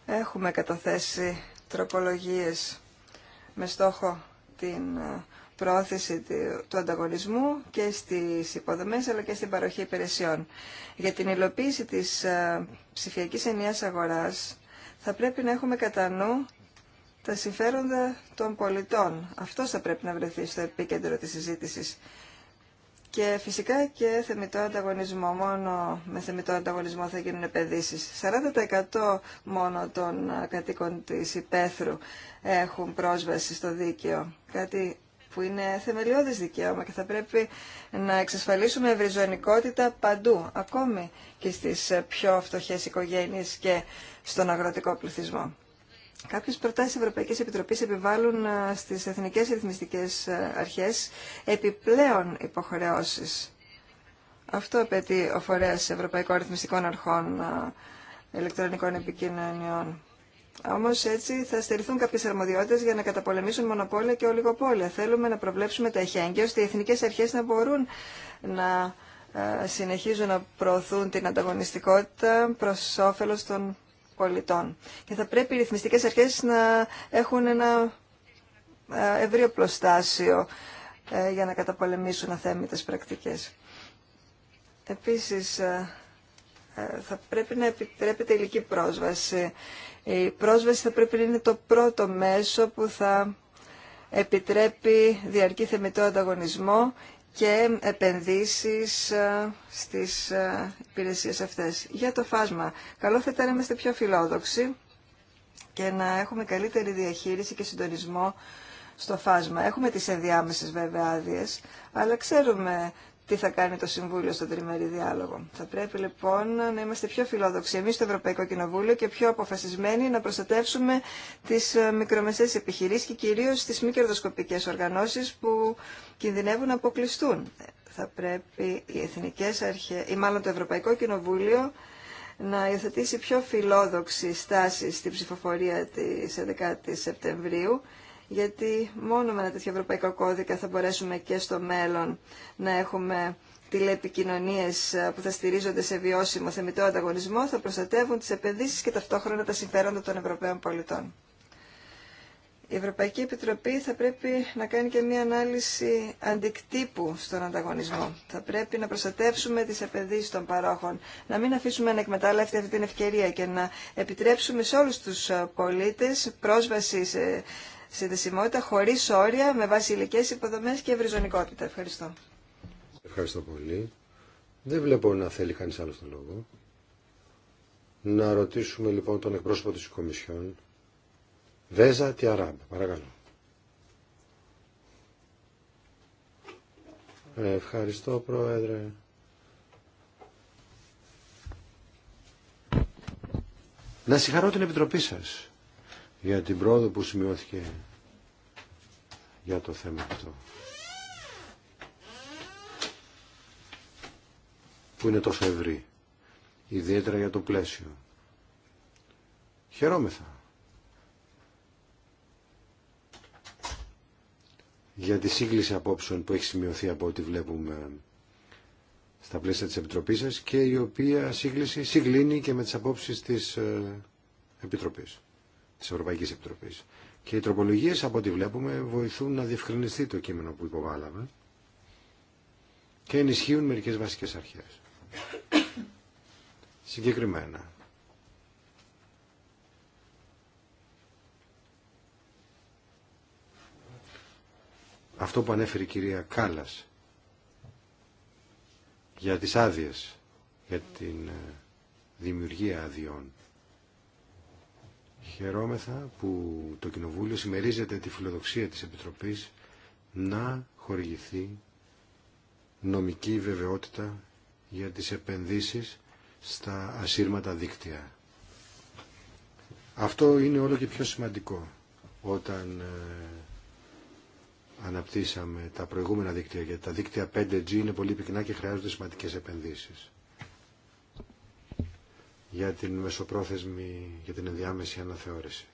Έχουμε καταθέσει τροπολογίες με στόχο την ε, πρόθεση του ανταγωνισμού και στις υποδομές αλλά και στην παροχή υπηρεσιών. Για την υλοποίηση της ε, ψηφιακής ενίας αγοράς θα πρέπει να έχουμε κατά νου τα συμφέροντα των πολιτών. Αυτό θα πρέπει να βρεθεί στο επίκεντρο της συζήτησης και φυσικά και θεμητό ανταγωνισμό. Μόνο με θεμητό ανταγωνισμό θα γίνουν επενδύσει. 40% μόνο των ε, κατοίκων της υπαίθρου έχουν πρόσβαση στο δίκαιο. Κάτι που είναι θεμελιώδης δικαίωμα και θα πρέπει να εξασφαλίσουμε ευρυζωνικότητα παντού, ακόμη και στις ε, πιο φτωχές οικογένειες και στον αγροτικό πληθυσμό. Κάποιες προτάσεις Ευρωπαϊκής Επιτροπής επιβάλλουν στις εθνικές ρυθμιστικές αρχές επιπλέον υποχρεώσεις. Αυτό απαιτεί ο φορέας Ευρωπαϊκών Ρυθμιστικών Αρχών ηλεκτρονικών επικοινωνιών. Όμω έτσι θα στερηθούν κάποιε αρμοδιότητε για να καταπολεμήσουν μονοπόλια και ολιγοπόλια. Θέλουμε να προβλέψουμε τα εχέγγυα ώστε οι εθνικέ αρχέ να μπορούν να συνεχίζουν να προωθούν την ανταγωνιστικότητα προ όφελο των και θα πρέπει οι ρυθμιστικές αρχές να έχουν ένα ε, ευρύ οπλοστάσιο ε, για να καταπολεμήσουν αθέμητες πρακτικές. Επίσης, ε, θα πρέπει να επιτρέπεται ηλική πρόσβαση. Η πρόσβαση θα πρέπει να είναι το πρώτο μέσο που θα επιτρέπει διαρκή θεμητό ανταγωνισμό και επενδύσεις ε, στις ε, υπηρεσίες αυτές. Για το φάσμα, καλό θα ήταν να είμαστε πιο φιλόδοξοι και να έχουμε καλύτερη διαχείριση και συντονισμό στο φάσμα. Έχουμε τις ενδιάμεσες βέβαια άδειε, αλλά ξέρουμε τι θα κάνει το Συμβούλιο στον τριμερή διάλογο. Θα πρέπει λοιπόν να είμαστε πιο φιλόδοξοι εμεί στο Ευρωπαϊκό Κοινοβούλιο και πιο αποφασισμένοι να προστατεύσουμε τις ε, μικρομεσαίες επιχειρήσεις και κυρίως τις μη κερδοσκοπικέ οργανώσεις που κινδυνεύουν να αποκλειστούν. Θα πρέπει οι εθνικές αρχές, ή μάλλον το Ευρωπαϊκό Κοινοβούλιο, να υιοθετήσει πιο φιλόδοξη στάση στην ψηφοφορία τη 11 η Σεπτεμβρίου γιατί μόνο με ένα τέτοιο ευρωπαϊκό κώδικα θα μπορέσουμε και στο μέλλον να έχουμε τηλεπικοινωνίε ε, που θα στηρίζονται σε βιώσιμο θεμητό ανταγωνισμό, θα προστατεύουν τι επενδύσει και ταυτόχρονα τα συμφέροντα των Ευρωπαίων πολιτών. Η Ευρωπαϊκή Επιτροπή θα πρέπει να κάνει και μια ανάλυση αντικτύπου στον ανταγωνισμό. Θα πρέπει να προστατεύσουμε τις επενδύσεις των παρόχων, να μην αφήσουμε να εκμετάλλευτε αυτή την ευκαιρία και να επιτρέψουμε σε όλου του ε, πολίτες πρόσβαση σε συνδεσιμότητα χωρί όρια με βάση υποδομές και ευρυζωνικότητα. Ευχαριστώ. Ευχαριστώ πολύ. Δεν βλέπω να θέλει κανείς άλλο τον λόγο. Να ρωτήσουμε λοιπόν τον εκπρόσωπο της Κομισιόν, Βέζα Τιαράμπ, παρακαλώ. Ευχαριστώ Πρόεδρε. Να συγχαρώ την Επιτροπή σας για την πρόοδο που σημειώθηκε για το θέμα αυτό. Που είναι τόσο ευρύ. Ιδιαίτερα για το πλαίσιο. Χαιρόμεθα. Για τη σύγκληση απόψεων που έχει σημειωθεί από ό,τι βλέπουμε στα πλαίσια της Επιτροπής σας και η οποία σύγκληση συγκλίνει και με τις απόψεις της ε, Επιτροπής. Τη Ευρωπαϊκή Επιτροπή. Και οι τροπολογίε από ό,τι βλέπουμε βοηθούν να διευκρινιστεί το κείμενο που υποβάλαμε και ενισχύουν μερικές βασικές αρχές. <coughs> Συγκεκριμένα. Αυτό που ανέφερε η κυρία Κάλλας για τις άδειες, για την ε, δημιουργία αδειών. Χαιρόμεθα που το Κοινοβούλιο συμμερίζεται τη φιλοδοξία της Επιτροπής να χορηγηθεί νομική βεβαιότητα για τις επενδύσεις στα ασύρματα δίκτυα. Αυτό είναι όλο και πιο σημαντικό όταν ε, αναπτύσσαμε τα προηγούμενα δίκτυα, γιατί τα δίκτυα 5G είναι πολύ πυκνά και χρειάζονται σημαντικές επενδύσεις για την μεσοπρόθεσμη, για την ενδιάμεση αναθεώρηση.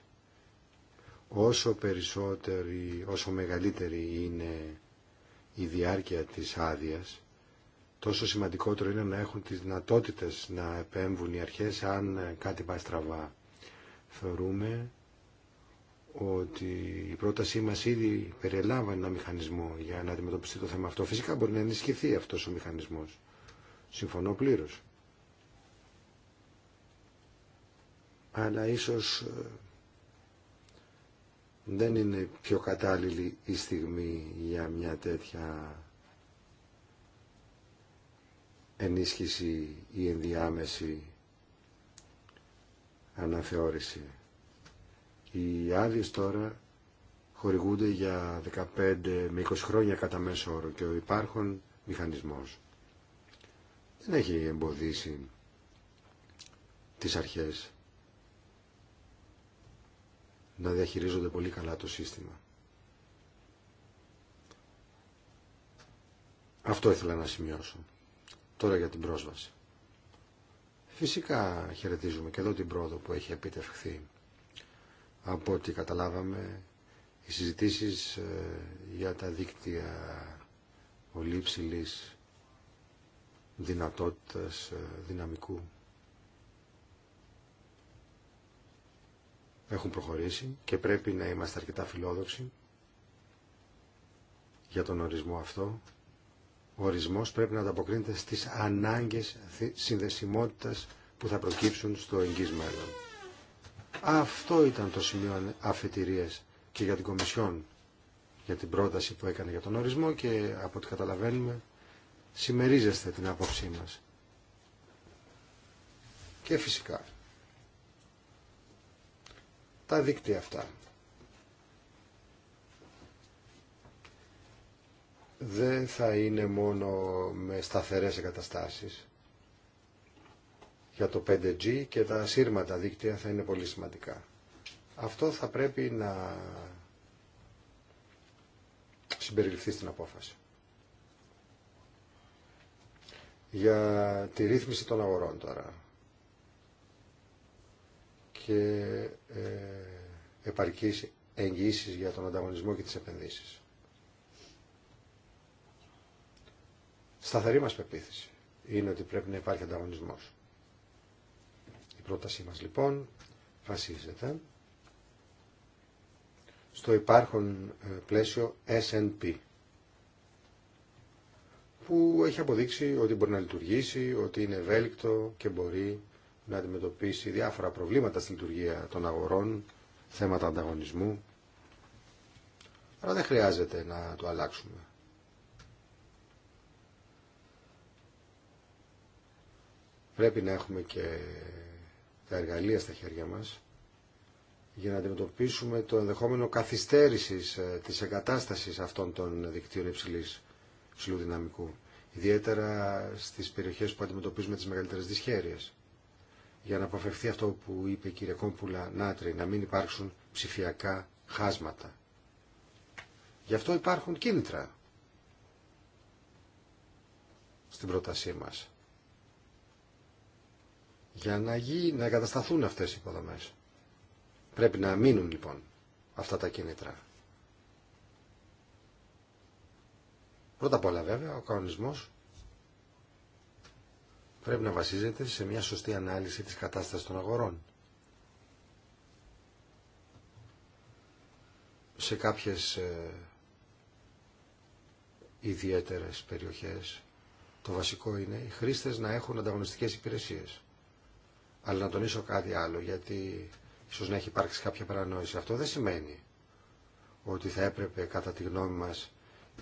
Όσο περισσότερη, όσο μεγαλύτερη είναι η διάρκεια της άδεια, τόσο σημαντικότερο είναι να έχουν τις δυνατότητες να επέμβουν οι αρχές αν κάτι πάει στραβά. Θεωρούμε ότι η πρότασή μας ήδη περιέλαβε ένα μηχανισμό για να αντιμετωπιστεί το θέμα αυτό. Φυσικά μπορεί να ενισχυθεί αυτός ο μηχανισμός. Συμφωνώ πλήρως. αλλά ίσως ε, δεν είναι πιο κατάλληλη η στιγμή για μια τέτοια ενίσχυση ή ενδιάμεση αναθεώρηση. Οι άδειε τώρα χορηγούνται για 15 με 20 χρόνια κατά μέσο όρο και ο υπάρχον μηχανισμός δεν έχει εμποδίσει τις αρχές να διαχειρίζονται πολύ καλά το σύστημα. Αυτό ήθελα να σημειώσω. Τώρα για την πρόσβαση. Φυσικά χαιρετίζουμε και εδώ την πρόοδο που έχει επιτευχθεί. Από ό,τι καταλάβαμε, οι συζητήσεις ε, για τα δίκτυα ολύψηλης δυνατότητας ε, δυναμικού έχουν προχωρήσει και πρέπει να είμαστε αρκετά φιλόδοξοι για τον ορισμό αυτό. Ο ορισμός πρέπει να ανταποκρίνεται στις ανάγκες συνδεσιμότητας που θα προκύψουν στο εγγύς μέλλον. Αυτό ήταν το σημείο αφετηρίας και για την Κομισιόν για την πρόταση που έκανε για τον ορισμό και από ό,τι καταλαβαίνουμε συμμερίζεστε την άποψή μας. Και φυσικά τα δίκτυα αυτά. Δεν θα είναι μόνο με σταθερές εγκαταστάσεις για το 5G και τα σύρματα δίκτυα θα είναι πολύ σημαντικά. Αυτό θα πρέπει να συμπεριληφθεί στην απόφαση. Για τη ρύθμιση των αγορών τώρα και ε, επαρκείς εγγύησεις για τον ανταγωνισμό και τις επενδύσεις. Σταθερή μας πεποίθηση είναι ότι πρέπει να υπάρχει ανταγωνισμός. Η πρότασή μας λοιπόν βασίζεται στο υπάρχον ε, πλαίσιο S&P που έχει αποδείξει ότι μπορεί να λειτουργήσει, ότι είναι ευέλικτο και μπορεί να αντιμετωπίσει διάφορα προβλήματα στη λειτουργία των αγορών, θέματα ανταγωνισμού. Αλλά δεν χρειάζεται να το αλλάξουμε. Πρέπει να έχουμε και τα εργαλεία στα χέρια μας για να αντιμετωπίσουμε το ενδεχόμενο καθυστέρησης ε, της εγκατάστασης αυτών των δικτύων υψηλής, υψηλού δυναμικού. Ιδιαίτερα στις περιοχές που αντιμετωπίζουμε τις μεγαλύτερες δυσχέρειες για να αποφευθεί αυτό που είπε η κυρία Κόμπουλα Νάτρη, να μην υπάρξουν ψηφιακά χάσματα. Γι' αυτό υπάρχουν κίνητρα στην πρότασή μας για να, γι, να εγκατασταθούν αυτές οι υποδομές. Πρέπει να μείνουν λοιπόν αυτά τα κίνητρα. Πρώτα απ' όλα βέβαια ο κανονισμός πρέπει να βασίζεται σε μια σωστή ανάλυση της κατάστασης των αγορών. Σε κάποιες ε, ιδιαίτερες περιοχές το βασικό είναι οι χρήστες να έχουν ανταγωνιστικές υπηρεσίες. Αλλά να τονίσω κάτι άλλο, γιατί ίσως να έχει υπάρξει κάποια παρανόηση. Αυτό δεν σημαίνει ότι θα έπρεπε, κατά τη γνώμη μας,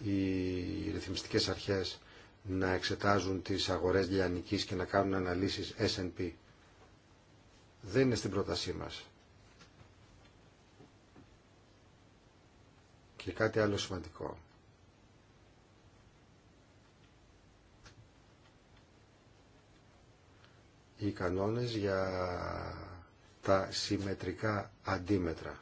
οι ρυθμιστικές αρχές να εξετάζουν τις αγορές λιανικής και να κάνουν αναλύσεις S&P. Δεν είναι στην πρότασή μας. Και κάτι άλλο σημαντικό. Οι κανόνες για τα συμμετρικά αντίμετρα.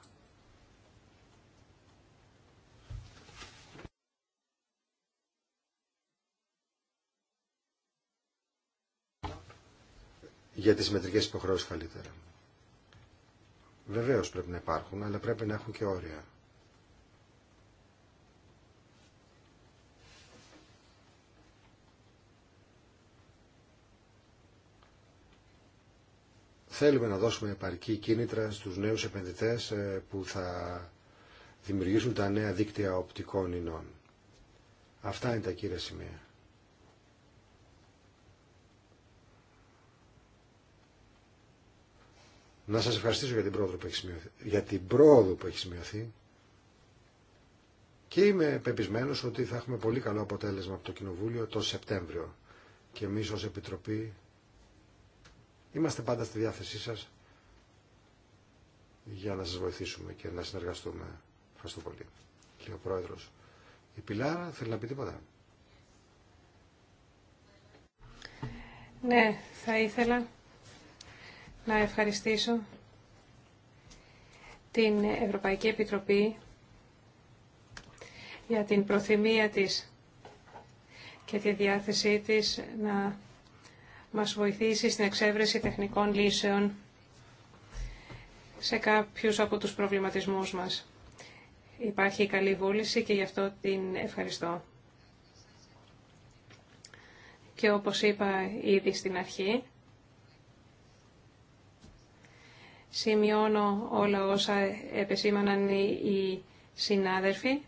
για τις μετρικές υποχρεώσεις καλύτερα. Βεβαίως πρέπει να υπάρχουν, αλλά πρέπει να έχουν και όρια. Θέλουμε να δώσουμε επαρκή κίνητρα στους νέους επενδυτές ε, που θα δημιουργήσουν τα νέα δίκτυα οπτικών ινών. Αυτά είναι τα κύρια σημεία. Να σας ευχαριστήσω για την πρόοδο που έχει σημειωθεί, για την πρόοδο που έχει σημειωθεί και είμαι πεπισμένος ότι θα έχουμε πολύ καλό αποτέλεσμα από το Κοινοβούλιο το Σεπτέμβριο και εμείς ως Επιτροπή είμαστε πάντα στη διάθεσή σας για να σας βοηθήσουμε και να συνεργαστούμε. Ευχαριστώ πολύ. Και ο Πρόεδρος. Η Πιλάρα θέλει να πει τίποτα. Ναι, θα ήθελα να ευχαριστήσω την Ευρωπαϊκή Επιτροπή για την προθυμία της και τη διάθεσή της να μας βοηθήσει στην εξέβρεση τεχνικών λύσεων σε κάποιους από τους προβληματισμούς μας. Υπάρχει καλή βούληση και γι' αυτό την ευχαριστώ. Και όπως είπα ήδη στην αρχή, Σημειώνω όλα όσα επεσήμαναν οι συνάδελφοι.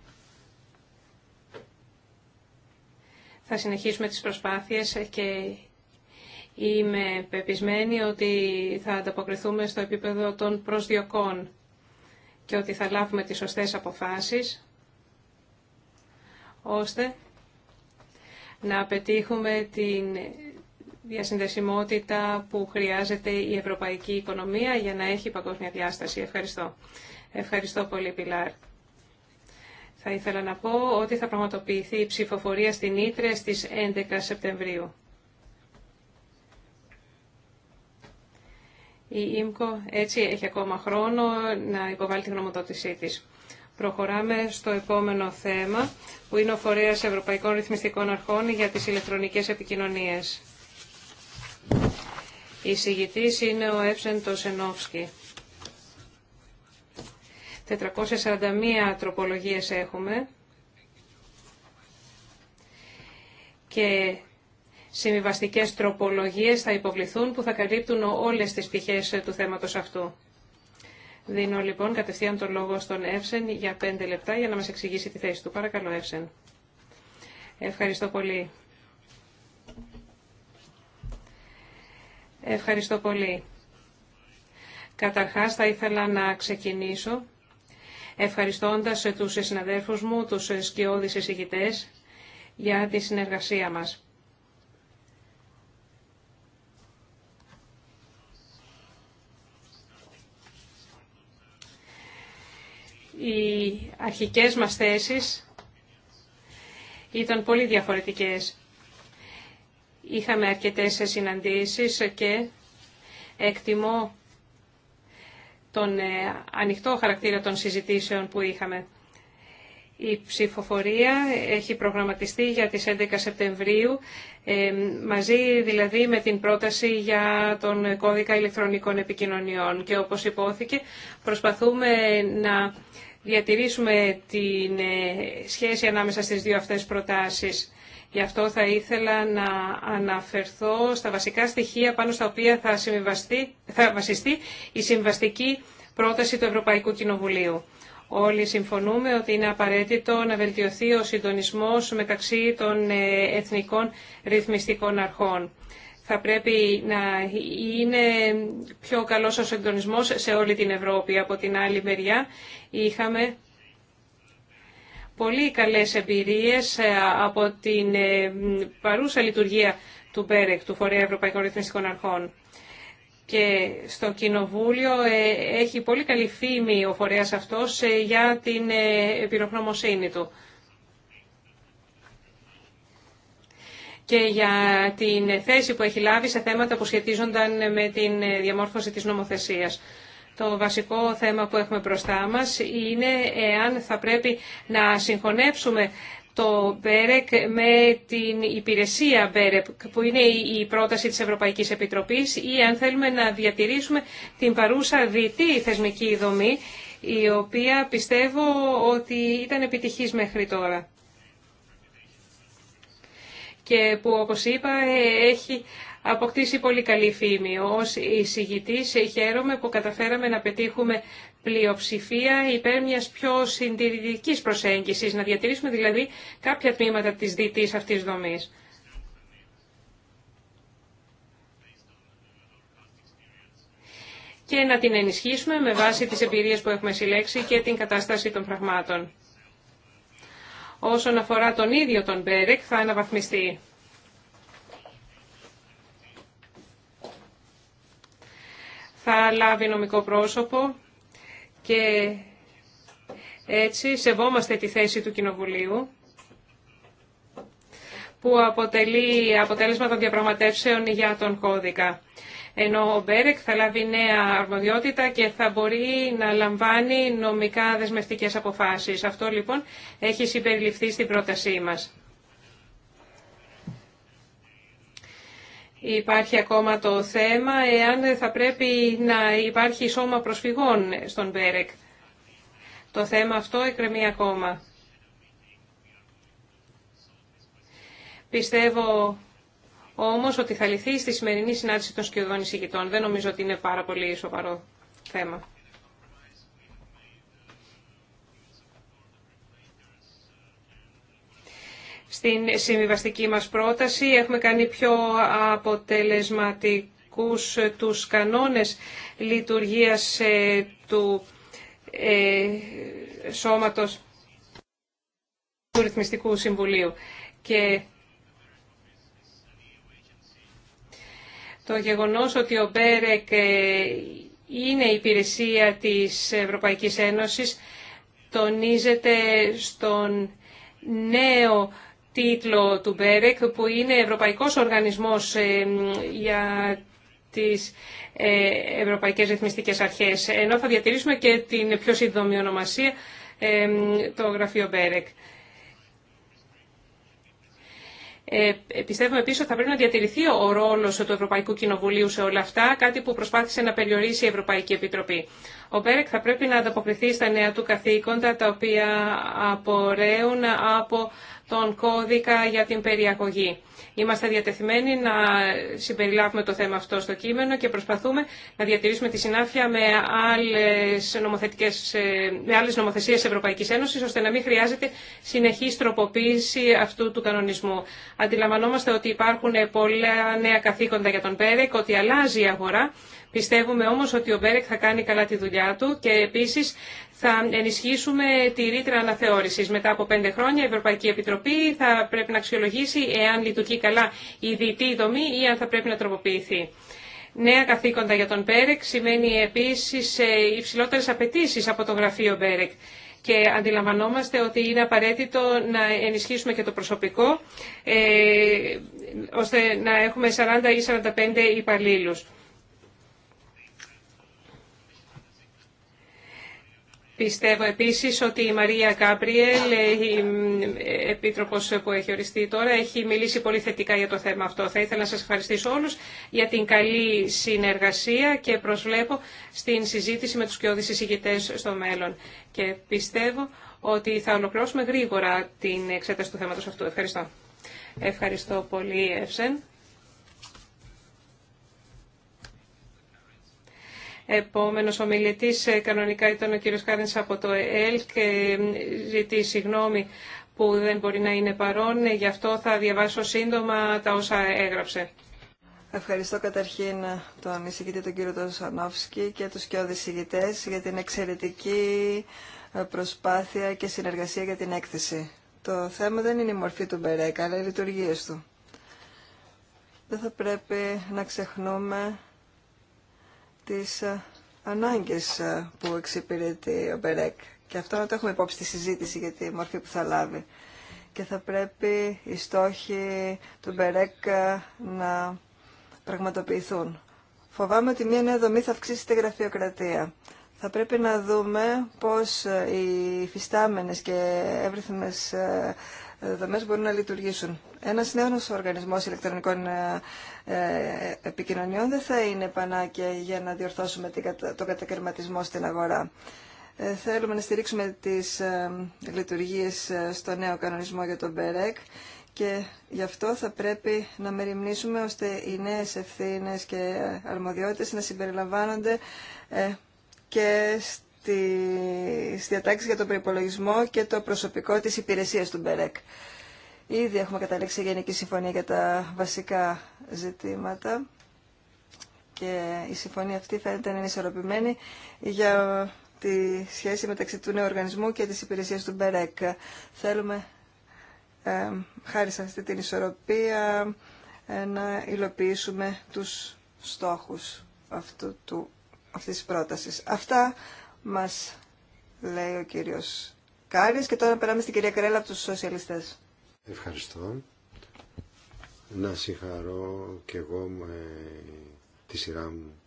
Θα συνεχίσουμε τις προσπάθειες και είμαι πεπισμένη ότι θα ανταποκριθούμε στο επίπεδο των προσδιοκών και ότι θα λάβουμε τις σωστές αποφάσεις ώστε να πετύχουμε την διασυνδεσιμότητα που χρειάζεται η ευρωπαϊκή οικονομία για να έχει παγκόσμια διάσταση. Ευχαριστώ. Ευχαριστώ πολύ, Πιλάρ. Θα ήθελα να πω ότι θα πραγματοποιηθεί η ψηφοφορία στην Ήτρε στις 11 Σεπτεμβρίου. Η ΙΜΚΟ έτσι έχει ακόμα χρόνο να υποβάλει τη γνωμοδότησή της. Προχωράμε στο επόμενο θέμα, που είναι ο Φορέας Ευρωπαϊκών Ρυθμιστικών Αρχών για τις ηλεκτρονικές επικοινωνίες. Η συγητής είναι ο Εύσεν Τοσενόφσκι. 441 τροπολογίες έχουμε και συμβιβαστικές τροπολογίες θα υποβληθούν που θα καλύπτουν όλες τις πτυχές του θέματος αυτού. Δίνω λοιπόν κατευθείαν τον λόγο στον Εύσεν για 5 λεπτά για να μας εξηγήσει τη θέση του. Παρακαλώ Εύσεν. Ευχαριστώ πολύ. Ευχαριστώ πολύ. Καταρχάς θα ήθελα να ξεκινήσω ευχαριστώντας τους συναδέρφους μου, τους σκιώδεις εισηγητές, για τη συνεργασία μας. Οι αρχικές μας θέσεις ήταν πολύ διαφορετικές. Είχαμε αρκετές συναντήσεις και εκτιμώ τον ε, ανοιχτό χαρακτήρα των συζητήσεων που είχαμε. Η ψηφοφορία έχει προγραμματιστεί για τις 11 Σεπτεμβρίου, ε, μαζί δηλαδή με την πρόταση για τον κώδικα ηλεκτρονικών επικοινωνιών. Και όπως υπόθηκε, προσπαθούμε να διατηρήσουμε την ε, σχέση ανάμεσα στις δύο αυτές προτάσεις. Γι' αυτό θα ήθελα να αναφερθώ στα βασικά στοιχεία πάνω στα οποία θα, θα βασιστεί η συμβαστική πρόταση του Ευρωπαϊκού Κοινοβουλίου. Όλοι συμφωνούμε ότι είναι απαραίτητο να βελτιωθεί ο συντονισμός μεταξύ των ε, εθνικών ρυθμιστικών αρχών. Θα πρέπει να είναι πιο καλός ο συντονισμός σε όλη την Ευρώπη. Από την άλλη μεριά είχαμε πολύ καλές εμπειρίες ε, από την ε, παρούσα λειτουργία του ΠΕΡΕΚ, του Φορέα Ευρωπαϊκών Ρυθμιστικών Αρχών. Και στο Κοινοβούλιο ε, έχει πολύ καλή φήμη ο φορέας αυτός για την επιρροχνωμοσύνη του. και για την θέση που έχει λάβει σε θέματα που σχετίζονταν με την διαμόρφωση της νομοθεσίας. Το βασικό θέμα που έχουμε μπροστά μας είναι εάν θα πρέπει να συγχωνεύσουμε το ΜΠΕΡΕΚ με την υπηρεσία ΜΠΕΡΕΚ που είναι η πρόταση της Ευρωπαϊκής Επιτροπής ή αν θέλουμε να διατηρήσουμε την παρούσα διτή θεσμική δομή η οποία πιστεύω ότι ήταν επιτυχής μέχρι τώρα και που όπως είπα έχει αποκτήσει πολύ καλή φήμη. Ως εισηγητής ε, χαίρομαι που καταφέραμε να πετύχουμε πλειοψηφία υπέρ μια πιο συντηρητική προσέγγισης, να διατηρήσουμε δηλαδή κάποια τμήματα της διτής αυτής δομής. και να την ενισχύσουμε με βάση τις εμπειρίες που έχουμε συλλέξει και την κατάσταση των πραγμάτων. Όσον αφορά τον ίδιο τον Μπέρεκ θα αναβαθμιστεί. θα λάβει νομικό πρόσωπο και έτσι σεβόμαστε τη θέση του Κοινοβουλίου που αποτελεί αποτέλεσμα των διαπραγματεύσεων για τον κώδικα. Ενώ ο Μπέρεκ θα λάβει νέα αρμοδιότητα και θα μπορεί να λαμβάνει νομικά δεσμευτικές αποφάσεις. Αυτό λοιπόν έχει συμπεριληφθεί στην πρότασή μας. Υπάρχει ακόμα το θέμα εάν θα πρέπει να υπάρχει σώμα προσφυγών στον ΠΕΡΕΚ. Το θέμα αυτό εκκρεμεί ακόμα. Πιστεύω όμως ότι θα λυθεί στη σημερινή συνάντηση των σκιωδών εισηγητών. Δεν νομίζω ότι είναι πάρα πολύ σοβαρό θέμα. στην συμβιβαστική μας πρόταση. Έχουμε κάνει πιο αποτελεσματικούς τους κανόνες λειτουργίας ε, του ε, σώματος του Ρυθμιστικού Συμβουλίου. Και το γεγονός ότι ο Μπέρεκ ε, είναι η υπηρεσία της Ευρωπαϊκής Ένωσης τονίζεται στον νέο τίτλο του Μπέρεκ που είναι Ευρωπαϊκός Οργανισμός ε, για τις ε, Ευρωπαϊκές Ρυθμιστικές Αρχές ενώ θα διατηρήσουμε και την πιο σύντομη ονομασία ε, το γραφείο Μπέρεκ. Ε, πιστεύουμε επίσης ότι θα πρέπει να διατηρηθεί ο ρόλο του Ευρωπαϊκού Κοινοβουλίου σε όλα αυτά, κάτι που προσπάθησε να περιορίσει η Ευρωπαϊκή Επιτροπή. Ο ΠΕΡΕΚ θα πρέπει να ανταποκριθεί στα νέα του καθήκοντα, τα οποία απορρέουν από τον κώδικα για την περιαγωγή. Είμαστε διατεθειμένοι να συμπεριλάβουμε το θέμα αυτό στο κείμενο και προσπαθούμε να διατηρήσουμε τη συνάφεια με άλλες, νομοθετικές, με άλλες νομοθεσίες Ευρωπαϊκής Ένωσης, ώστε να μην χρειάζεται συνεχής τροποποίηση αυτού του κανονισμού. Αντιλαμβανόμαστε ότι υπάρχουν πολλά νέα καθήκοντα για τον ΠΕΡΕΚ, ότι αλλάζει η αγορά Πιστεύουμε όμως ότι ο Μπέρεκ θα κάνει καλά τη δουλειά του και επίσης θα ενισχύσουμε τη ρήτρα αναθεώρησης. Μετά από πέντε χρόνια η Ευρωπαϊκή Επιτροπή θα πρέπει να αξιολογήσει εάν λειτουργεί καλά η διητή δομή ή αν θα πρέπει να τροποποιηθεί. Νέα καθήκοντα για τον Μπέρεκ σημαίνει επίσης ε, υψηλότερες απαιτήσει από το γραφείο Μπέρεκ και αντιλαμβανόμαστε ότι είναι απαραίτητο να ενισχύσουμε και το προσωπικό ε, ώστε να έχουμε 40 ή 45 υπαλλήλους. Πιστεύω επίσης ότι η Μαρία Κάπριελ, η επίτροπος που έχει οριστεί τώρα, έχει μιλήσει πολύ θετικά για το θέμα αυτό. Θα ήθελα να σας ευχαριστήσω όλους για την καλή συνεργασία και προσβλέπω στην συζήτηση με τους κοιόδης εισηγητές στο μέλλον. Και πιστεύω ότι θα ολοκληρώσουμε γρήγορα την εξέταση του θέματος αυτού. Ευχαριστώ. Ευχαριστώ πολύ, Ευσεν. Επόμενος ομιλητής ε, κανονικά ήταν ο κύριος Κάρινς από το ΕΕΛ και ε, ζητεί συγγνώμη που δεν μπορεί να είναι παρόν. Ε, γι' αυτό θα διαβάσω σύντομα τα όσα έγραψε. Ευχαριστώ καταρχήν τον εισηγητή τον κύριο Τσανόφσκι και τους και οδησηγητές για την εξαιρετική προσπάθεια και συνεργασία για την έκθεση. Το θέμα δεν είναι η μορφή του Μπερέκα, αλλά οι του. Δεν θα πρέπει να ξεχνούμε τις ε, ανάγκες ε, που εξυπηρετεί ο Μπερέκ. Και αυτό να το έχουμε υπόψη στη συζήτηση για τη μορφή που θα λάβει. Και θα πρέπει οι στόχοι του Μπερέκ ε, να πραγματοποιηθούν. Φοβάμαι ότι μια νέα δομή θα αυξήσει τη γραφειοκρατία. Θα πρέπει να δούμε πώς οι φυστάμενες και εύρυθμες δεδομές μπορούν να λειτουργήσουν. Ένα νέος οργανισμό ηλεκτρονικών ε, ε, επικοινωνιών δεν θα είναι πανάκια για να διορθώσουμε τον κατακαιρματισμό στην αγορά. Ε, θέλουμε να στηρίξουμε τις λειτουργίες στο νέο κανονισμό για τον ΠΕΡΕΚ και γι' αυτό θα πρέπει να μεριμνήσουμε ώστε οι νέες ευθύνε και αρμοδιότητες να συμπεριλαμβάνονται και τις διατάξεις για τον προπολογισμό και το προσωπικό της υπηρεσίας του Μπερέκ. Ήδη έχουμε καταλήξει γενική συμφωνία για τα βασικά ζητήματα και η συμφωνία αυτή φαίνεται να είναι ισορροπημένη για τη σχέση μεταξύ του νέου οργανισμού και της υπηρεσίας του Μπερέκ. Θέλουμε, ε, χάρη σε αυτή την ισορροπία, ε, να υλοποιήσουμε τους στόχους αυτού του, αυτής της πρότασης. Αυτά μας λέει ο κύριος Κάρης και τώρα περάμε στην κυρία Κρέλα από τους σοσιαλιστές. Ευχαριστώ. Να συγχαρώ και εγώ με τη σειρά μου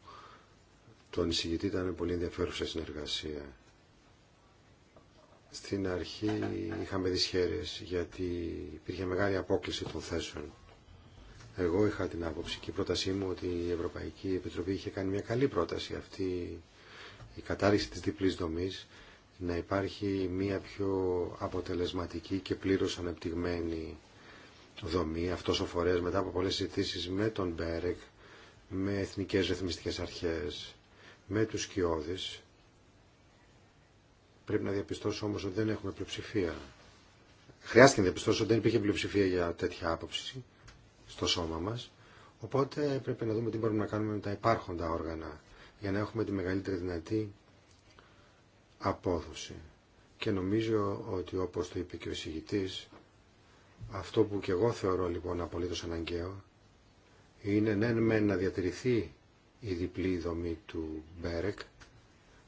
τον εισηγητή ήταν πολύ ενδιαφέρουσα συνεργασία. Στην αρχή είχαμε δυσχέρειες γιατί υπήρχε μεγάλη απόκληση των θέσεων. Εγώ είχα την άποψη και η πρότασή μου ότι η Ευρωπαϊκή Επιτροπή είχε κάνει μια καλή πρόταση. Αυτή η κατάρριξη της διπλής δομής να υπάρχει μια πιο αποτελεσματική και πλήρως ανεπτυγμένη δομή. Αυτός ο φορέας μετά από πολλές συζητήσεις με τον Μπέρεκ, με εθνικές ρυθμιστικές αρχές, με τους Κιώδης, πρέπει να διαπιστώσω όμως ότι δεν έχουμε πλειοψηφία. Χρειάστηκε να διαπιστώσω ότι δεν υπήρχε πλειοψηφία για τέτοια άποψη στο σώμα μας, οπότε πρέπει να δούμε τι μπορούμε να κάνουμε με τα υπάρχοντα όργανα για να έχουμε τη μεγαλύτερη δυνατή απόδοση. Και νομίζω ότι όπως το είπε και ο εισηγητής, αυτό που και εγώ θεωρώ λοιπόν απολύτως αναγκαίο, είναι ναι μεν ναι, να διατηρηθεί η διπλή δομή του Μπέρεκ,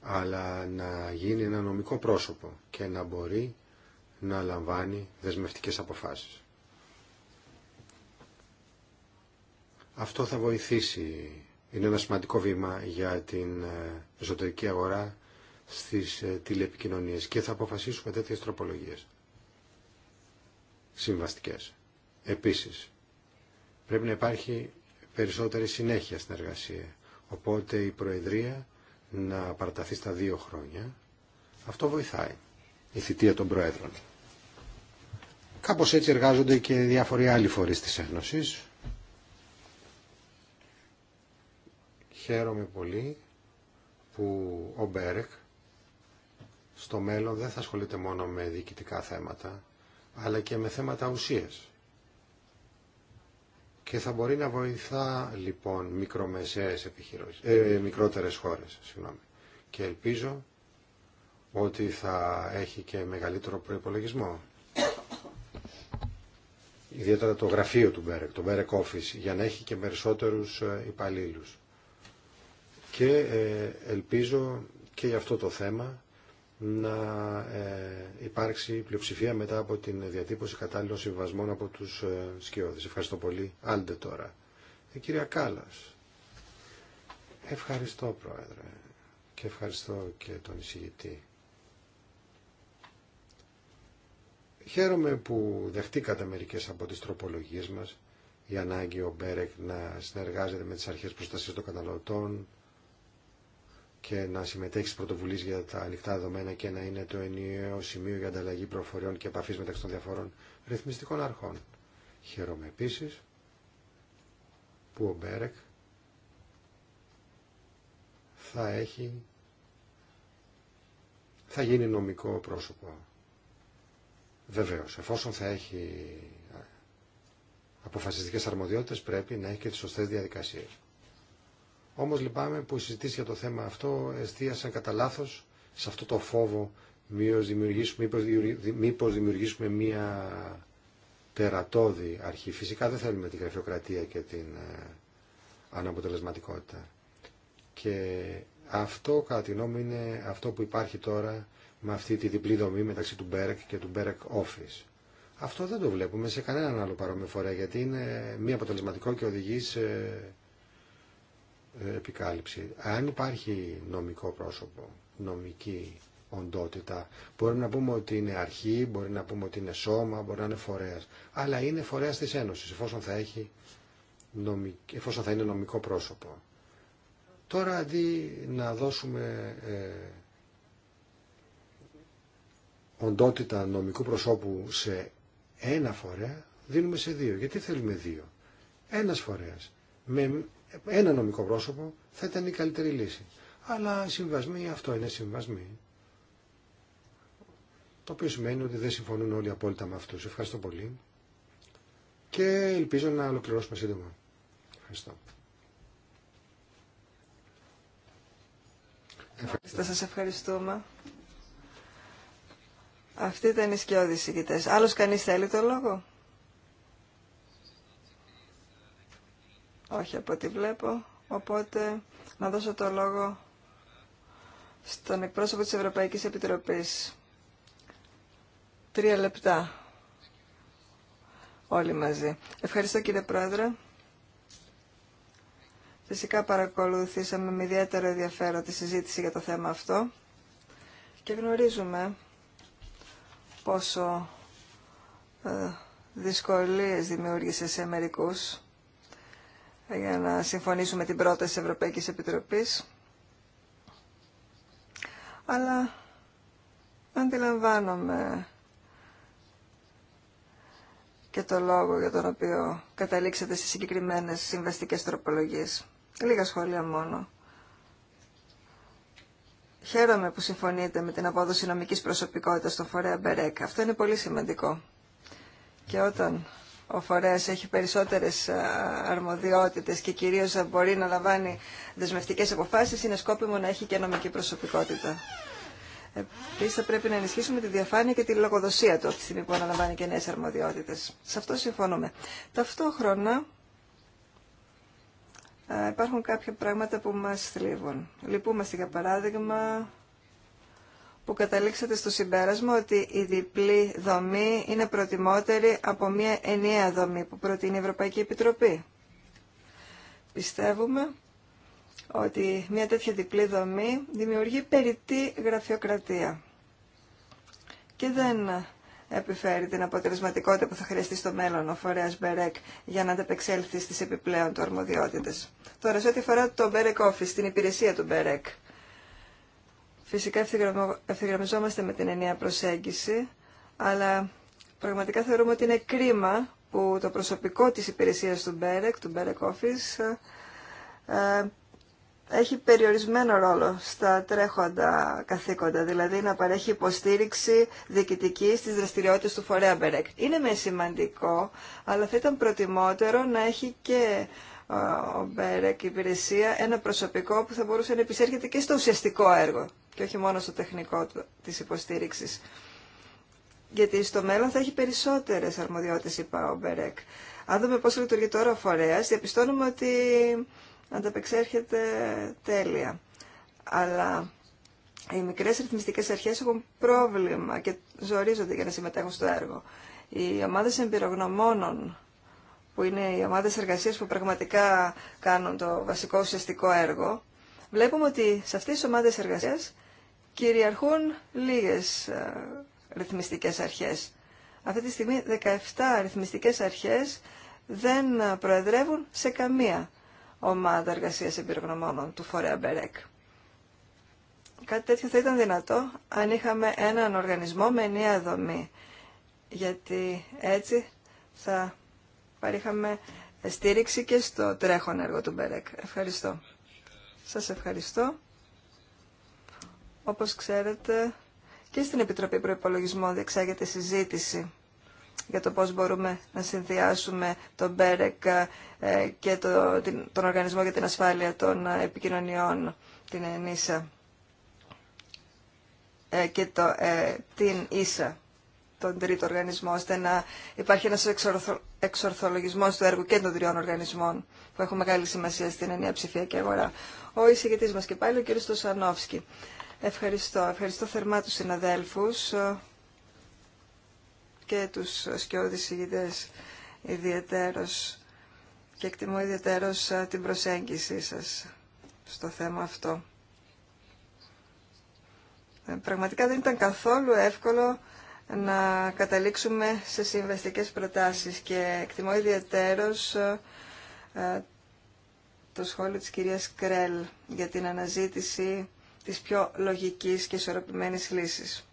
αλλά να γίνει ένα νομικό πρόσωπο και να μπορεί να λαμβάνει δεσμευτικές αποφάσεις. Αυτό θα βοηθήσει είναι ένα σημαντικό βήμα για την ε, εσωτερική αγορά στις ε, τηλεπικοινωνίες και θα αποφασίσουμε τέτοιες τροπολογίες συμβαστικές. Επίσης, πρέπει να υπάρχει περισσότερη συνέχεια στην εργασία. Οπότε η Προεδρία να παραταθεί στα δύο χρόνια, αυτό βοηθάει η θητεία των Προέδρων. Κάπως έτσι εργάζονται και διάφοροι άλλοι φορείς της Ένωσης Χαίρομαι πολύ που ο Μπέρεκ στο μέλλον δεν θα ασχολείται μόνο με διοικητικά θέματα, αλλά και με θέματα ουσίες. Και θα μπορεί να βοηθά λοιπόν μικρομεσαίες επιχειρήσεις, ε, μικρότερες χώρες. Συγγνώμη. Και ελπίζω ότι θα έχει και μεγαλύτερο προϋπολογισμό. Ιδιαίτερα το γραφείο του Μπέρεκ, το Μπέρεκ Office, για να έχει και περισσότερους ε, υπαλλήλους και ε, ελπίζω και για αυτό το θέμα να ε, υπάρξει πλειοψηφία μετά από την διατύπωση κατάλληλων συμβασμών από τους ε, σκιώδες. Ευχαριστώ πολύ. άντε τώρα. Η κυρία Κάλλας. Ευχαριστώ Πρόεδρε και ευχαριστώ και τον εισηγητή. Χαίρομαι που δεχτήκατε μερικές από τις τροπολογίες μας, η ανάγκη ο Μπέρεκ να συνεργάζεται με τις αρχές προστασίας των καταναλωτών, και να συμμετέχει στι πρωτοβουλίε για τα ανοιχτά δεδομένα και να είναι το ενιαίο σημείο για ανταλλαγή προφοριών και επαφή μεταξύ των διαφόρων ρυθμιστικών αρχών. Χαίρομαι επίση που ο Μπέρεκ θα έχει θα γίνει νομικό πρόσωπο. Βεβαίως, εφόσον θα έχει αποφασιστικές αρμοδιότητες πρέπει να έχει και τις σωστές διαδικασίες. Όμω λυπάμαι που οι συζητήσει για το θέμα αυτό εστίασαν κατά λάθο σε αυτό το φόβο μήπως δημιουργήσουμε, μία τερατώδη αρχή. Φυσικά δεν θέλουμε την γραφειοκρατία και την ε, αναποτελεσματικότητα. Και αυτό κατά τη γνώμη είναι αυτό που υπάρχει τώρα με αυτή τη διπλή δομή μεταξύ του BEREC και του BEREC Office. Αυτό δεν το βλέπουμε σε κανέναν άλλο παρόμοιο φορέα γιατί είναι μη αποτελεσματικό και οδηγεί σε ε, επικάλυψη. Αν υπάρχει νομικό πρόσωπο, νομική οντότητα, μπορεί να πούμε ότι είναι αρχή, μπορεί να πούμε ότι είναι σώμα, μπορεί να είναι φορέας. Αλλά είναι φορέας της Ένωσης, εφόσον θα, έχει εφόσον θα είναι νομικό πρόσωπο. Τώρα αντί να δώσουμε ε, οντότητα νομικού προσώπου σε ένα φορέα, δίνουμε σε δύο. Γιατί θέλουμε δύο. Ένας φορέας με ένα νομικό πρόσωπο θα ήταν η καλύτερη λύση. Αλλά συμβασμοί αυτό είναι συμβασμοί. Το οποίο σημαίνει ότι δεν συμφωνούν όλοι απόλυτα με αυτούς. Ευχαριστώ πολύ και ελπίζω να ολοκληρώσουμε σύντομα. Ευχαριστώ. Ευχαριστώ. Σας ευχαριστούμε. Αυτή ήταν η σκιώδη συγκητές. Άλλος κανείς θέλει το λόγο. Όχι από ό,τι βλέπω. Οπότε να δώσω το λόγο στον εκπρόσωπο της Ευρωπαϊκής Επιτροπής. Τρία λεπτά. Όλοι μαζί. Ευχαριστώ κύριε Πρόεδρε. Φυσικά παρακολουθήσαμε με ιδιαίτερο ενδιαφέρον τη συζήτηση για το θέμα αυτό και γνωρίζουμε πόσο ε, δυσκολίες δημιούργησε σε μερικούς για να συμφωνήσουμε την πρόταση της Ευρωπαϊκής Επιτροπής. Αλλά αντιλαμβάνομαι και το λόγο για τον οποίο καταλήξατε στις συγκεκριμένες συμβαστικές τροπολογίες. Λίγα σχόλια μόνο. Χαίρομαι που συμφωνείτε με την απόδοση νομικής προσωπικότητας στον φορέα Μπερέκ. Αυτό είναι πολύ σημαντικό. Και όταν ο φορέας έχει περισσότερες αρμοδιότητες και κυρίως μπορεί να λαμβάνει δεσμευτικές αποφάσεις, είναι σκόπιμο να έχει και νομική προσωπικότητα. Επίση, θα πρέπει να ενισχύσουμε τη διαφάνεια και τη λογοδοσία του από τη στιγμή που αναλαμβάνει και νέε αρμοδιότητε. Σε αυτό συμφωνούμε. Ταυτόχρονα, υπάρχουν κάποια πράγματα που μα θλίβουν. Λυπούμαστε, για παράδειγμα, που καταλήξατε στο συμπέρασμα ότι η διπλή δομή είναι προτιμότερη από μια ενιαία δομή που προτείνει η Ευρωπαϊκή Επιτροπή. Πιστεύουμε ότι μια τέτοια διπλή δομή δημιουργεί περιττή γραφειοκρατία και δεν επιφέρει την αποτελεσματικότητα που θα χρειαστεί στο μέλλον ο φορέας Μπερέκ για να ανταπεξέλθει στις επιπλέον του αρμοδιότητες. Τώρα, σε ό,τι αφορά το Μπερέκ Office, την υπηρεσία του Μπερέκ, Φυσικά ευθυγραμμιζόμαστε με την ενιαία προσέγγιση, αλλά πραγματικά θεωρούμε ότι είναι κρίμα που το προσωπικό της υπηρεσίας του Μπέρεκ, του BEREC Office, ε, ε, έχει περιορισμένο ρόλο στα τρέχοντα καθήκοντα, δηλαδή να παρέχει υποστήριξη διοικητική στις δραστηριότητες του φορέα Μπερέκ. Είναι με σημαντικό, αλλά θα ήταν προτιμότερο να έχει και ο Μπέρεκ υπηρεσία ένα προσωπικό που θα μπορούσε να επισέρχεται και στο ουσιαστικό έργο και όχι μόνο στο τεχνικό της υποστήριξης. Γιατί στο μέλλον θα έχει περισσότερες αρμοδιότητες, είπα ο Μπερέκ. Αν δούμε πώς λειτουργεί τώρα ο φορέας, διαπιστώνουμε ότι ανταπεξέρχεται τέλεια. Αλλά οι μικρές ρυθμιστικές αρχές έχουν πρόβλημα και ζορίζονται για να συμμετέχουν στο έργο. Οι ομάδες εμπειρογνωμόνων που είναι οι ομάδες εργασίας που πραγματικά κάνουν το βασικό ουσιαστικό έργο, βλέπουμε ότι σε αυτές τις ομάδες εργασίας κυριαρχούν λίγες ε, ρυθμιστικές αρχές. Αυτή τη στιγμή 17 ρυθμιστικές αρχές δεν προεδρεύουν σε καμία ομάδα εργασίας εμπειρογνωμόνων του φορέα Μπερέκ. Κάτι τέτοιο θα ήταν δυνατό αν είχαμε έναν οργανισμό με ενιαία δομή, γιατί έτσι θα παρήχαμε στήριξη και στο τρέχον έργο του Μπερέκ. Ευχαριστώ. Σας ευχαριστώ. Όπως ξέρετε, και στην Επιτροπή Προϋπολογισμών διεξάγεται συζήτηση για το πώς μπορούμε να συνδυάσουμε τον ΜΠΕΡΕΚ ε, και τον Οργανισμό για την Ασφάλεια των Επικοινωνιών, την ΕΝΙΣΑ ε, και το, ε, την ΙΣΑ τον τρίτο οργανισμό, ώστε να υπάρχει ένας εξορθολογισμός του έργου και των τριών οργανισμών, που έχουν μεγάλη σημασία στην ενιαία ψηφιακή αγορά. Ο εισηγητής μας και πάλι, ο κ. Στοσανόφσκι. Ευχαριστώ. Ευχαριστώ θερμά τους συναδέλφους ε, και τους σκιώδης εισηγητές ιδιαίτερος και εκτιμώ ιδιαίτερω ε, την προσέγγιση σας στο θέμα αυτό. Ε, πραγματικά δεν ήταν καθόλου εύκολο να καταλήξουμε σε συμβαστικές προτάσεις και εκτιμώ ιδιαίτερος ε, ε, το σχόλιο της κυρίας Κρέλ για την αναζήτηση της πιο λογικής και ισορροπημένης λύσης.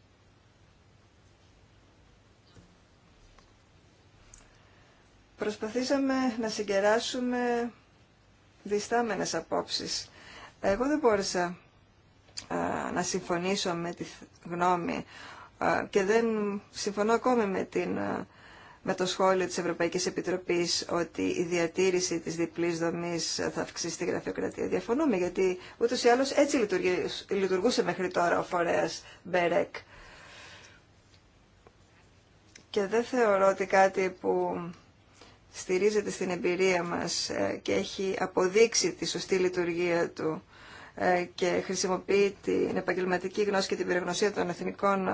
Προσπαθήσαμε να συγκεράσουμε διστάμενες απόψεις. Εγώ δεν μπόρεσα ε, να συμφωνήσω με τη γνώμη και δεν συμφωνώ ακόμη με, την, με το σχόλιο της Ευρωπαϊκής Επιτροπής ότι η διατήρηση της διπλής δομής θα αυξήσει τη γραφειοκρατία. Διαφωνούμε γιατί ούτως ή άλλως έτσι λειτουργούσε μέχρι τώρα ο φορέας Μπερέκ. Και δεν θεωρώ ότι κάτι που στηρίζεται στην εμπειρία μας ε, και έχει αποδείξει τη σωστή λειτουργία του ε, και χρησιμοποιεί την επαγγελματική γνώση και την περιγνωσία των εθνικών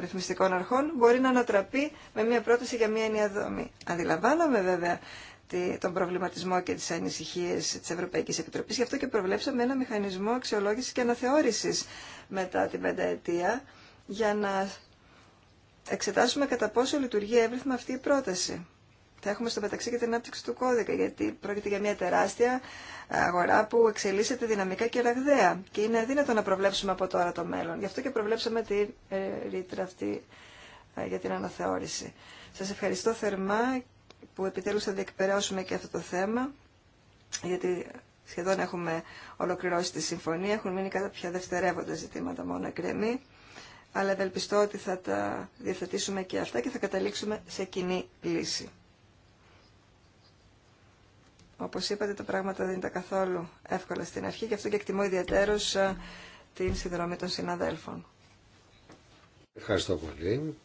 ρυθμιστικών αρχών, μπορεί να ανατραπεί με μια πρόταση για μια ενιαία δομή. Αντιλαμβάνομαι βέβαια τον προβληματισμό και τις ανησυχίες της Ευρωπαϊκής Επιτροπής. Γι' αυτό και προβλέψαμε ένα μηχανισμό αξιολόγησης και αναθεώρησης μετά την πενταετία για να εξετάσουμε κατά πόσο λειτουργεί εύρυθμα αυτή η πρόταση. Θα έχουμε στο μεταξύ και την ανάπτυξη του κώδικα, γιατί πρόκειται για μια τεράστια αγορά που εξελίσσεται δυναμικά και ραγδαία και είναι αδύνατο να προβλέψουμε από τώρα το μέλλον. Γι' αυτό και προβλέψαμε τη ε, ρήτρα αυτή ε, για την αναθεώρηση. Σας ευχαριστώ θερμά που επιτέλους θα διεκπαιρεώσουμε και αυτό το θέμα, γιατί σχεδόν έχουμε ολοκληρώσει τη συμφωνία, έχουν μείνει κάποια δευτερεύοντα ζητήματα μόνο εκκρεμή, αλλά ευελπιστώ ότι θα τα διαθετήσουμε και αυτά και θα καταλήξουμε σε κοινή λύση. Όπως είπατε, τα πράγματα δεν ήταν καθόλου εύκολα στην αρχή και αυτό και εκτιμώ ιδιαίτερω ε, την συνδρομή των συναδέλφων. Ευχαριστώ πολύ.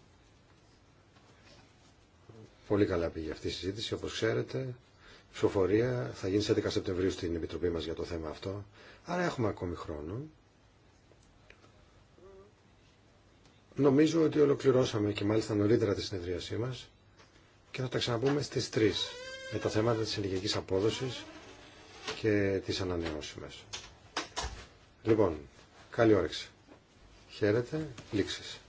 Πολύ καλά πήγε αυτή η συζήτηση, όπως ξέρετε. Η ψηφοφορία θα γίνει στις 11 Σεπτεμβρίου στην Επιτροπή μας για το θέμα αυτό. Άρα έχουμε ακόμη χρόνο. Νομίζω ότι ολοκληρώσαμε και μάλιστα νωρίτερα τη συνεδρίασή μας και θα τα ξαναπούμε στις 3 με τα θέματα της ενεργειακής απόδοσης και της ανανεώσιμες. Λοιπόν, καλή όρεξη. Χαίρετε, λήξεις.